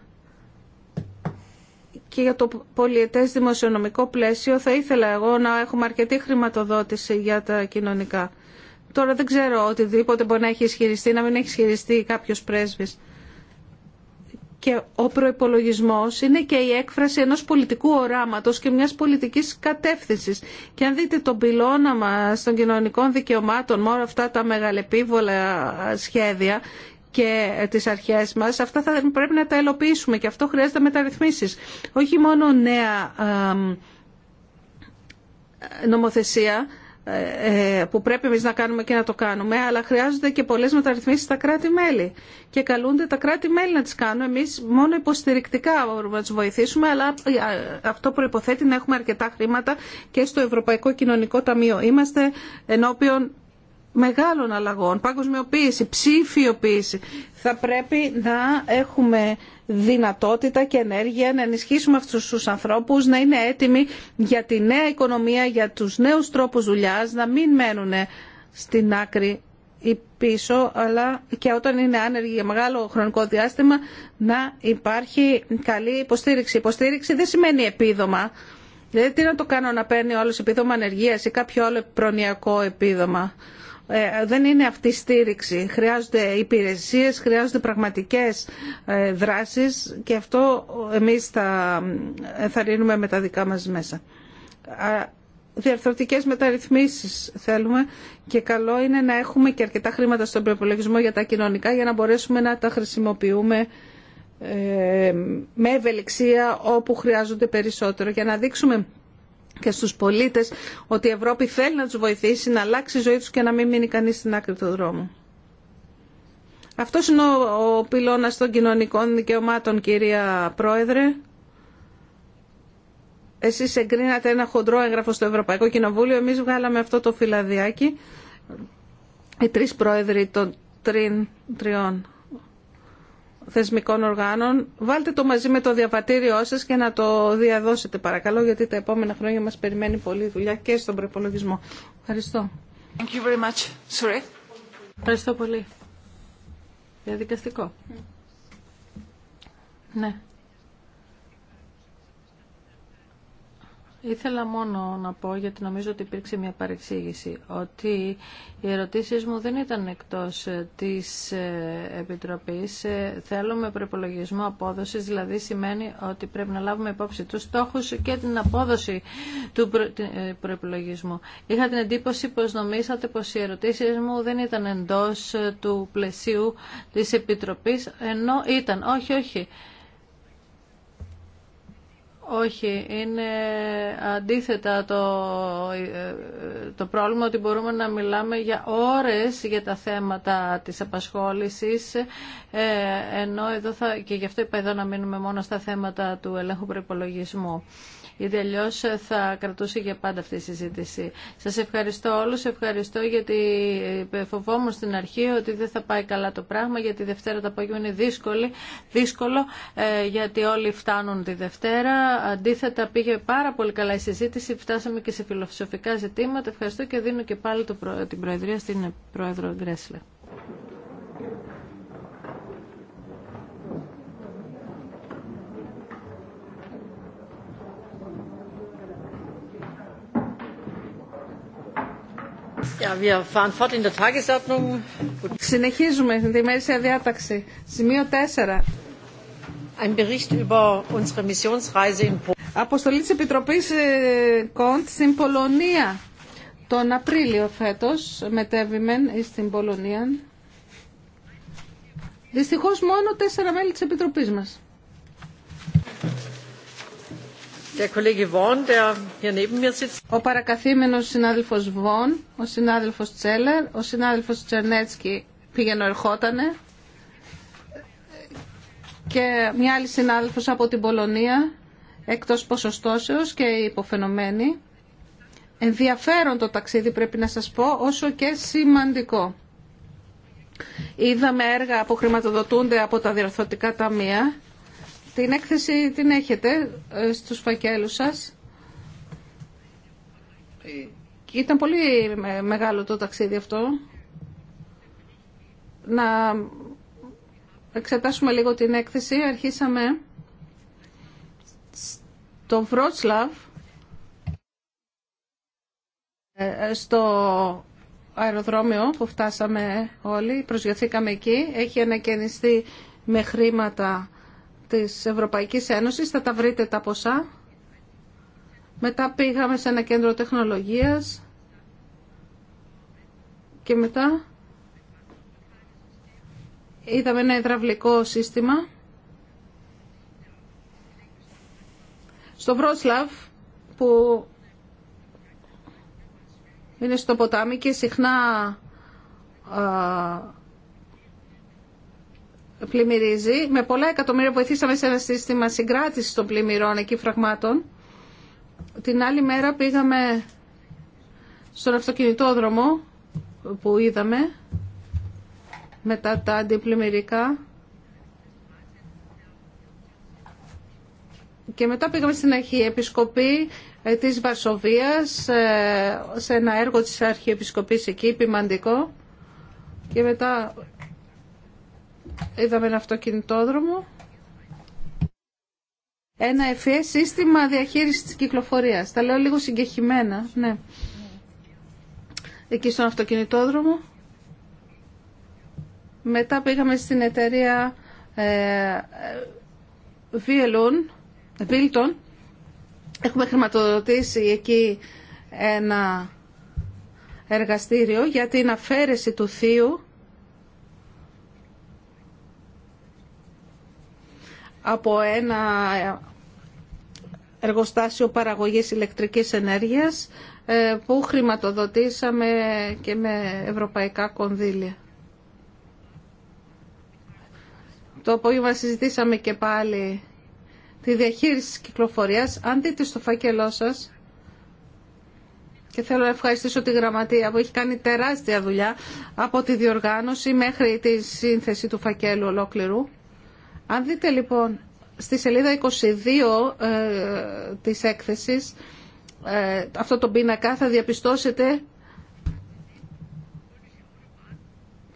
[SPEAKER 1] και για το πολιετές δημοσιονομικό πλαίσιο θα ήθελα εγώ να έχουμε αρκετή χρηματοδότηση για τα κοινωνικά. Τώρα δεν ξέρω οτιδήποτε μπορεί να έχει ισχυριστεί, να μην έχει ισχυριστεί κάποιος πρέσβης. Και ο προπολογισμό είναι και η έκφραση ενός πολιτικού οράματος και μιας πολιτικής κατεύθυνσης. Και αν δείτε τον πυλώνα μας των κοινωνικών δικαιωμάτων με όλα αυτά τα μεγαλεπίβολα σχέδια και τις αρχέ μας, αυτά θα πρέπει να τα ελοποιήσουμε και αυτό χρειάζεται μεταρρυθμίσεις. Όχι μόνο νέα νομοθεσία ε, ε, που πρέπει εμεί να κάνουμε και να το κάνουμε, αλλά χρειάζονται και πολλές μεταρρυθμίσεις στα κράτη-μέλη. Και καλούνται τα κράτη-μέλη να τις κάνουν. Εμείς μόνο υποστηρικτικά μπορούμε να τους βοηθήσουμε, αλλά ε, αυτό προϋποθέτει να έχουμε αρκετά χρήματα και στο Ευρωπαϊκό Κοινωνικό Ταμείο. Είμαστε ενώπιον μεγάλων αλλαγών, παγκοσμιοποίηση, ψηφιοποίηση. Θα πρέπει να έχουμε δυνατότητα και ενέργεια να ενισχύσουμε αυτούς τους ανθρώπους, να είναι έτοιμοι για τη νέα οικονομία, για τους νέους τρόπους δουλειάς, να μην μένουν στην άκρη ή πίσω, αλλά και όταν είναι άνεργοι για μεγάλο χρονικό διάστημα, να υπάρχει καλή υποστήριξη. Υποστήριξη δεν σημαίνει επίδομα. Δεν τι να το κάνω να παίρνει όλος επίδομα ανεργίας ή κάποιο άλλο προνοιακό επίδομα. Ε, δεν είναι αυτή η στήριξη. Χρειάζονται υπηρεσίες, χρειάζονται πραγματικές ε, δράσεις και αυτό εμείς θα ενθαρρύνουμε με τα δικά μας μέσα. Διαρθρωτικές μεταρρυθμίσεις θέλουμε και καλό είναι να έχουμε και αρκετά χρήματα στον προπολογισμό για τα κοινωνικά για να μπορέσουμε να τα χρησιμοποιούμε ε, με ευελιξία όπου χρειάζονται περισσότερο για να δείξουμε και στους πολίτες ότι η Ευρώπη θέλει να τους βοηθήσει να αλλάξει η ζωή τους και να μην μείνει κανείς στην άκρη του δρόμου. Αυτό είναι ο, ο πυλώνας των κοινωνικών δικαιωμάτων, κυρία Πρόεδρε. Εσείς εγκρίνατε ένα χοντρό έγγραφο στο Ευρωπαϊκό Κοινοβούλιο, εμείς βγάλαμε αυτό το φυλαδιάκι. Οι τρεις πρόεδροι των τριών θεσμικών οργάνων. Βάλτε το μαζί με το διαβατήριό σα και να το διαδώσετε παρακαλώ γιατί τα επόμενα χρόνια μας περιμένει πολλή δουλειά και στον προπολογισμό. Ευχαριστώ. Thank you very much. Sorry. Ευχαριστώ πολύ. Διαδικαστικό. Mm. Ναι. Ήθελα μόνο να πω, γιατί νομίζω ότι υπήρξε μια παρεξήγηση, ότι οι ερωτήσεις μου δεν ήταν εκτός ε, της ε, Επιτροπής. Ε, θέλουμε προπολογισμό απόδοσης, δηλαδή σημαίνει ότι πρέπει να λάβουμε υπόψη τους στόχους και την απόδοση του προπολογισμού. Είχα την εντύπωση πως νομίζατε πως οι ερωτήσεις μου δεν ήταν εντός του πλαισίου της Επιτροπής, ενώ ήταν. Όχι, όχι. Όχι, είναι αντίθετα το, το πρόβλημα ότι μπορούμε να μιλάμε για ώρες για τα θέματα της απασχόλησης ε, ενώ εδώ θα, και γι' αυτό είπα εδώ να μείνουμε μόνο στα θέματα του ελέγχου προπολογισμού γιατί αλλιώ θα κρατούσε για πάντα αυτή η συζήτηση. Σας ευχαριστώ όλους, ευχαριστώ γιατί φοβόμουν στην αρχή ότι δεν θα πάει καλά το πράγμα, γιατί Δευτέρα το απόγευμα είναι δύσκολη, δύσκολο, ε, γιατί όλοι φτάνουν τη Δευτέρα. Αντίθετα πήγε πάρα πολύ καλά η συζήτηση, φτάσαμε και σε φιλοσοφικά ζητήματα. Ευχαριστώ και δίνω και πάλι την Προεδρία στην Πρόεδρο Γκρέσλε. Συνεχίζουμε τη μέρησια διάταξη. Σημείο 4. Ein Bericht über unsere Missionsreise in Polen. Αποστολή της Επιτροπής ε, Κοντ στην Πολωνία. Τον Απρίλιο φέτος μετέβημεν στην Πολωνία. Δυστυχώς μόνο τέσσερα μέλη της Επιτροπής μας. Ο παρακαθήμενος συνάδελφος Βον, ο συνάδελφος Τσέλερ, ο συνάδελφος Τσερνέτσκι πήγαινε ερχότανε και μια άλλη συνάδελφος από την Πολωνία εκτός ποσοστώσεως και υποφαινομένη. Ενδιαφέρον το ταξίδι πρέπει να σας πω, όσο και σημαντικό. Είδαμε έργα που χρηματοδοτούνται από τα διαρθωτικά ταμεία την έκθεση την έχετε ε, στους φακέλους σας. Ήταν πολύ μεγάλο το ταξίδι αυτό. Να εξετάσουμε λίγο την έκθεση. Αρχίσαμε στο Βρότσλαβ, ε, στο αεροδρόμιο που φτάσαμε όλοι, προσγειωθήκαμε εκεί. Έχει ανακαινιστεί με χρήματα της Ευρωπαϊκής Ένωσης, θα τα βρείτε τα ποσά. Μετά πήγαμε σε ένα κέντρο τεχνολογίας και μετά είδαμε ένα υδραυλικό σύστημα. Στο Βρόσλαβ που είναι στο ποτάμι και συχνά πλημμυρίζει. Με πολλά εκατομμύρια βοηθήσαμε σε ένα σύστημα συγκράτησης των πλημμυρών εκεί φραγμάτων. Την άλλη μέρα πήγαμε στον αυτοκινητόδρομο που είδαμε μετά τα αντιπλημμυρικά και μετά πήγαμε στην Αρχιεπισκοπή ε, της Βαρσοβίας ε, σε ένα έργο της Αρχιεπισκοπής εκεί, ποιμαντικό και μετά είδαμε ένα αυτοκινητόδρομο. Ένα ΕΦΕ, e σύστημα διαχείρισης της κυκλοφορίας. Τα λέω λίγο συγκεχημένα. Ναι. Εκεί στον αυτοκινητόδρομο. Μετά πήγαμε στην εταιρεία ε, Βίλτον. Έχουμε χρηματοδοτήσει εκεί ένα εργαστήριο για την αφαίρεση του θείου από ένα εργοστάσιο παραγωγής ηλεκτρικής ενέργειας ε, που χρηματοδοτήσαμε και με ευρωπαϊκά κονδύλια. Το απόγευμα συζητήσαμε και πάλι τη διαχείριση της κυκλοφορίας. Αν δείτε στο φάκελό σας, και θέλω να ευχαριστήσω τη γραμματεία που έχει κάνει τεράστια δουλειά από τη διοργάνωση μέχρι τη σύνθεση του φακέλου ολόκληρου. Αν δείτε λοιπόν στη σελίδα 22 ε, της έκθεσης ε, αυτό το πίνακα θα διαπιστώσετε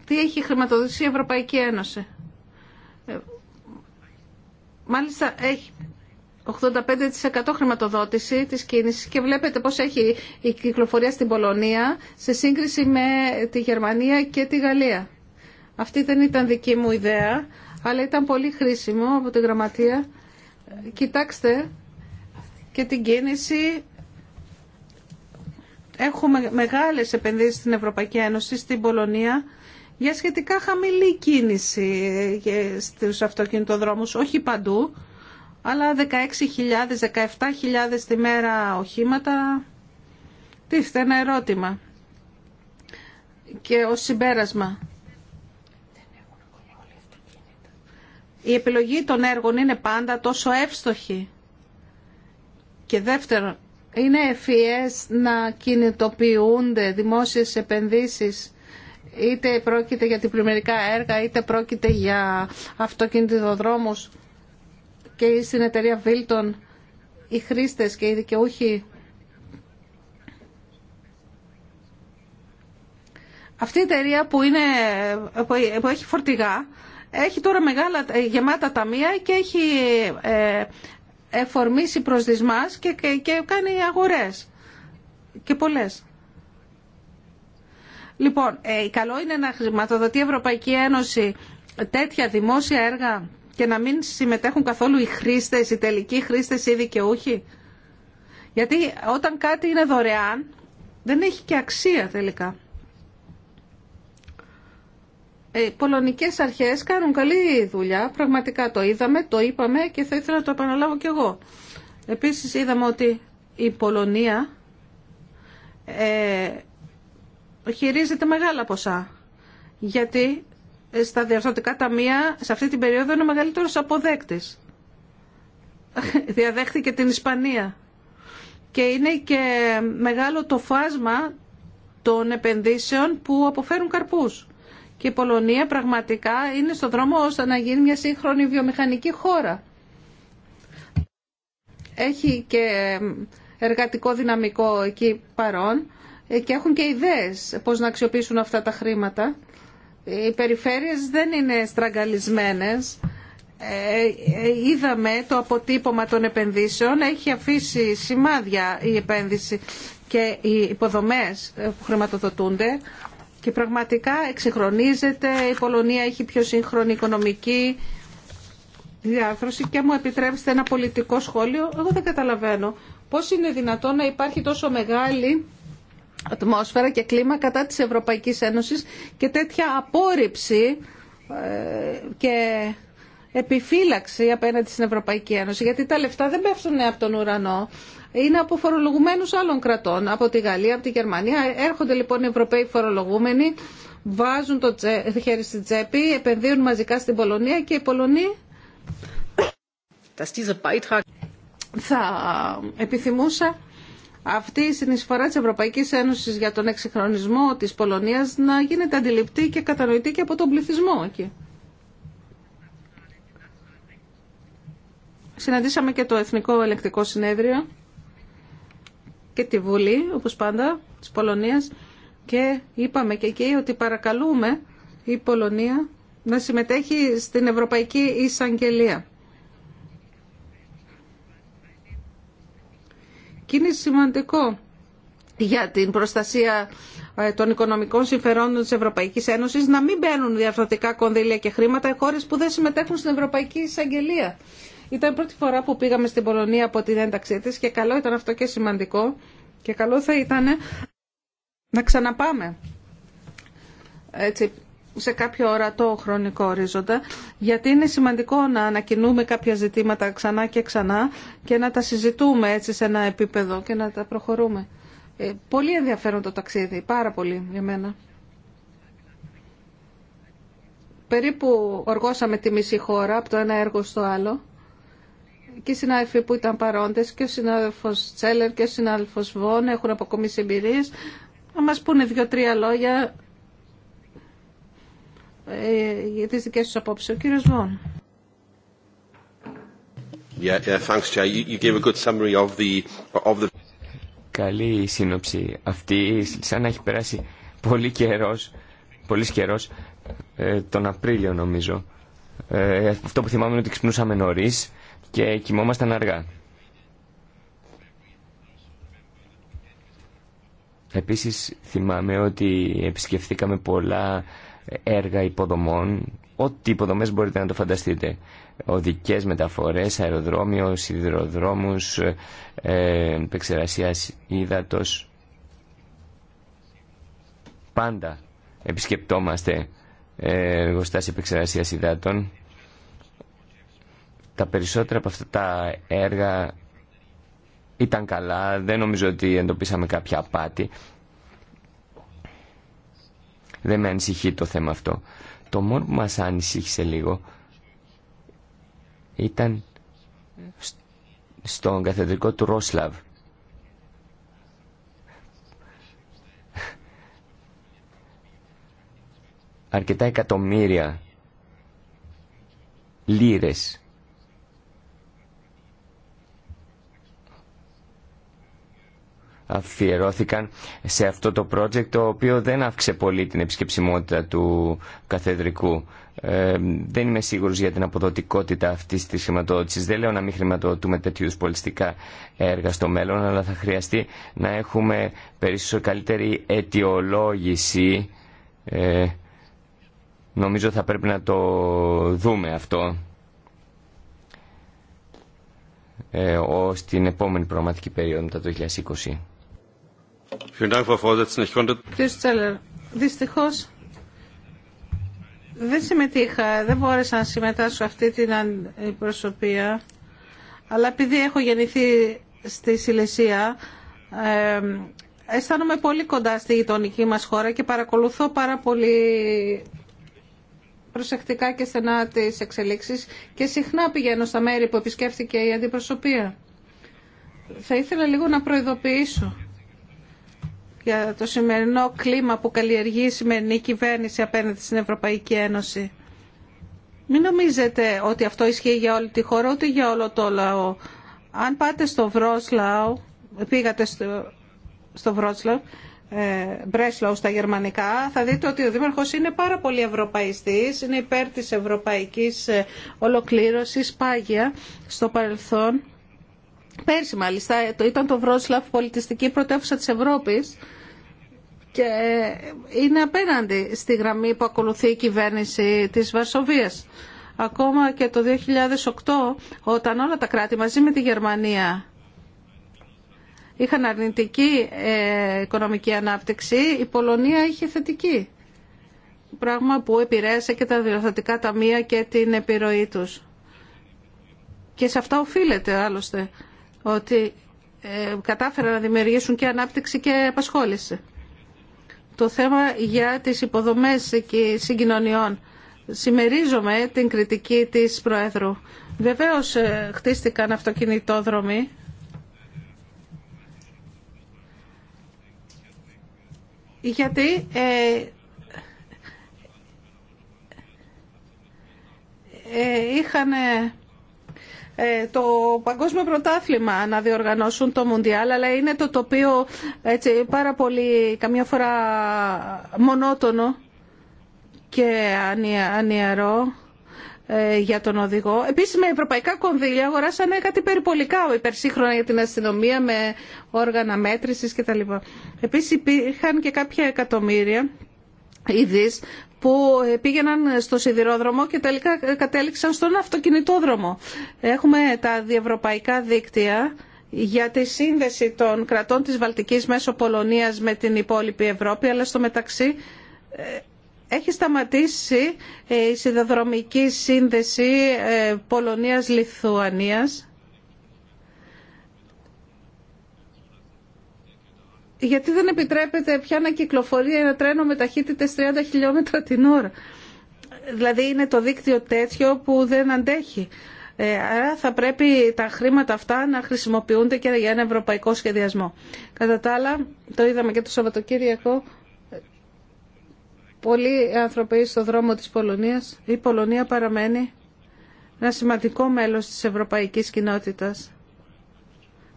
[SPEAKER 1] τι έχει χρηματοδοτήσει η Ευρωπαϊκή Ένωση. Ε, μάλιστα έχει 85% χρηματοδότηση της κίνησης και βλέπετε πώς έχει η κυκλοφορία στην Πολωνία σε σύγκριση με τη Γερμανία και τη Γαλλία. Αυτή δεν ήταν δική μου ιδέα αλλά ήταν πολύ χρήσιμο από τη γραμματεία. Κοιτάξτε και την κίνηση. Έχουμε μεγάλες επενδύσεις στην Ευρωπαϊκή Ένωση, στην Πολωνία, για σχετικά χαμηλή κίνηση στους αυτοκινητοδρόμους, όχι παντού, αλλά 16.000, 17.000 τη μέρα οχήματα. Τίθεται ένα ερώτημα και ως συμπέρασμα. η επιλογή των έργων είναι πάντα τόσο εύστοχη. Και δεύτερον, είναι ευφυές να κινητοποιούνται δημόσιες επενδύσεις είτε πρόκειται για πλημμυρικά έργα, είτε πρόκειται για αυτοκινητοδρόμους και στην εταιρεία Βίλτον οι χρήστες και οι δικαιούχοι αυτή η εταιρεία που, είναι, που έχει φορτηγά έχει τώρα μεγάλα ε, γεμάτα ταμεία και έχει ε, εφορμήσει προς και, και, και κάνει αγορές και πολλές. Λοιπόν, ε, καλό είναι να χρηματοδοτεί η Ευρωπαϊκή Ένωση τέτοια δημόσια έργα και να μην συμμετέχουν καθόλου οι χρήστες, οι τελικοί χρήστες ή δικαιούχοι. Γιατί όταν κάτι είναι δωρεάν δεν έχει και αξία τελικά. Ε, οι πολωνικές αρχές κάνουν καλή δουλειά, πραγματικά το είδαμε, το είπαμε και θα ήθελα να το επαναλάβω κι εγώ. Επίσης είδαμε ότι η Πολωνία ε, χειρίζεται μεγάλα ποσά, γιατί στα διαρθρωτικά ταμεία σε αυτή την περίοδο είναι ο μεγαλύτερος αποδέκτης. (laughs) Διαδέχθηκε την Ισπανία. Και είναι και μεγάλο το φάσμα των επενδύσεων που αποφέρουν καρπούς. Και η Πολωνία πραγματικά είναι στο δρόμο ώστε να γίνει μια σύγχρονη βιομηχανική χώρα. Έχει και εργατικό δυναμικό εκεί παρόν ε, και έχουν και ιδέες πώς να αξιοποιήσουν αυτά τα χρήματα. Οι περιφέρειες δεν είναι στραγγαλισμένες. Ε, ε, είδαμε το αποτύπωμα των επενδύσεων. Έχει αφήσει σημάδια η επένδυση και οι υποδομές που χρηματοδοτούνται και πραγματικά εξυγχρονίζεται, η Πολωνία έχει πιο σύγχρονη οικονομική διάθρωση και μου επιτρέψετε ένα πολιτικό σχόλιο. Εγώ δεν καταλαβαίνω πώς είναι δυνατόν να υπάρχει τόσο μεγάλη ατμόσφαιρα και κλίμα κατά της Ευρωπαϊκής Ένωσης και τέτοια απόρριψη ε, και επιφύλαξη απέναντι στην Ευρωπαϊκή Ένωση γιατί τα λεφτά δεν πέφτουν από τον ουρανό είναι από φορολογουμένους άλλων κρατών, από τη Γαλλία, από τη Γερμανία. Έρχονται λοιπόν οι Ευρωπαίοι φορολογούμενοι, βάζουν το χέρι στην τσέπη, επενδύουν μαζικά στην Πολωνία και οι Πολωνοί θα επιθυμούσα αυτή η συνεισφορά της Ευρωπαϊκής Ένωσης για τον εξυγχρονισμό της Πολωνίας να γίνεται αντιληπτή και κατανοητή και από τον πληθυσμό εκεί. Συναντήσαμε και το Εθνικό Ελεκτικό Συνέδριο και τη Βουλή, όπως πάντα, της Πολωνίας και είπαμε και εκεί ότι παρακαλούμε η Πολωνία να συμμετέχει στην Ευρωπαϊκή Εισαγγελία. Και είναι σημαντικό για την προστασία ε, των οικονομικών συμφερόντων της Ευρωπαϊκής Ένωσης να μην μπαίνουν διαφορετικά κονδύλια και χρήματα χώρες που δεν συμμετέχουν στην Ευρωπαϊκή Εισαγγελία. Ήταν η πρώτη φορά που πήγαμε στην Πολωνία από την ένταξή της και καλό ήταν αυτό και σημαντικό και καλό θα ήταν να ξαναπάμε έτσι, σε κάποιο ορατό χρονικό ορίζοντα, γιατί είναι σημαντικό να ανακοινούμε κάποια ζητήματα ξανά και ξανά και να τα συζητούμε έτσι σε ένα επίπεδο και να τα προχωρούμε. Ε, πολύ ενδιαφέρον το ταξίδι, πάρα πολύ για μένα. Περίπου οργώσαμε τη μισή χώρα από το ένα έργο στο άλλο και οι συνάδελφοι που ήταν παρόντε και ο συνάδελφο Τσέλερ και ο συνάδελφο Βόν έχουν αποκομίσει εμπειρίε να μα πούνε δύο-τρία λόγια ε, για τι δικέ του απόψει. Ο κύριο Βόν. Yeah, yeah,
[SPEAKER 2] Καλή σύνοψη αυτή, σαν να έχει περάσει πολύ καιρός, πολύ καιρός, ε, τον Απρίλιο νομίζω. Ε, αυτό που θυμάμαι είναι ότι ξυπνούσαμε νωρίς, και κοιμόμασταν αργά. Επίσης θυμάμαι ότι επισκεφθήκαμε πολλά έργα υποδομών, ό,τι υποδομές μπορείτε να το φανταστείτε. Οδικές μεταφορές, αεροδρόμιο, σιδηροδρόμους, ε, ε επεξερασίας ύδατος. Πάντα επισκεπτόμαστε ε, εργοστάσια επεξερασίας υδάτων τα περισσότερα από αυτά τα έργα ήταν καλά, δεν νομίζω ότι εντοπίσαμε κάποια απάτη. Δεν με ανησυχεί το θέμα αυτό. Το μόνο που μας ανησύχησε λίγο ήταν στον καθεδρικό του Ρόσλαβ. Αρκετά εκατομμύρια λίρες αφιερώθηκαν σε αυτό το project το οποίο δεν αύξησε πολύ την επισκεψιμότητα του καθεδρικού. Ε, δεν είμαι σίγουρος για την αποδοτικότητα αυτής της χρηματοδότησης. Δεν λέω να μην χρηματοδοτούμε τέτοιου πολιτιστικά έργα στο μέλλον, αλλά θα χρειαστεί να έχουμε περισσότερη καλύτερη αιτιολόγηση. Ε, νομίζω θα πρέπει να το δούμε αυτό ε, την επόμενη προγραμματική περίοδο μετά το 2020.
[SPEAKER 1] Κύριε Στέλλερ, δυστυχώς δεν συμμετείχα, δεν μπόρεσα να συμμετάσχω αυτή την προσωπία, αλλά επειδή έχω γεννηθεί στη Σιλεσία, ε, αισθάνομαι πολύ κοντά στη γειτονική μας χώρα και παρακολουθώ πάρα πολύ προσεκτικά και στενά τις εξελίξεις και συχνά πηγαίνω στα μέρη που επισκέφθηκε η αντιπροσωπεία. Θα ήθελα λίγο να προειδοποιήσω για το σημερινό κλίμα που καλλιεργεί η σημερινή κυβέρνηση απέναντι στην Ευρωπαϊκή Ένωση. Μην νομίζετε ότι αυτό ισχύει για όλη τη χώρα, ούτε για όλο το λαό. Αν πάτε στο Βρόσλαο, πήγατε στο, στο Βρόσλαο, ε, Μπρέσλαου στα γερμανικά, θα δείτε ότι ο Δήμαρχος είναι πάρα πολύ ευρωπαϊστής, είναι υπέρ της ευρωπαϊκής ε, ολοκλήρωσης, πάγια στο παρελθόν. Πέρσι μάλιστα ήταν το Βρόσλαφ πολιτιστική πρωτεύουσα της Ευρώπης και είναι απέναντι στη γραμμή που ακολουθεί η κυβέρνηση της Βαρσοβίας. Ακόμα και το 2008 όταν όλα τα κράτη μαζί με τη Γερμανία είχαν αρνητική ε, οικονομική ανάπτυξη, η Πολωνία είχε θετική. Πράγμα που επηρέασε και τα διορθωτικά ταμεία και την επιρροή τους. Και σε αυτά οφείλεται άλλωστε ότι ε, κατάφεραν να δημιουργήσουν και ανάπτυξη και απασχόληση το θέμα για τις υποδομές και συγκοινωνιών. Σημερίζομαι την κριτική της Προέδρου. Βεβαίως ε, χτίστηκαν αυτοκινητόδρομοι. Γιατί ε, ε είχαν ε, ε, το παγκόσμιο πρωτάθλημα να διοργανώσουν το Μουντιάλ, αλλά είναι το τοπίο έτσι, πάρα πολύ, καμιά φορά μονότονο και ανιαρό ε, για τον οδηγό. Επίσης με ευρωπαϊκά κονδύλια αγοράσανε κάτι περιπολικά υπερσύγχρονα για την αστυνομία με όργανα μέτρησης κτλ. Επίσης υπήρχαν και κάποια εκατομμύρια ειδείς που πήγαιναν στο σιδηρόδρομο και τελικά κατέληξαν στον αυτοκινητόδρομο. Έχουμε τα διευρωπαϊκά δίκτυα για τη σύνδεση των κρατών της Βαλτικής μέσω Πολωνίας με την υπόλοιπη Ευρώπη, αλλά στο μεταξύ ε, έχει σταματήσει η σιδηροδρομική σύνδεση ε, Πολωνίας-Λιθουανίας γιατί δεν επιτρέπεται πια να κυκλοφορεί ένα τρένο με ταχύτητες 30 χιλιόμετρα την ώρα. Δηλαδή είναι το δίκτυο τέτοιο που δεν αντέχει. Ε, άρα θα πρέπει τα χρήματα αυτά να χρησιμοποιούνται και για ένα ευρωπαϊκό σχεδιασμό. Κατά τα άλλα, το είδαμε και το Σαββατοκύριακο, πολλοί άνθρωποι στο δρόμο της Πολωνίας. Η Πολωνία παραμένει ένα σημαντικό μέλος της ευρωπαϊκής κοινότητας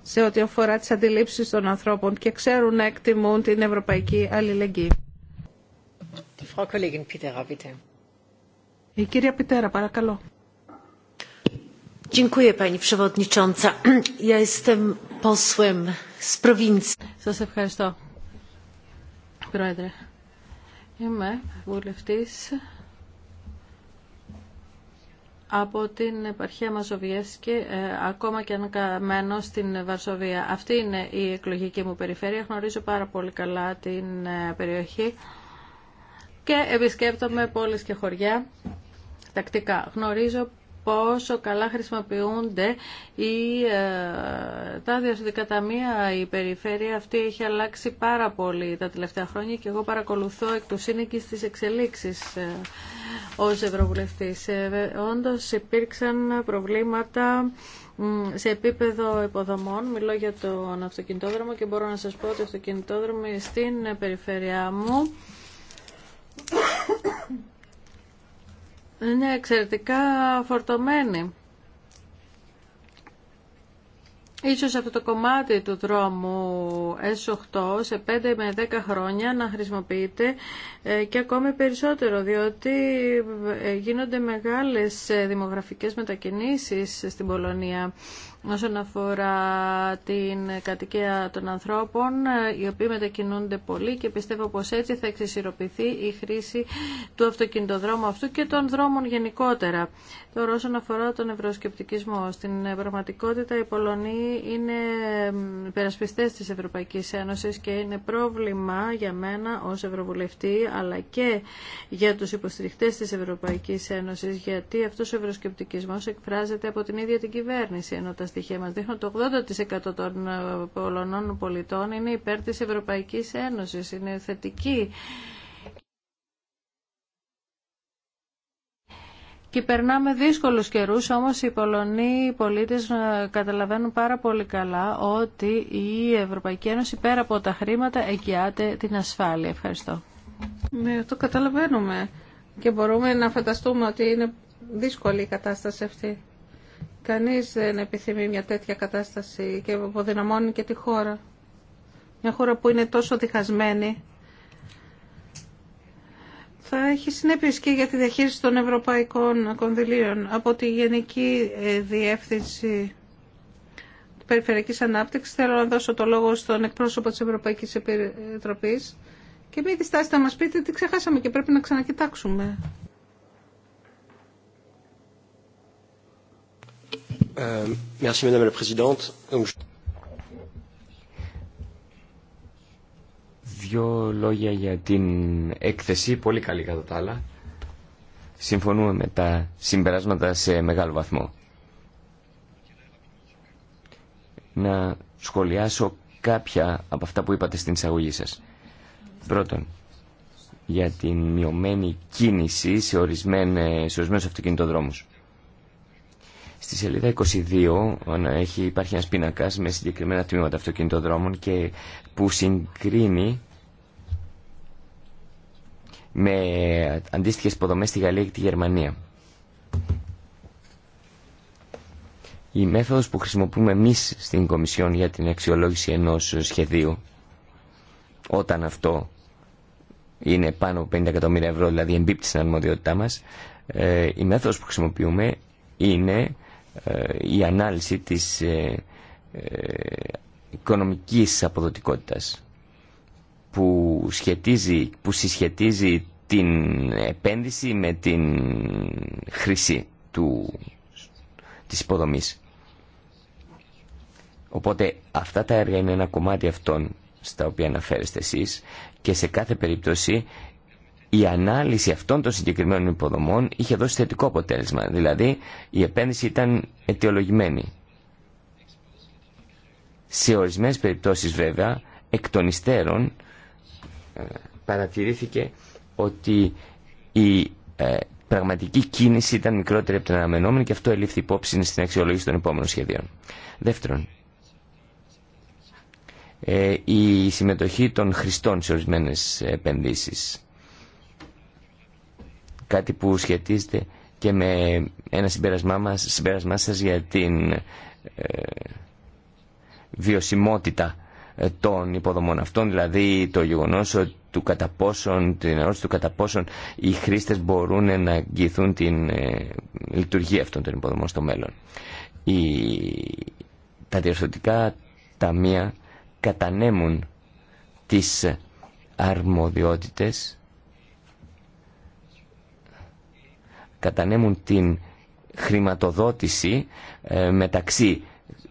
[SPEAKER 1] σε ό,τι αφορά τις αντιλήψεις των ανθρώπων και ξέρουν να εκτιμούν την ευρωπαϊκή αλληλεγγύη. Η κυρία Πιτέρα, παρακαλώ. (clears throat) Σας ευχαριστώ, Πρόεδρε. Είμαι βουλευτής από την επαρχία Μαζοβιέσκη, ε, ακόμα και αν στην Βαρσοβία. Αυτή είναι η εκλογική μου περιφέρεια. Γνωρίζω πάρα πολύ καλά την ε, περιοχή και επισκέπτομαι πόλεις και χωριά τακτικά. Γνωρίζω πόσο καλά χρησιμοποιούνται οι, ε, τα ταμεία. Η περιφέρεια αυτή έχει αλλάξει πάρα πολύ τα τελευταία χρόνια και εγώ παρακολουθώ εκ του σύνοικης τις εξελίξεις ε, ως Ευρωβουλευτής. Ε, όντως υπήρξαν προβλήματα σε επίπεδο υποδομών. Μιλώ για τον αυτοκινητόδρομο και μπορώ να σας πω ότι αυτοκινητόδρομο στην περιφέρειά μου (coughs) είναι εξαιρετικά φορτωμένοι. Ίσως αυτό το κομμάτι του δρόμου S8 σε 5 με 10 χρόνια να χρησιμοποιείται ε, και ακόμη περισσότερο διότι ε, γίνονται μεγάλες ε, δημογραφικές μετακινήσεις στην Πολωνία όσον αφορά την κατοικία των ανθρώπων, οι οποίοι μετακινούνται πολύ και πιστεύω πως έτσι θα εξισυρωπηθεί η χρήση του αυτοκινητοδρόμου αυτού και των δρόμων γενικότερα. Τώρα όσον αφορά τον ευρωσκεπτικισμό, στην πραγματικότητα οι Πολωνοί είναι υπερασπιστές της Ευρωπαϊκής Ένωσης και είναι πρόβλημα για μένα ως Ευρωβουλευτή αλλά και για τους υποστηριχτές της Ευρωπαϊκής Ένωσης γιατί αυτός ο ευρωσκεπτικισμός εκφράζεται από την ίδια την κυβέρνηση ενώ τα στοιχεία μας δείχνουν το 80% των ε, Πολωνών πολιτών είναι υπέρ της Ευρωπαϊκής Ένωσης, είναι θετική. Και περνάμε δύσκολους καιρούς, όμως οι Πολωνοί πολίτες ε, καταλαβαίνουν πάρα πολύ καλά ότι η Ευρωπαϊκή Ένωση πέρα από τα χρήματα εγγυάται την ασφάλεια. Ευχαριστώ. Ναι, το καταλαβαίνουμε και μπορούμε να φανταστούμε ότι είναι δύσκολη η κατάσταση αυτή. Κανείς δεν επιθυμεί μια τέτοια κατάσταση και αποδυναμώνει και τη χώρα. Μια χώρα που είναι τόσο διχασμένη θα έχει συνέπειες και για τη διαχείριση των ευρωπαϊκών κονδυλίων από τη Γενική ε, Διεύθυνση Περιφερειακής Ανάπτυξης. Θέλω να δώσω το λόγο στον εκπρόσωπο της Ευρωπαϊκής Επιτροπής και μην διστάσετε να μας πείτε τι ξεχάσαμε και πρέπει να ξανακοιτάξουμε.
[SPEAKER 2] Euh, madame la Présidente. Δύο λόγια για την έκθεση, πολύ καλή κατά τα άλλα. Συμφωνούμε με τα συμπεράσματα σε μεγάλο βαθμό. Να σχολιάσω κάποια από αυτά που είπατε στην εισαγωγή σας. Πρώτον, για την μειωμένη κίνηση σε, ορισμένες, σε ορισμένους Στη σελίδα 22 έχει, υπάρχει ένας πίνακας με συγκεκριμένα τμήματα αυτοκινητοδρόμων και που συγκρίνει με αντίστοιχες υποδομές στη Γαλλία και τη Γερμανία. Η μέθοδος που χρησιμοποιούμε εμείς στην Κομισιόν για την αξιολόγηση ενός σχεδίου όταν αυτό είναι πάνω από 50 εκατομμύρια ευρώ, δηλαδή εμπίπτει στην αρμοδιότητά μας, ε, η μέθοδος που χρησιμοποιούμε είναι ε, η ανάλυση της ε, ε, οικονομικής αποδοτικότητας που, σχετίζει, που συσχετίζει την επένδυση με την χρήση του, της υποδομής. Οπότε αυτά τα έργα είναι ένα κομμάτι αυτών στα οποία αναφέρεστε εσείς και σε κάθε περίπτωση η ανάλυση αυτών των συγκεκριμένων υποδομών είχε δώσει θετικό αποτέλεσμα. Δηλαδή η επένδυση ήταν αιτιολογημένη. Σε ορισμένες περιπτώσεις βέβαια, εκ των υστέρων ε, παρατηρήθηκε ότι η ε, πραγματική κίνηση ήταν μικρότερη από την αναμενόμενη και αυτό ελήφθη υπόψη στην αξιολόγηση των επόμενων σχεδίων. Δεύτερον, ε, η συμμετοχή των χρηστών σε ορισμένες επενδύσεις κάτι που σχετίζεται και με ένα συμπέρασμά μας, συμπέρασμά σας για την ε, βιωσιμότητα ε, των υποδομών αυτών, δηλαδή το γεγονός του κατά πόσον, την ερώτηση του κατά οι χρήστες μπορούν να αγγιθούν την ε, λειτουργία αυτών των υποδομών στο μέλλον. Η, τα μια ταμεία κατανέμουν τις αρμοδιότητες κατανέμουν την χρηματοδότηση ε, μεταξύ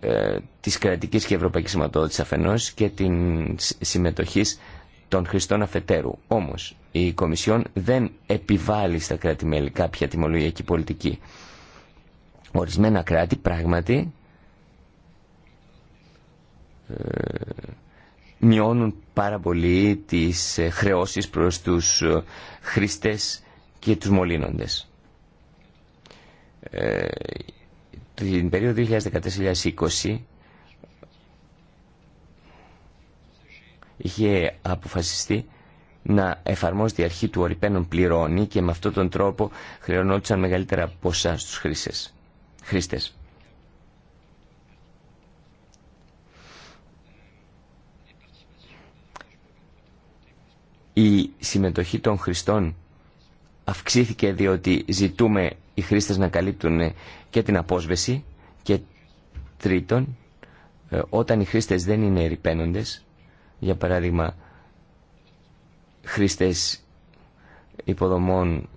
[SPEAKER 2] ε, της κρατικής και ευρωπαϊκής χρηματοδότησης αφενός και την συμμετοχής των χρηστών αφετέρου. Όμως, η Κομισιόν δεν επιβάλλει στα κράτη-μέλη κάποια τιμολογιακή πολιτική. Ορισμένα κράτη πράγματι ε, μειώνουν πάρα πολύ τις χρεώσεις προς τους χρήστες και τους μολύνοντες. Ε, την περίοδο 2014-2020 είχε αποφασιστεί να εφαρμόσει τη αρχή του ορυπαίνων πληρώνει και με αυτόν τον τρόπο χρεωνόντουσαν μεγαλύτερα ποσά στους χρήστες. χρήστες. Η συμμετοχή των χρηστών αυξήθηκε διότι ζητούμε οι χρήστες να καλύπτουν ε, και την απόσβεση και τρίτον ε, όταν οι χρήστες δεν είναι ερυπαίνοντες, για παράδειγμα χρήστες υποδομών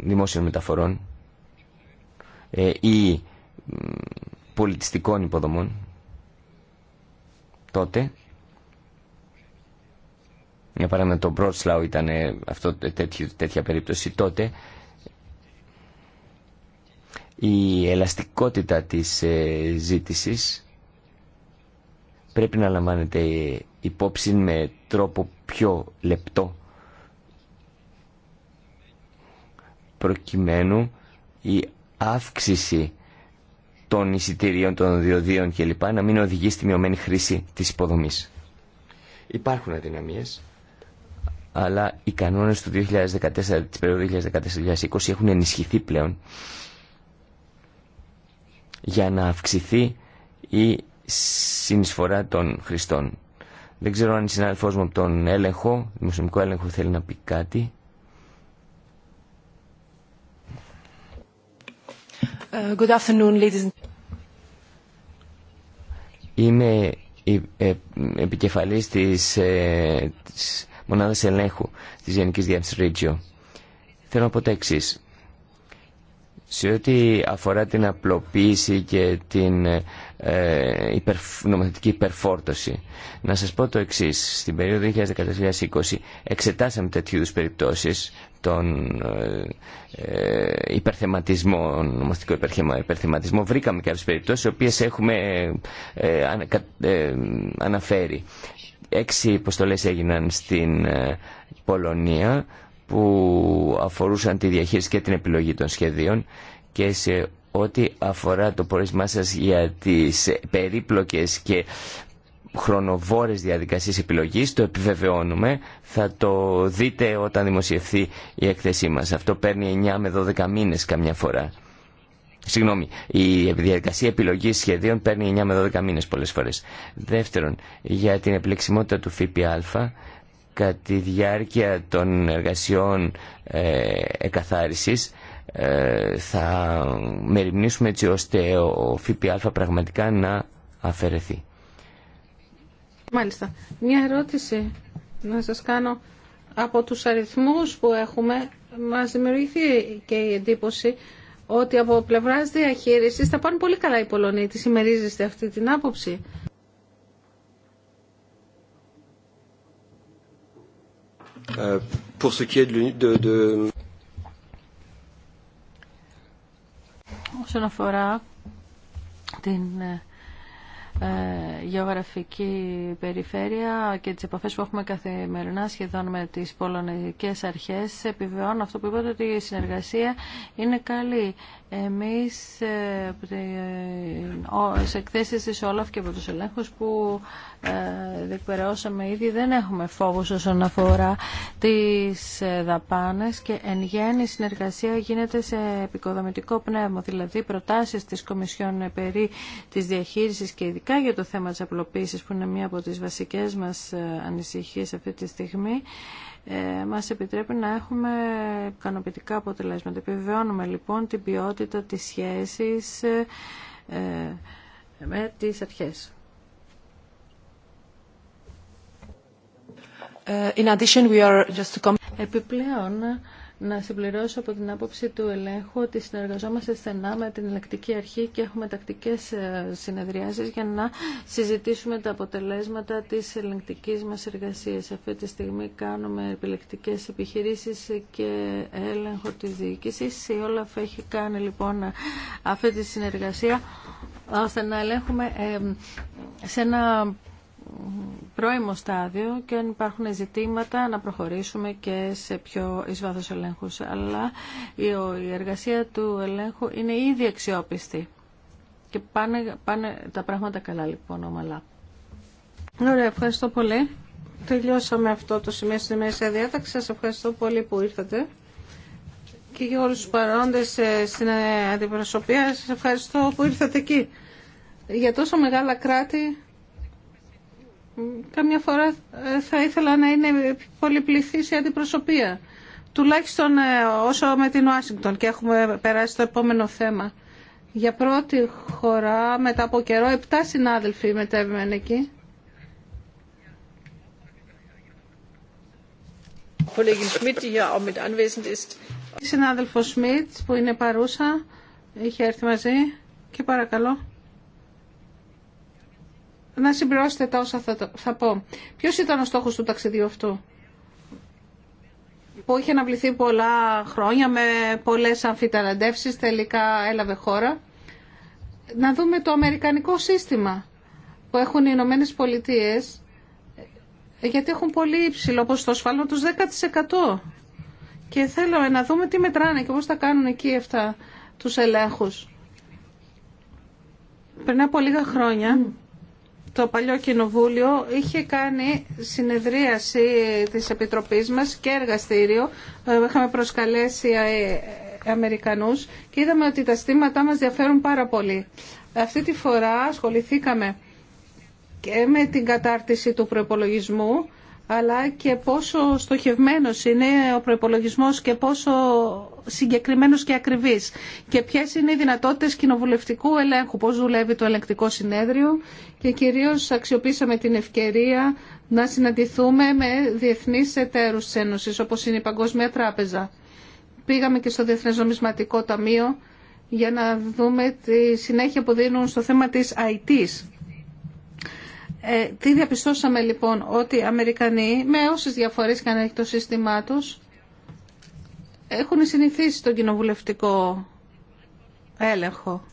[SPEAKER 2] δημόσιων μεταφορών ε, ή πολιτιστικών υποδομών τότε για παράδειγμα το Μπρότσλαου ήταν αυτό, τέτοια περίπτωση τότε. Η ελαστικότητα της ε, ζήτησης πρέπει να λαμβάνεται υπόψη με τρόπο πιο λεπτό προκειμένου η αύξηση των εισιτηρίων, των διοδίων κλπ. να μην οδηγεί στη μειωμένη χρήση της υποδομής. Υπάρχουν αδυναμίες αλλά οι κανόνες του 2014, της περίοδου 2014-2020 έχουν ενισχυθεί πλέον για να αυξηθεί η συνεισφορά των χρηστών. Δεν ξέρω αν η συνάδελφός μου από τον έλεγχο, δημοσιονομικό έλεγχο θέλει να πει κάτι.
[SPEAKER 1] Ε, good afternoon, ladies.
[SPEAKER 2] Είμαι η ε, επικεφαλής της ε, μονάδα ελέγχου τη Γενική Διεύθυνσης Ρίτζιο. Θέλω να πω το εξή. Σε ό,τι αφορά την απλοποίηση και την ε, υπερ, νομοθετική υπερφόρτωση, να σας πω το εξή. Στην περίοδο 2014-2020 εξετάσαμε τέτοιου είδου περιπτώσεις των ε, ε, υπερθεματισμών, υπερθεματισμό, νομοθετικό υπερθεματισμό. Βρήκαμε κάποιες περιπτώσεις, οι οποίε έχουμε ε, αναφέρει. Έξι υποστολές έγιναν στην ε, Πολωνία που αφορούσαν τη διαχείριση και την επιλογή των σχεδίων και σε ό,τι αφορά το πόρισμά σας για τις περίπλοκες και χρονοβόρες διαδικασίες επιλογής, το επιβεβαιώνουμε. Θα το δείτε όταν δημοσιευθεί η έκθεσή μας. Αυτό παίρνει 9 με 12 μήνες καμιά φορά. Συγγνώμη, η διαδικασία επιλογή σχεδίων παίρνει 9 με 12 μήνε πολλέ φορέ. Δεύτερον, για την επιλεξιμότητα του ΦΠΑ, κατά τη διάρκεια των εργασιών ε, εκαθάρισης ε, θα μεριμνήσουμε έτσι ώστε ο ΦΠΑ πραγματικά να αφαιρεθεί.
[SPEAKER 1] Μάλιστα. Μια ερώτηση να σας κάνω. Από τους αριθμούς που έχουμε μας δημιουργήθηκε και η εντύπωση ότι από πλευρά διαχείριση θα πάνε πολύ καλά οι Πολωνοί. Τη συμμερίζεστε αυτή την άποψη. Ε, Όσον αφορά την ε, ε, γεωγραφική περιφέρεια και τις επαφές που έχουμε καθημερινά σχεδόν με τις πολωνικές αρχές επιβεβαιώνω αυτό που είπατε ότι η συνεργασία είναι καλή εμείς ε, ε, σε εκθέσεις της Όλαφ και από τους ελέγχους που ε, διεκπαιρεώσαμε ήδη δεν έχουμε φόβους όσον αφορά τις δαπάνες και εν γέννη συνεργασία γίνεται σε επικοδομητικό πνεύμα, δηλαδή προτάσεις της Κομισιόν περί της διαχείρισης και ειδικά για το θέμα της απλοποίησης που είναι μία από τις βασικές μας ανησυχίες αυτή τη στιγμή ε, μας επιτρέπει να έχουμε κανοποιητικά αποτελέσματα. Επιβεβαιώνουμε λοιπόν την ποιότητα της σχέσης ε, με τις αρχές. Ε, just Επιπλέον, να συμπληρώσω από την άποψη του ελέγχου ότι συνεργαζόμαστε στενά με την ελεκτική αρχή και έχουμε τακτικές ε, συνεδριάσεις για να συζητήσουμε τα αποτελέσματα της ελεγκτικής μας εργασίας. Αυτή τη στιγμή κάνουμε επιλεκτικές επιχειρήσεις και έλεγχο της διοίκησης. Η Όλαφ έχει κάνει λοιπόν αυτή τη συνεργασία ώστε να ελέγχουμε ε, σε ένα πρώιμο στάδιο και αν υπάρχουν ζητήματα να προχωρήσουμε και σε πιο εις βάθος ελέγχους. Αλλά η εργασία του ελέγχου είναι ήδη αξιόπιστη και πάνε, πάνε τα πράγματα καλά λοιπόν ομαλά. Ωραία, ευχαριστώ πολύ. Τελειώσαμε αυτό το σημείο στη Μέση Διάταξη. Σας ευχαριστώ πολύ που ήρθατε και για όλους τους παρόντες ε, στην ε, αντιπροσωπεία. Σας ευχαριστώ που ήρθατε εκεί. Για τόσο μεγάλα κράτη Καμιά φορά ε, θα ήθελα να είναι πολυπληθής η αντιπροσωπεία. Τουλάχιστον ε, όσο με την Ουάσιγκτον και έχουμε περάσει στο επόμενο θέμα. Για πρώτη χώρα, μετά από καιρό, επτά συνάδελφοι μετέβημεν εκεί. Η συνάδελφο Σμιτ που είναι παρούσα, είχε έρθει μαζί και παρακαλώ να συμπληρώσετε τα όσα θα, θα πω. Ποιο ήταν ο στόχος του ταξιδιού αυτού που είχε αναβληθεί πολλά χρόνια με πολλές αμφιταλαντεύσεις, τελικά έλαβε χώρα. Να δούμε το αμερικανικό σύστημα που έχουν οι Ηνωμένε Πολιτείε, γιατί έχουν πολύ υψηλό ποσοστό σφάλματος, 10%. Και θέλω να δούμε τι μετράνε και πώς τα κάνουν εκεί αυτά τους ελέγχους. Πριν από λίγα χρόνια, το παλιό κοινοβούλιο είχε κάνει συνεδρίαση της Επιτροπής μας και εργαστήριο. Είχαμε προσκαλέσει ε, Αμερικανούς και είδαμε ότι τα στήματά μας διαφέρουν πάρα πολύ. Αυτή τη φορά ασχοληθήκαμε και με την κατάρτιση του προπολογισμού αλλά και πόσο στοχευμένος είναι ο προϋπολογισμός και πόσο συγκεκριμένος και ακριβής και ποιες είναι οι δυνατότητες κοινοβουλευτικού ελέγχου, πώς δουλεύει το ελεγκτικό συνέδριο και κυρίως αξιοποίησαμε την ευκαιρία να συναντηθούμε με διεθνείς εταίρους της Ένωσης, όπως είναι η Παγκόσμια Τράπεζα. Πήγαμε και στο Διεθνές Νομισματικό Ταμείο για να δούμε τη συνέχεια που δίνουν στο θέμα της IT ε, τι διαπιστώσαμε λοιπόν, ότι οι Αμερικανοί με όσες διαφορές και αν έχει το σύστημά τους έχουν συνηθίσει τον κοινοβουλευτικό έλεγχο.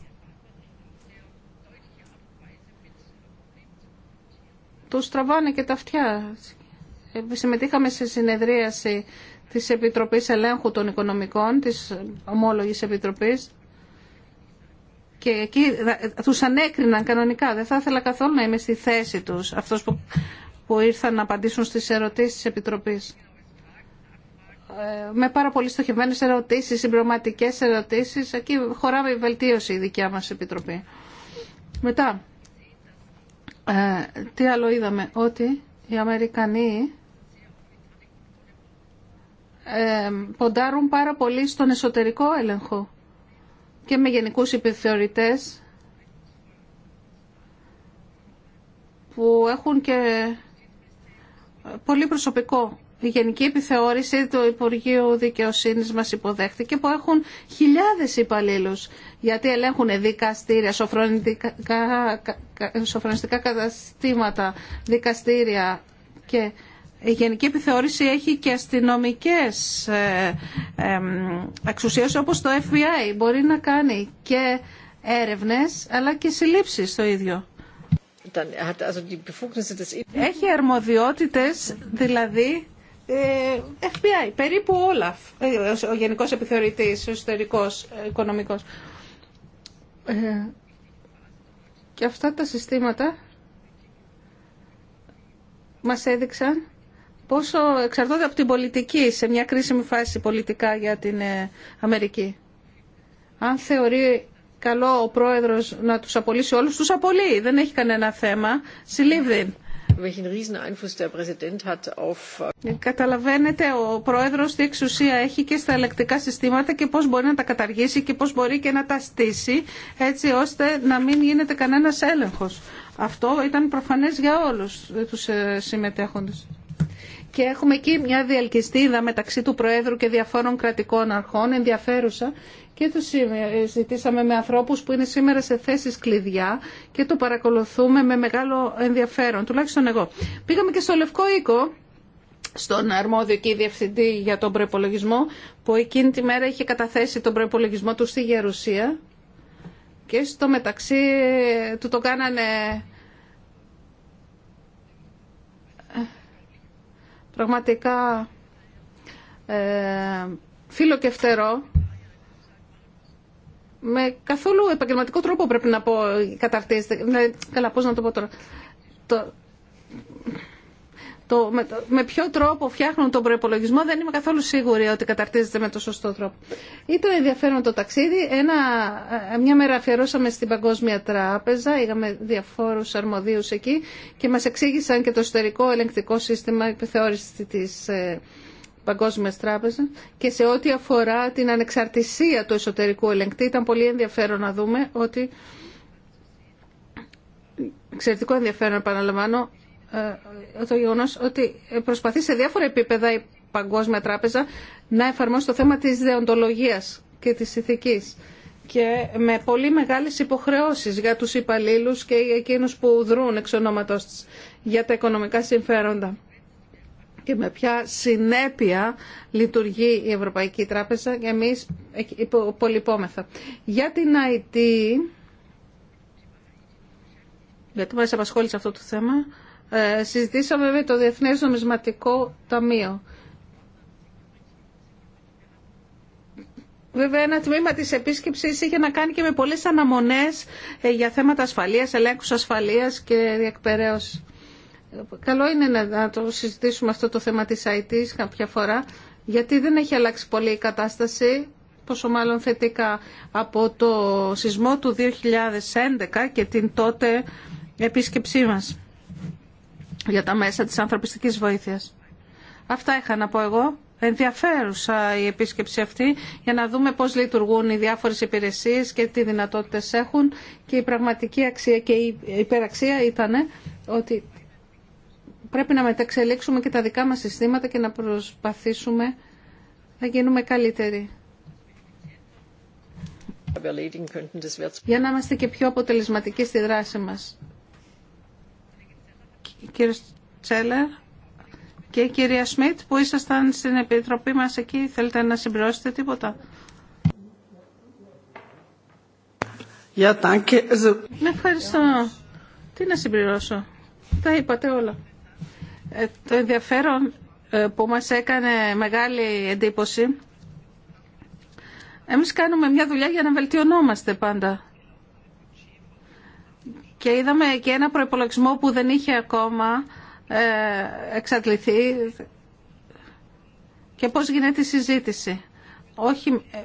[SPEAKER 1] Τους τραβάνε και τα αυτιά. Συμμετείχαμε σε συνεδρίαση της Επιτροπής Ελέγχου των Οικονομικών, της Ομόλογης Επιτροπής, και εκεί τους ανέκριναν κανονικά. Δεν θα ήθελα καθόλου να είμαι στη θέση τους, αυτός που, που ήρθαν να απαντήσουν στις ερωτήσεις της Επιτροπής. Ε, με πάρα πολύ στοχευμένες ερωτήσεις, συμπληρωματικέ ερωτήσεις, εκεί χωράμε η βελτίωση η δικιά μας Επιτροπή. Μετά, ε, τι άλλο είδαμε, ότι οι Αμερικανοί ε, ποντάρουν πάρα πολύ στον εσωτερικό έλεγχο και με γενικούς επιθεωρητές που έχουν και πολύ προσωπικό. Η Γενική Επιθεώρηση του Υπουργείου Δικαιοσύνης μας υποδέχτηκε που έχουν χιλιάδες υπαλλήλους γιατί ελέγχουν δικαστήρια, σοφρονιστικά καταστήματα, δικαστήρια και η Γενική Επιθεώρηση έχει και αστυνομικές ε, ε, όπως το FBI. Μπορεί να κάνει και έρευνες αλλά και συλλήψεις το ίδιο. Έχει αρμοδιότητες δηλαδή ε, FBI, περίπου όλα ε, ο Γενικός Επιθεωρητής, ο εσωτερικός, ε, οικονομικός. Ε, και αυτά τα συστήματα μας έδειξαν πόσο εξαρτώνται από την πολιτική σε μια κρίσιμη φάση πολιτικά για την ε, Αμερική. Αν θεωρεί καλό ο πρόεδρος να τους απολύσει όλους, τους απολύει. Δεν έχει κανένα θέμα. Συλλήβδη. Äh, Καταλαβαίνετε ο πρόεδρος τι εξουσία έχει και στα ελεκτικά συστήματα και πώς μπορεί να τα καταργήσει και πώς μπορεί και να τα στήσει έτσι ώστε να μην γίνεται κανένας έλεγχος. Αυτό ήταν προφανές για όλους τους ε, συμμετέχοντες και έχουμε εκεί μια διαλκυστίδα μεταξύ του Προέδρου και διαφόρων κρατικών αρχών ενδιαφέρουσα και το συζητήσαμε ε, με ανθρώπους που είναι σήμερα σε θέσεις κλειδιά και το παρακολουθούμε με μεγάλο ενδιαφέρον, τουλάχιστον εγώ. Πήγαμε και στο Λευκό Οίκο, στον αρμόδιο εκεί διευθυντή για τον προπολογισμό, που εκείνη τη μέρα είχε καταθέσει τον προπολογισμό του στη Γερουσία και στο μεταξύ ε, του το κάνανε πραγματικά ε, φίλο και φτερό. Με καθόλου επαγγελματικό τρόπο πρέπει να πω καταρτίζεται. Ναι, καλά, πώς να το πω τώρα το, με, ποιο τρόπο φτιάχνουν τον προπολογισμό δεν είμαι καθόλου σίγουρη ότι καταρτίζεται με το σωστό τρόπο. Ήταν ενδιαφέρον το ταξίδι. Ένα, ε, μια μέρα αφιερώσαμε στην Παγκόσμια Τράπεζα, είχαμε διαφόρους αρμοδίους εκεί και μας εξήγησαν και το εσωτερικό ελεγκτικό σύστημα επιθεώρηση της ε, Παγκόσμιας Τράπεζας και σε ό,τι αφορά την ανεξαρτησία του εσωτερικού ελεγκτή ήταν πολύ ενδιαφέρον να δούμε ότι εξαιρετικό ενδιαφέρον επαναλαμβάνω ε, το ότι προσπαθεί σε διάφορα επίπεδα η Παγκόσμια Τράπεζα να εφαρμόσει το θέμα της δεοντολογίας και της ηθικής και με πολύ μεγάλες υποχρεώσεις για τους υπαλλήλους και για εκείνους που δρούν εξ ονόματος για τα οικονομικά συμφέροντα. Και με ποια συνέπεια λειτουργεί η Ευρωπαϊκή Τράπεζα και εμείς υπολοιπόμεθα. Για την IT, γιατί μας απασχόλησε αυτό το θέμα, ε, συζητήσαμε με το Διεθνές Νομισματικό Ταμείο. Βέβαια, ένα τμήμα της επίσκεψης είχε να κάνει και με πολλές αναμονές ε, για θέματα ασφαλείας, ελέγχους ασφαλείας και διεκπαιρέωσης. Καλό είναι να το συζητήσουμε αυτό το θέμα της IT κάποια φορά, γιατί δεν έχει αλλάξει πολύ η κατάσταση, πόσο μάλλον θετικά από το σεισμό του 2011 και την τότε επίσκεψή μας για τα μέσα της ανθρωπιστικής βοήθειας. Αυτά είχα να πω εγώ. Ενδιαφέρουσα η επίσκεψη αυτή για να δούμε πώς λειτουργούν οι διάφορες υπηρεσίες και τι δυνατότητες έχουν και η πραγματική αξία και η υπεραξία ήταν ότι πρέπει να μεταξελίξουμε και τα δικά μας συστήματα και να προσπαθήσουμε να γίνουμε καλύτεροι. Για να είμαστε και πιο αποτελεσματικοί στη δράση μας κύριε Τσέλερ και κυρία Σμιτ που ήσασταν στην επιτροπή μας εκεί. Θέλετε να συμπληρώσετε τίποτα. Με Με Ευχαριστώ. Τι να συμπληρώσω. Τα είπατε όλα. Ε, το ενδιαφέρον ε, που μας έκανε μεγάλη εντύπωση εμείς κάνουμε μια δουλειά για να βελτιωνόμαστε πάντα και είδαμε και ένα προϋπολογισμό που δεν είχε ακόμα ε, εξαντληθεί και πώς γίνεται η συζήτηση. Όχι, ε,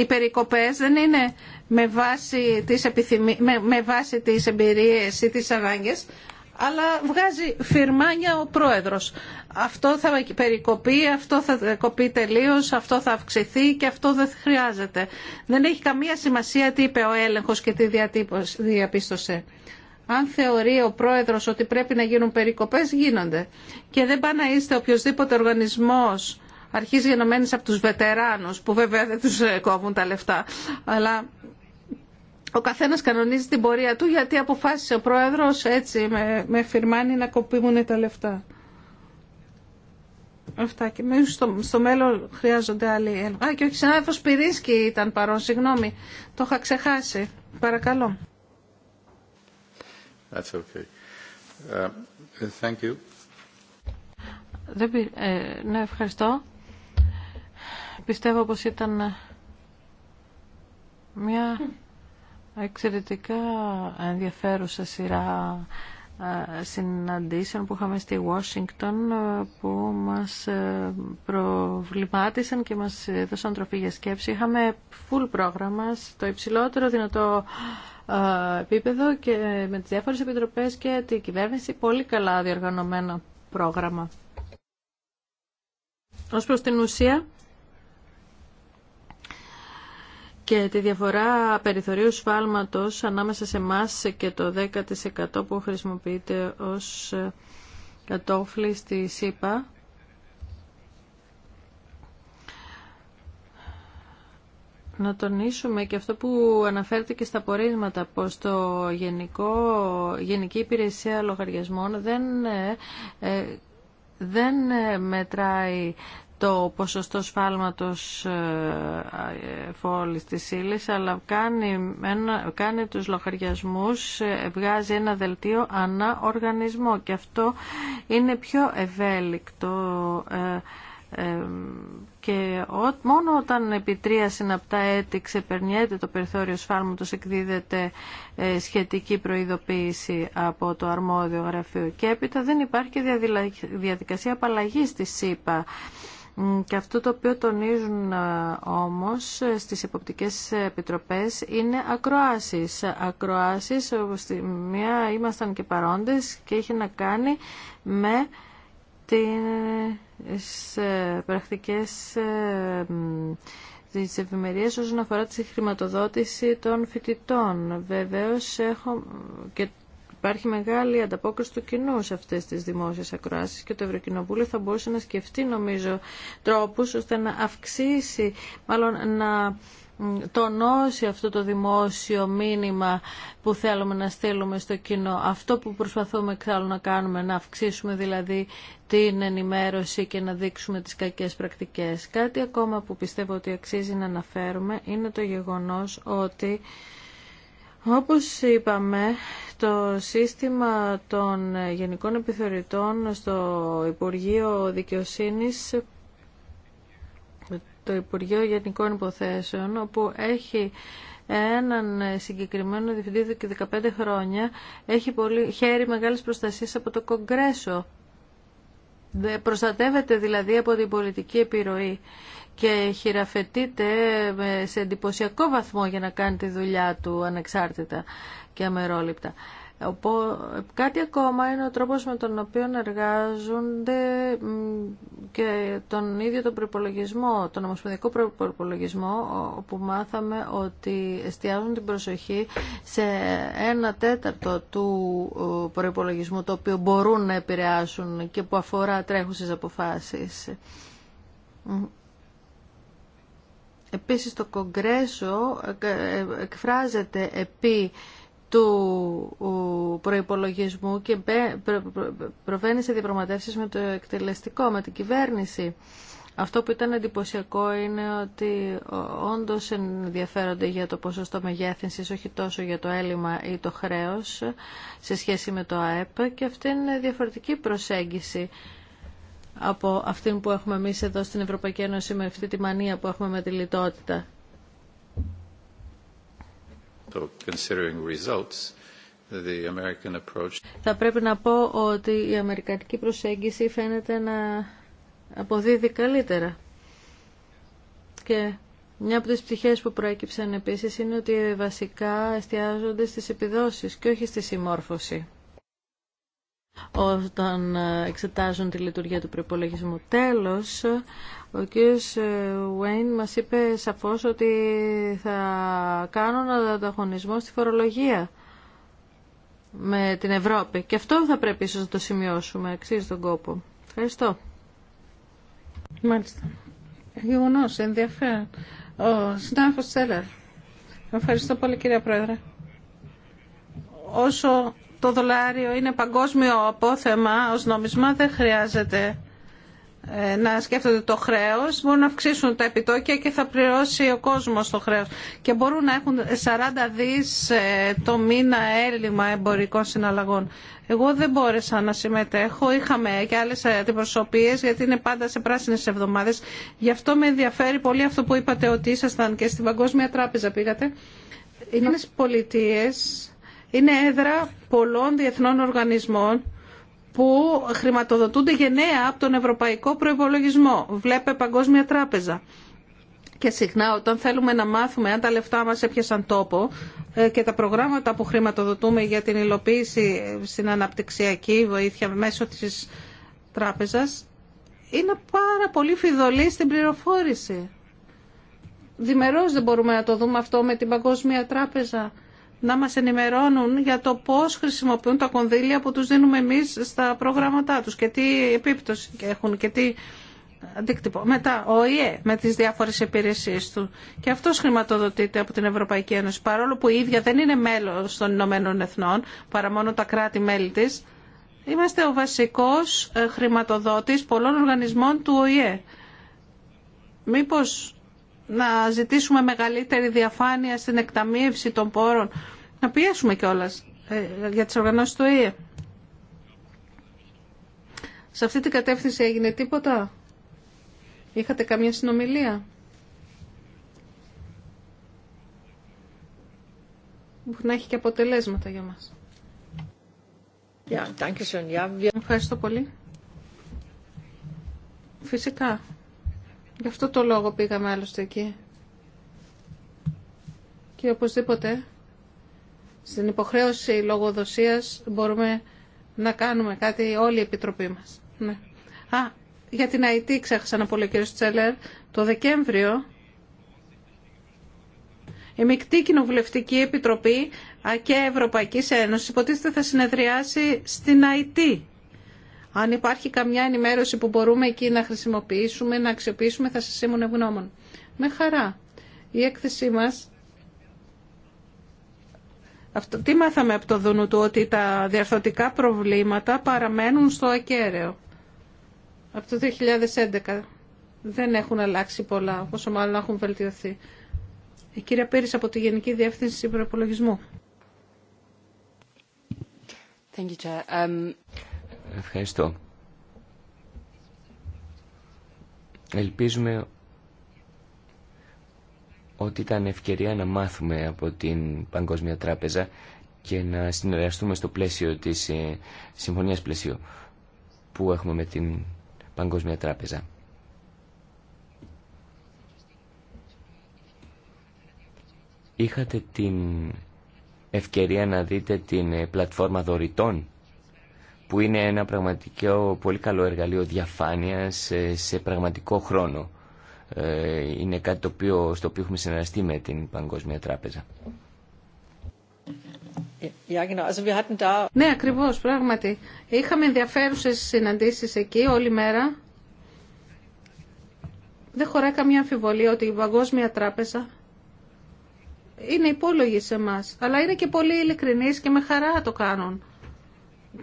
[SPEAKER 1] οι περικοπές δεν είναι με βάση τις, επιθυμι... με... βάση τις εμπειρίες ή τις ανάγκες, αλλά βγάζει φυρμάνια ο πρόεδρος. Αυτό θα περικοπεί, αυτό θα κοπεί τελείω, αυτό θα αυξηθεί και αυτό δεν χρειάζεται. Δεν έχει καμία σημασία τι είπε ο έλεγχος και τι διαπίστωσε. Αν θεωρεί ο πρόεδρος ότι πρέπει να γίνουν περικοπές, γίνονται. Και δεν πάει να είστε οποιοδήποτε οργανισμός αρχίζει γενομένης από τους βετεράνους, που βέβαια δεν τους κόβουν τα λεφτά, αλλά ο καθένα κανονίζει την πορεία του γιατί αποφάσισε ο πρόεδρο έτσι με, με φυρμάνει να κοπήμουν τα λεφτά. Αυτά και μέσα στο, στο μέλλον χρειάζονται άλλοι. Α, και ο ξενάδελφο Πυρίσκη ήταν παρόν, συγγνώμη. Το είχα ξεχάσει. Παρακαλώ.
[SPEAKER 2] That's okay. Uh, thank you.
[SPEAKER 1] Δεν, ε, ναι, ευχαριστώ. Πιστεύω πως ήταν ε, μια Εξαιρετικά ενδιαφέρουσα σειρά συναντήσεων που είχαμε στη Washington που μας ε, προβλημάτισαν και μας έδωσαν τροφή για σκέψη. Είχαμε full πρόγραμμα στο υψηλότερο δυνατό επίπεδο και με τις διάφορες επιτροπές και τη κυβέρνηση πολύ καλά διοργανωμένο πρόγραμμα. Ως προς την ουσία, και τη διαφορά περιθωρίου σφάλματος ανάμεσα σε εμά και το 10% που χρησιμοποιείται ως ε, κατόφλι στη ΣΥΠΑ. Να τονίσουμε και αυτό που αναφέρθηκε στα πορίσματα, πως το γενικό, Γενική Υπηρεσία Λογαριασμών δεν, ε, ε, δεν μετράει το ποσοστό σφάλματος ε, ε, φόλης της ύλης, αλλά κάνει, ένα, κάνει τους λογαριασμούς, ε, βγάζει ένα δελτίο ανά οργανισμό και αυτό είναι πιο ευέλικτο και μόνο όταν επί τρία συναπτά έτη ξεπερνιέται το περιθώριο σφάλματος εκδίδεται σχετική προειδοποίηση από το αρμόδιο γραφείο και έπειτα δεν υπάρχει διαδικασία απαλλαγής της ΣΥΠΑ και αυτό το οποίο τονίζουν ε, όμως ε, στις εποπτικές επιτροπές είναι ακροάσεις. Ακροάσεις, ε, στη μία ήμασταν και παρόντες και είχε να κάνει με τις πρακτικές τις ευημερίες όσον αφορά τη χρηματοδότηση των φοιτητών. Βεβαίως έχω Υπάρχει μεγάλη ανταπόκριση του κοινού σε αυτές τις δημόσιες ακροάσεις και το Ευρωκοινοβούλιο θα μπορούσε να σκεφτεί νομίζω τρόπους ώστε να αυξήσει, μάλλον να τονώσει αυτό το δημόσιο μήνυμα που θέλουμε να στείλουμε στο κοινό. Αυτό που προσπαθούμε εξάλλου να κάνουμε, να αυξήσουμε δηλαδή την ενημέρωση και να δείξουμε τις κακές πρακτικές. Κάτι ακόμα που πιστεύω ότι αξίζει να αναφέρουμε είναι το γεγονός ότι όπως είπαμε, το σύστημα των γενικών επιθεωρητών στο Υπουργείο Δικαιοσύνης το Υπουργείο Γενικών Υποθέσεων, όπου έχει έναν συγκεκριμένο διευθυντή και 15 χρόνια, έχει πολύ, χέρι μεγάλης προστασίας από το Κογκρέσο. Προστατεύεται δηλαδή από την πολιτική επιρροή και χειραφετείται σε εντυπωσιακό βαθμό για να κάνει τη δουλειά του ανεξάρτητα και αμερόληπτα. Κάτι ακόμα είναι ο τρόπος με τον οποίο εργάζονται και τον ίδιο τον προπολογισμό, τον ομοσπονδιακό προπολογισμό, όπου μάθαμε ότι εστιάζουν την προσοχή σε ένα τέταρτο του προπολογισμού, το οποίο μπορούν να επηρεάσουν και που αφορά τρέχουσες αποφάσεις. Επίσης το Κογκρέσο ε, εκφράζεται επί του προϋπολογισμού και προβαίνει σε διαπραγματεύσεις με το εκτελεστικό, με την κυβέρνηση. Αυτό που ήταν εντυπωσιακό είναι ότι όντως ενδιαφέρονται για το ποσοστό μεγέθυνσης, όχι τόσο για το έλλειμμα ή το χρέος σε σχέση με το ΑΕΠ και αυτή είναι διαφορετική προσέγγιση από αυτήν που έχουμε εμεί εδώ στην Ευρωπαϊκή Ένωση με αυτή τη μανία που έχουμε με τη λιτότητα. Θα πρέπει να πω ότι η αμερικανική προσέγγιση φαίνεται να αποδίδει καλύτερα. Και μια από τις πτυχές που προέκυψαν επίσης είναι ότι βασικά εστιάζονται στις επιδόσεις και όχι στη συμμόρφωση όταν ε, εξετάζουν τη λειτουργία του προπολογισμού. Τέλος, ο κ. Βέιν ε, μας είπε σαφώς ότι θα κάνουν ανταγωνισμό στη φορολογία με την Ευρώπη. Και αυτό θα πρέπει ίσως να το σημειώσουμε, αξίζει τον κόπο. Ευχαριστώ. Μάλιστα. ενδιαφέρον. Ο Ευχαριστώ πολύ, κύριε Πρόεδρε. Όσο το δολάριο είναι παγκόσμιο απόθεμα ως νόμισμα, δεν χρειάζεται ε, να σκέφτονται το χρέος, μπορούν να αυξήσουν τα επιτόκια και θα πληρώσει ο κόσμος το χρέος. Και μπορούν να έχουν 40 δις ε, το μήνα έλλειμμα εμπορικών συναλλαγών. Εγώ δεν μπόρεσα να συμμετέχω, είχαμε και άλλες αντιπροσωπείες γιατί είναι πάντα σε πράσινες εβδομάδες. Γι' αυτό με ενδιαφέρει πολύ αυτό που είπατε ότι ήσασταν και στην Παγκόσμια Τράπεζα πήγατε. Είναι είναι έδρα πολλών διεθνών οργανισμών που χρηματοδοτούνται γενναία από τον Ευρωπαϊκό Προϋπολογισμό. Βλέπε Παγκόσμια Τράπεζα. Και συχνά όταν θέλουμε να μάθουμε αν τα λεφτά μας έπιασαν τόπο ε, και τα προγράμματα που χρηματοδοτούμε για την υλοποίηση στην αναπτυξιακή βοήθεια μέσω της τράπεζας είναι πάρα πολύ φιδωλή στην πληροφόρηση. Δημερώς δεν μπορούμε να το δούμε αυτό με την Παγκόσμια Τράπεζα να μας ενημερώνουν για το πώς χρησιμοποιούν τα κονδύλια που τους δίνουμε εμείς στα προγράμματά τους και τι επίπτωση έχουν και τι αντίκτυπο. Μετά ο ΙΕ με τις διάφορες υπηρεσίες του και αυτός χρηματοδοτείται από την Ευρωπαϊκή Ένωση παρόλο που η ίδια δεν είναι μέλος των Ηνωμένων Εθνών παρά μόνο τα κράτη-μέλη της. Είμαστε ο βασικός ε, χρηματοδότης πολλών οργανισμών του ΟΗΕ. Μήπως να ζητήσουμε μεγαλύτερη διαφάνεια στην εκταμείευση των πόρων. Να πιέσουμε κιόλα ε, για τις οργανώσεις του ΙΕ. Σε αυτή την κατεύθυνση έγινε τίποτα. Είχατε καμία συνομιλία. Που να έχει και αποτελέσματα για μας. Yeah, Ευχαριστώ πολύ. Φυσικά. Γι' αυτό το λόγο πήγαμε άλλωστε εκεί. Και οπωσδήποτε στην υποχρέωση λογοδοσίας μπορούμε να κάνουμε κάτι όλη η Επιτροπή μας. Ναι. Α, για την ΑΕΤ ξέχασα να πω ο κ. Τσέλερ, το Δεκέμβριο η Μικτή Κοινοβουλευτική Επιτροπή και Ευρωπαϊκή Ένωση υποτίθεται θα συνεδριάσει στην ΑΕΤ. Αν υπάρχει καμιά ενημέρωση που μπορούμε εκεί να χρησιμοποιήσουμε, να αξιοποιήσουμε, θα σας ήμουν ευγνώμων. Με χαρά. Η έκθεσή μας... Αυτό, τι μάθαμε από το Δούνου του, ότι τα διαρθωτικά προβλήματα παραμένουν στο ακέραιο. Από το 2011 δεν έχουν αλλάξει πολλά, όσο μάλλον έχουν βελτιωθεί. Η κυρία Πύρης από τη Γενική Διεύθυνση Προπολογισμού. Thank you, um,
[SPEAKER 2] Ευχαριστώ. Ελπίζουμε ότι ήταν ευκαιρία να μάθουμε από την Παγκόσμια Τράπεζα και να συνεργαστούμε στο πλαίσιο της ε, συμφωνίας πλαίσιο που έχουμε με την Παγκόσμια Τράπεζα. Είχατε την ευκαιρία να δείτε την ε, πλατφόρμα δωρητών που είναι ένα πραγματικό πολύ καλό εργαλείο διαφάνειας ε, σε πραγματικό χρόνο. Ε, είναι κάτι το οποίο, στο οποίο έχουμε συνεργαστεί με την Παγκόσμια Τράπεζα.
[SPEAKER 1] Ναι, ακριβώς, πράγματι. Είχαμε ενδιαφέρουσες συναντήσεις εκεί όλη μέρα. Δεν χωράει καμία αμφιβολία ότι η Παγκόσμια Τράπεζα είναι υπόλογη σε εμά, αλλά είναι και πολύ ειλικρινής και με χαρά το κάνουν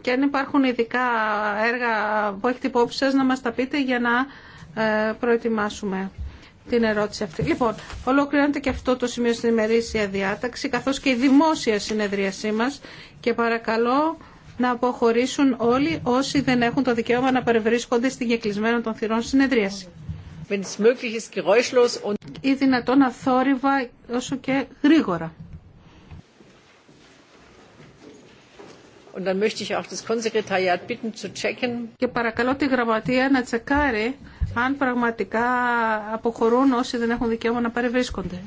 [SPEAKER 1] και αν υπάρχουν ειδικά έργα που έχετε υπόψη σας να μας τα πείτε για να ε, προετοιμάσουμε την ερώτηση αυτή. Λοιπόν, ολοκληρώνεται και αυτό το σημείο στην ημερήσια διάταξη, καθώς και η δημόσια συνεδρίασή μας και παρακαλώ να αποχωρήσουν όλοι όσοι δεν έχουν το δικαίωμα να παρευρίσκονται στην κεκλεισμένη των θυρών συνεδρίαση. Ή δυνατόν αθόρυβα όσο και γρήγορα. Und dann möchte ich auch das Konsekretariat bitten zu checken. Και παρακαλώ τη γραμματεία να τσεκάρει αν πραγματικά αποχωρούν όσοι δεν έχουν δικαίωμα να παρευρίσκονται.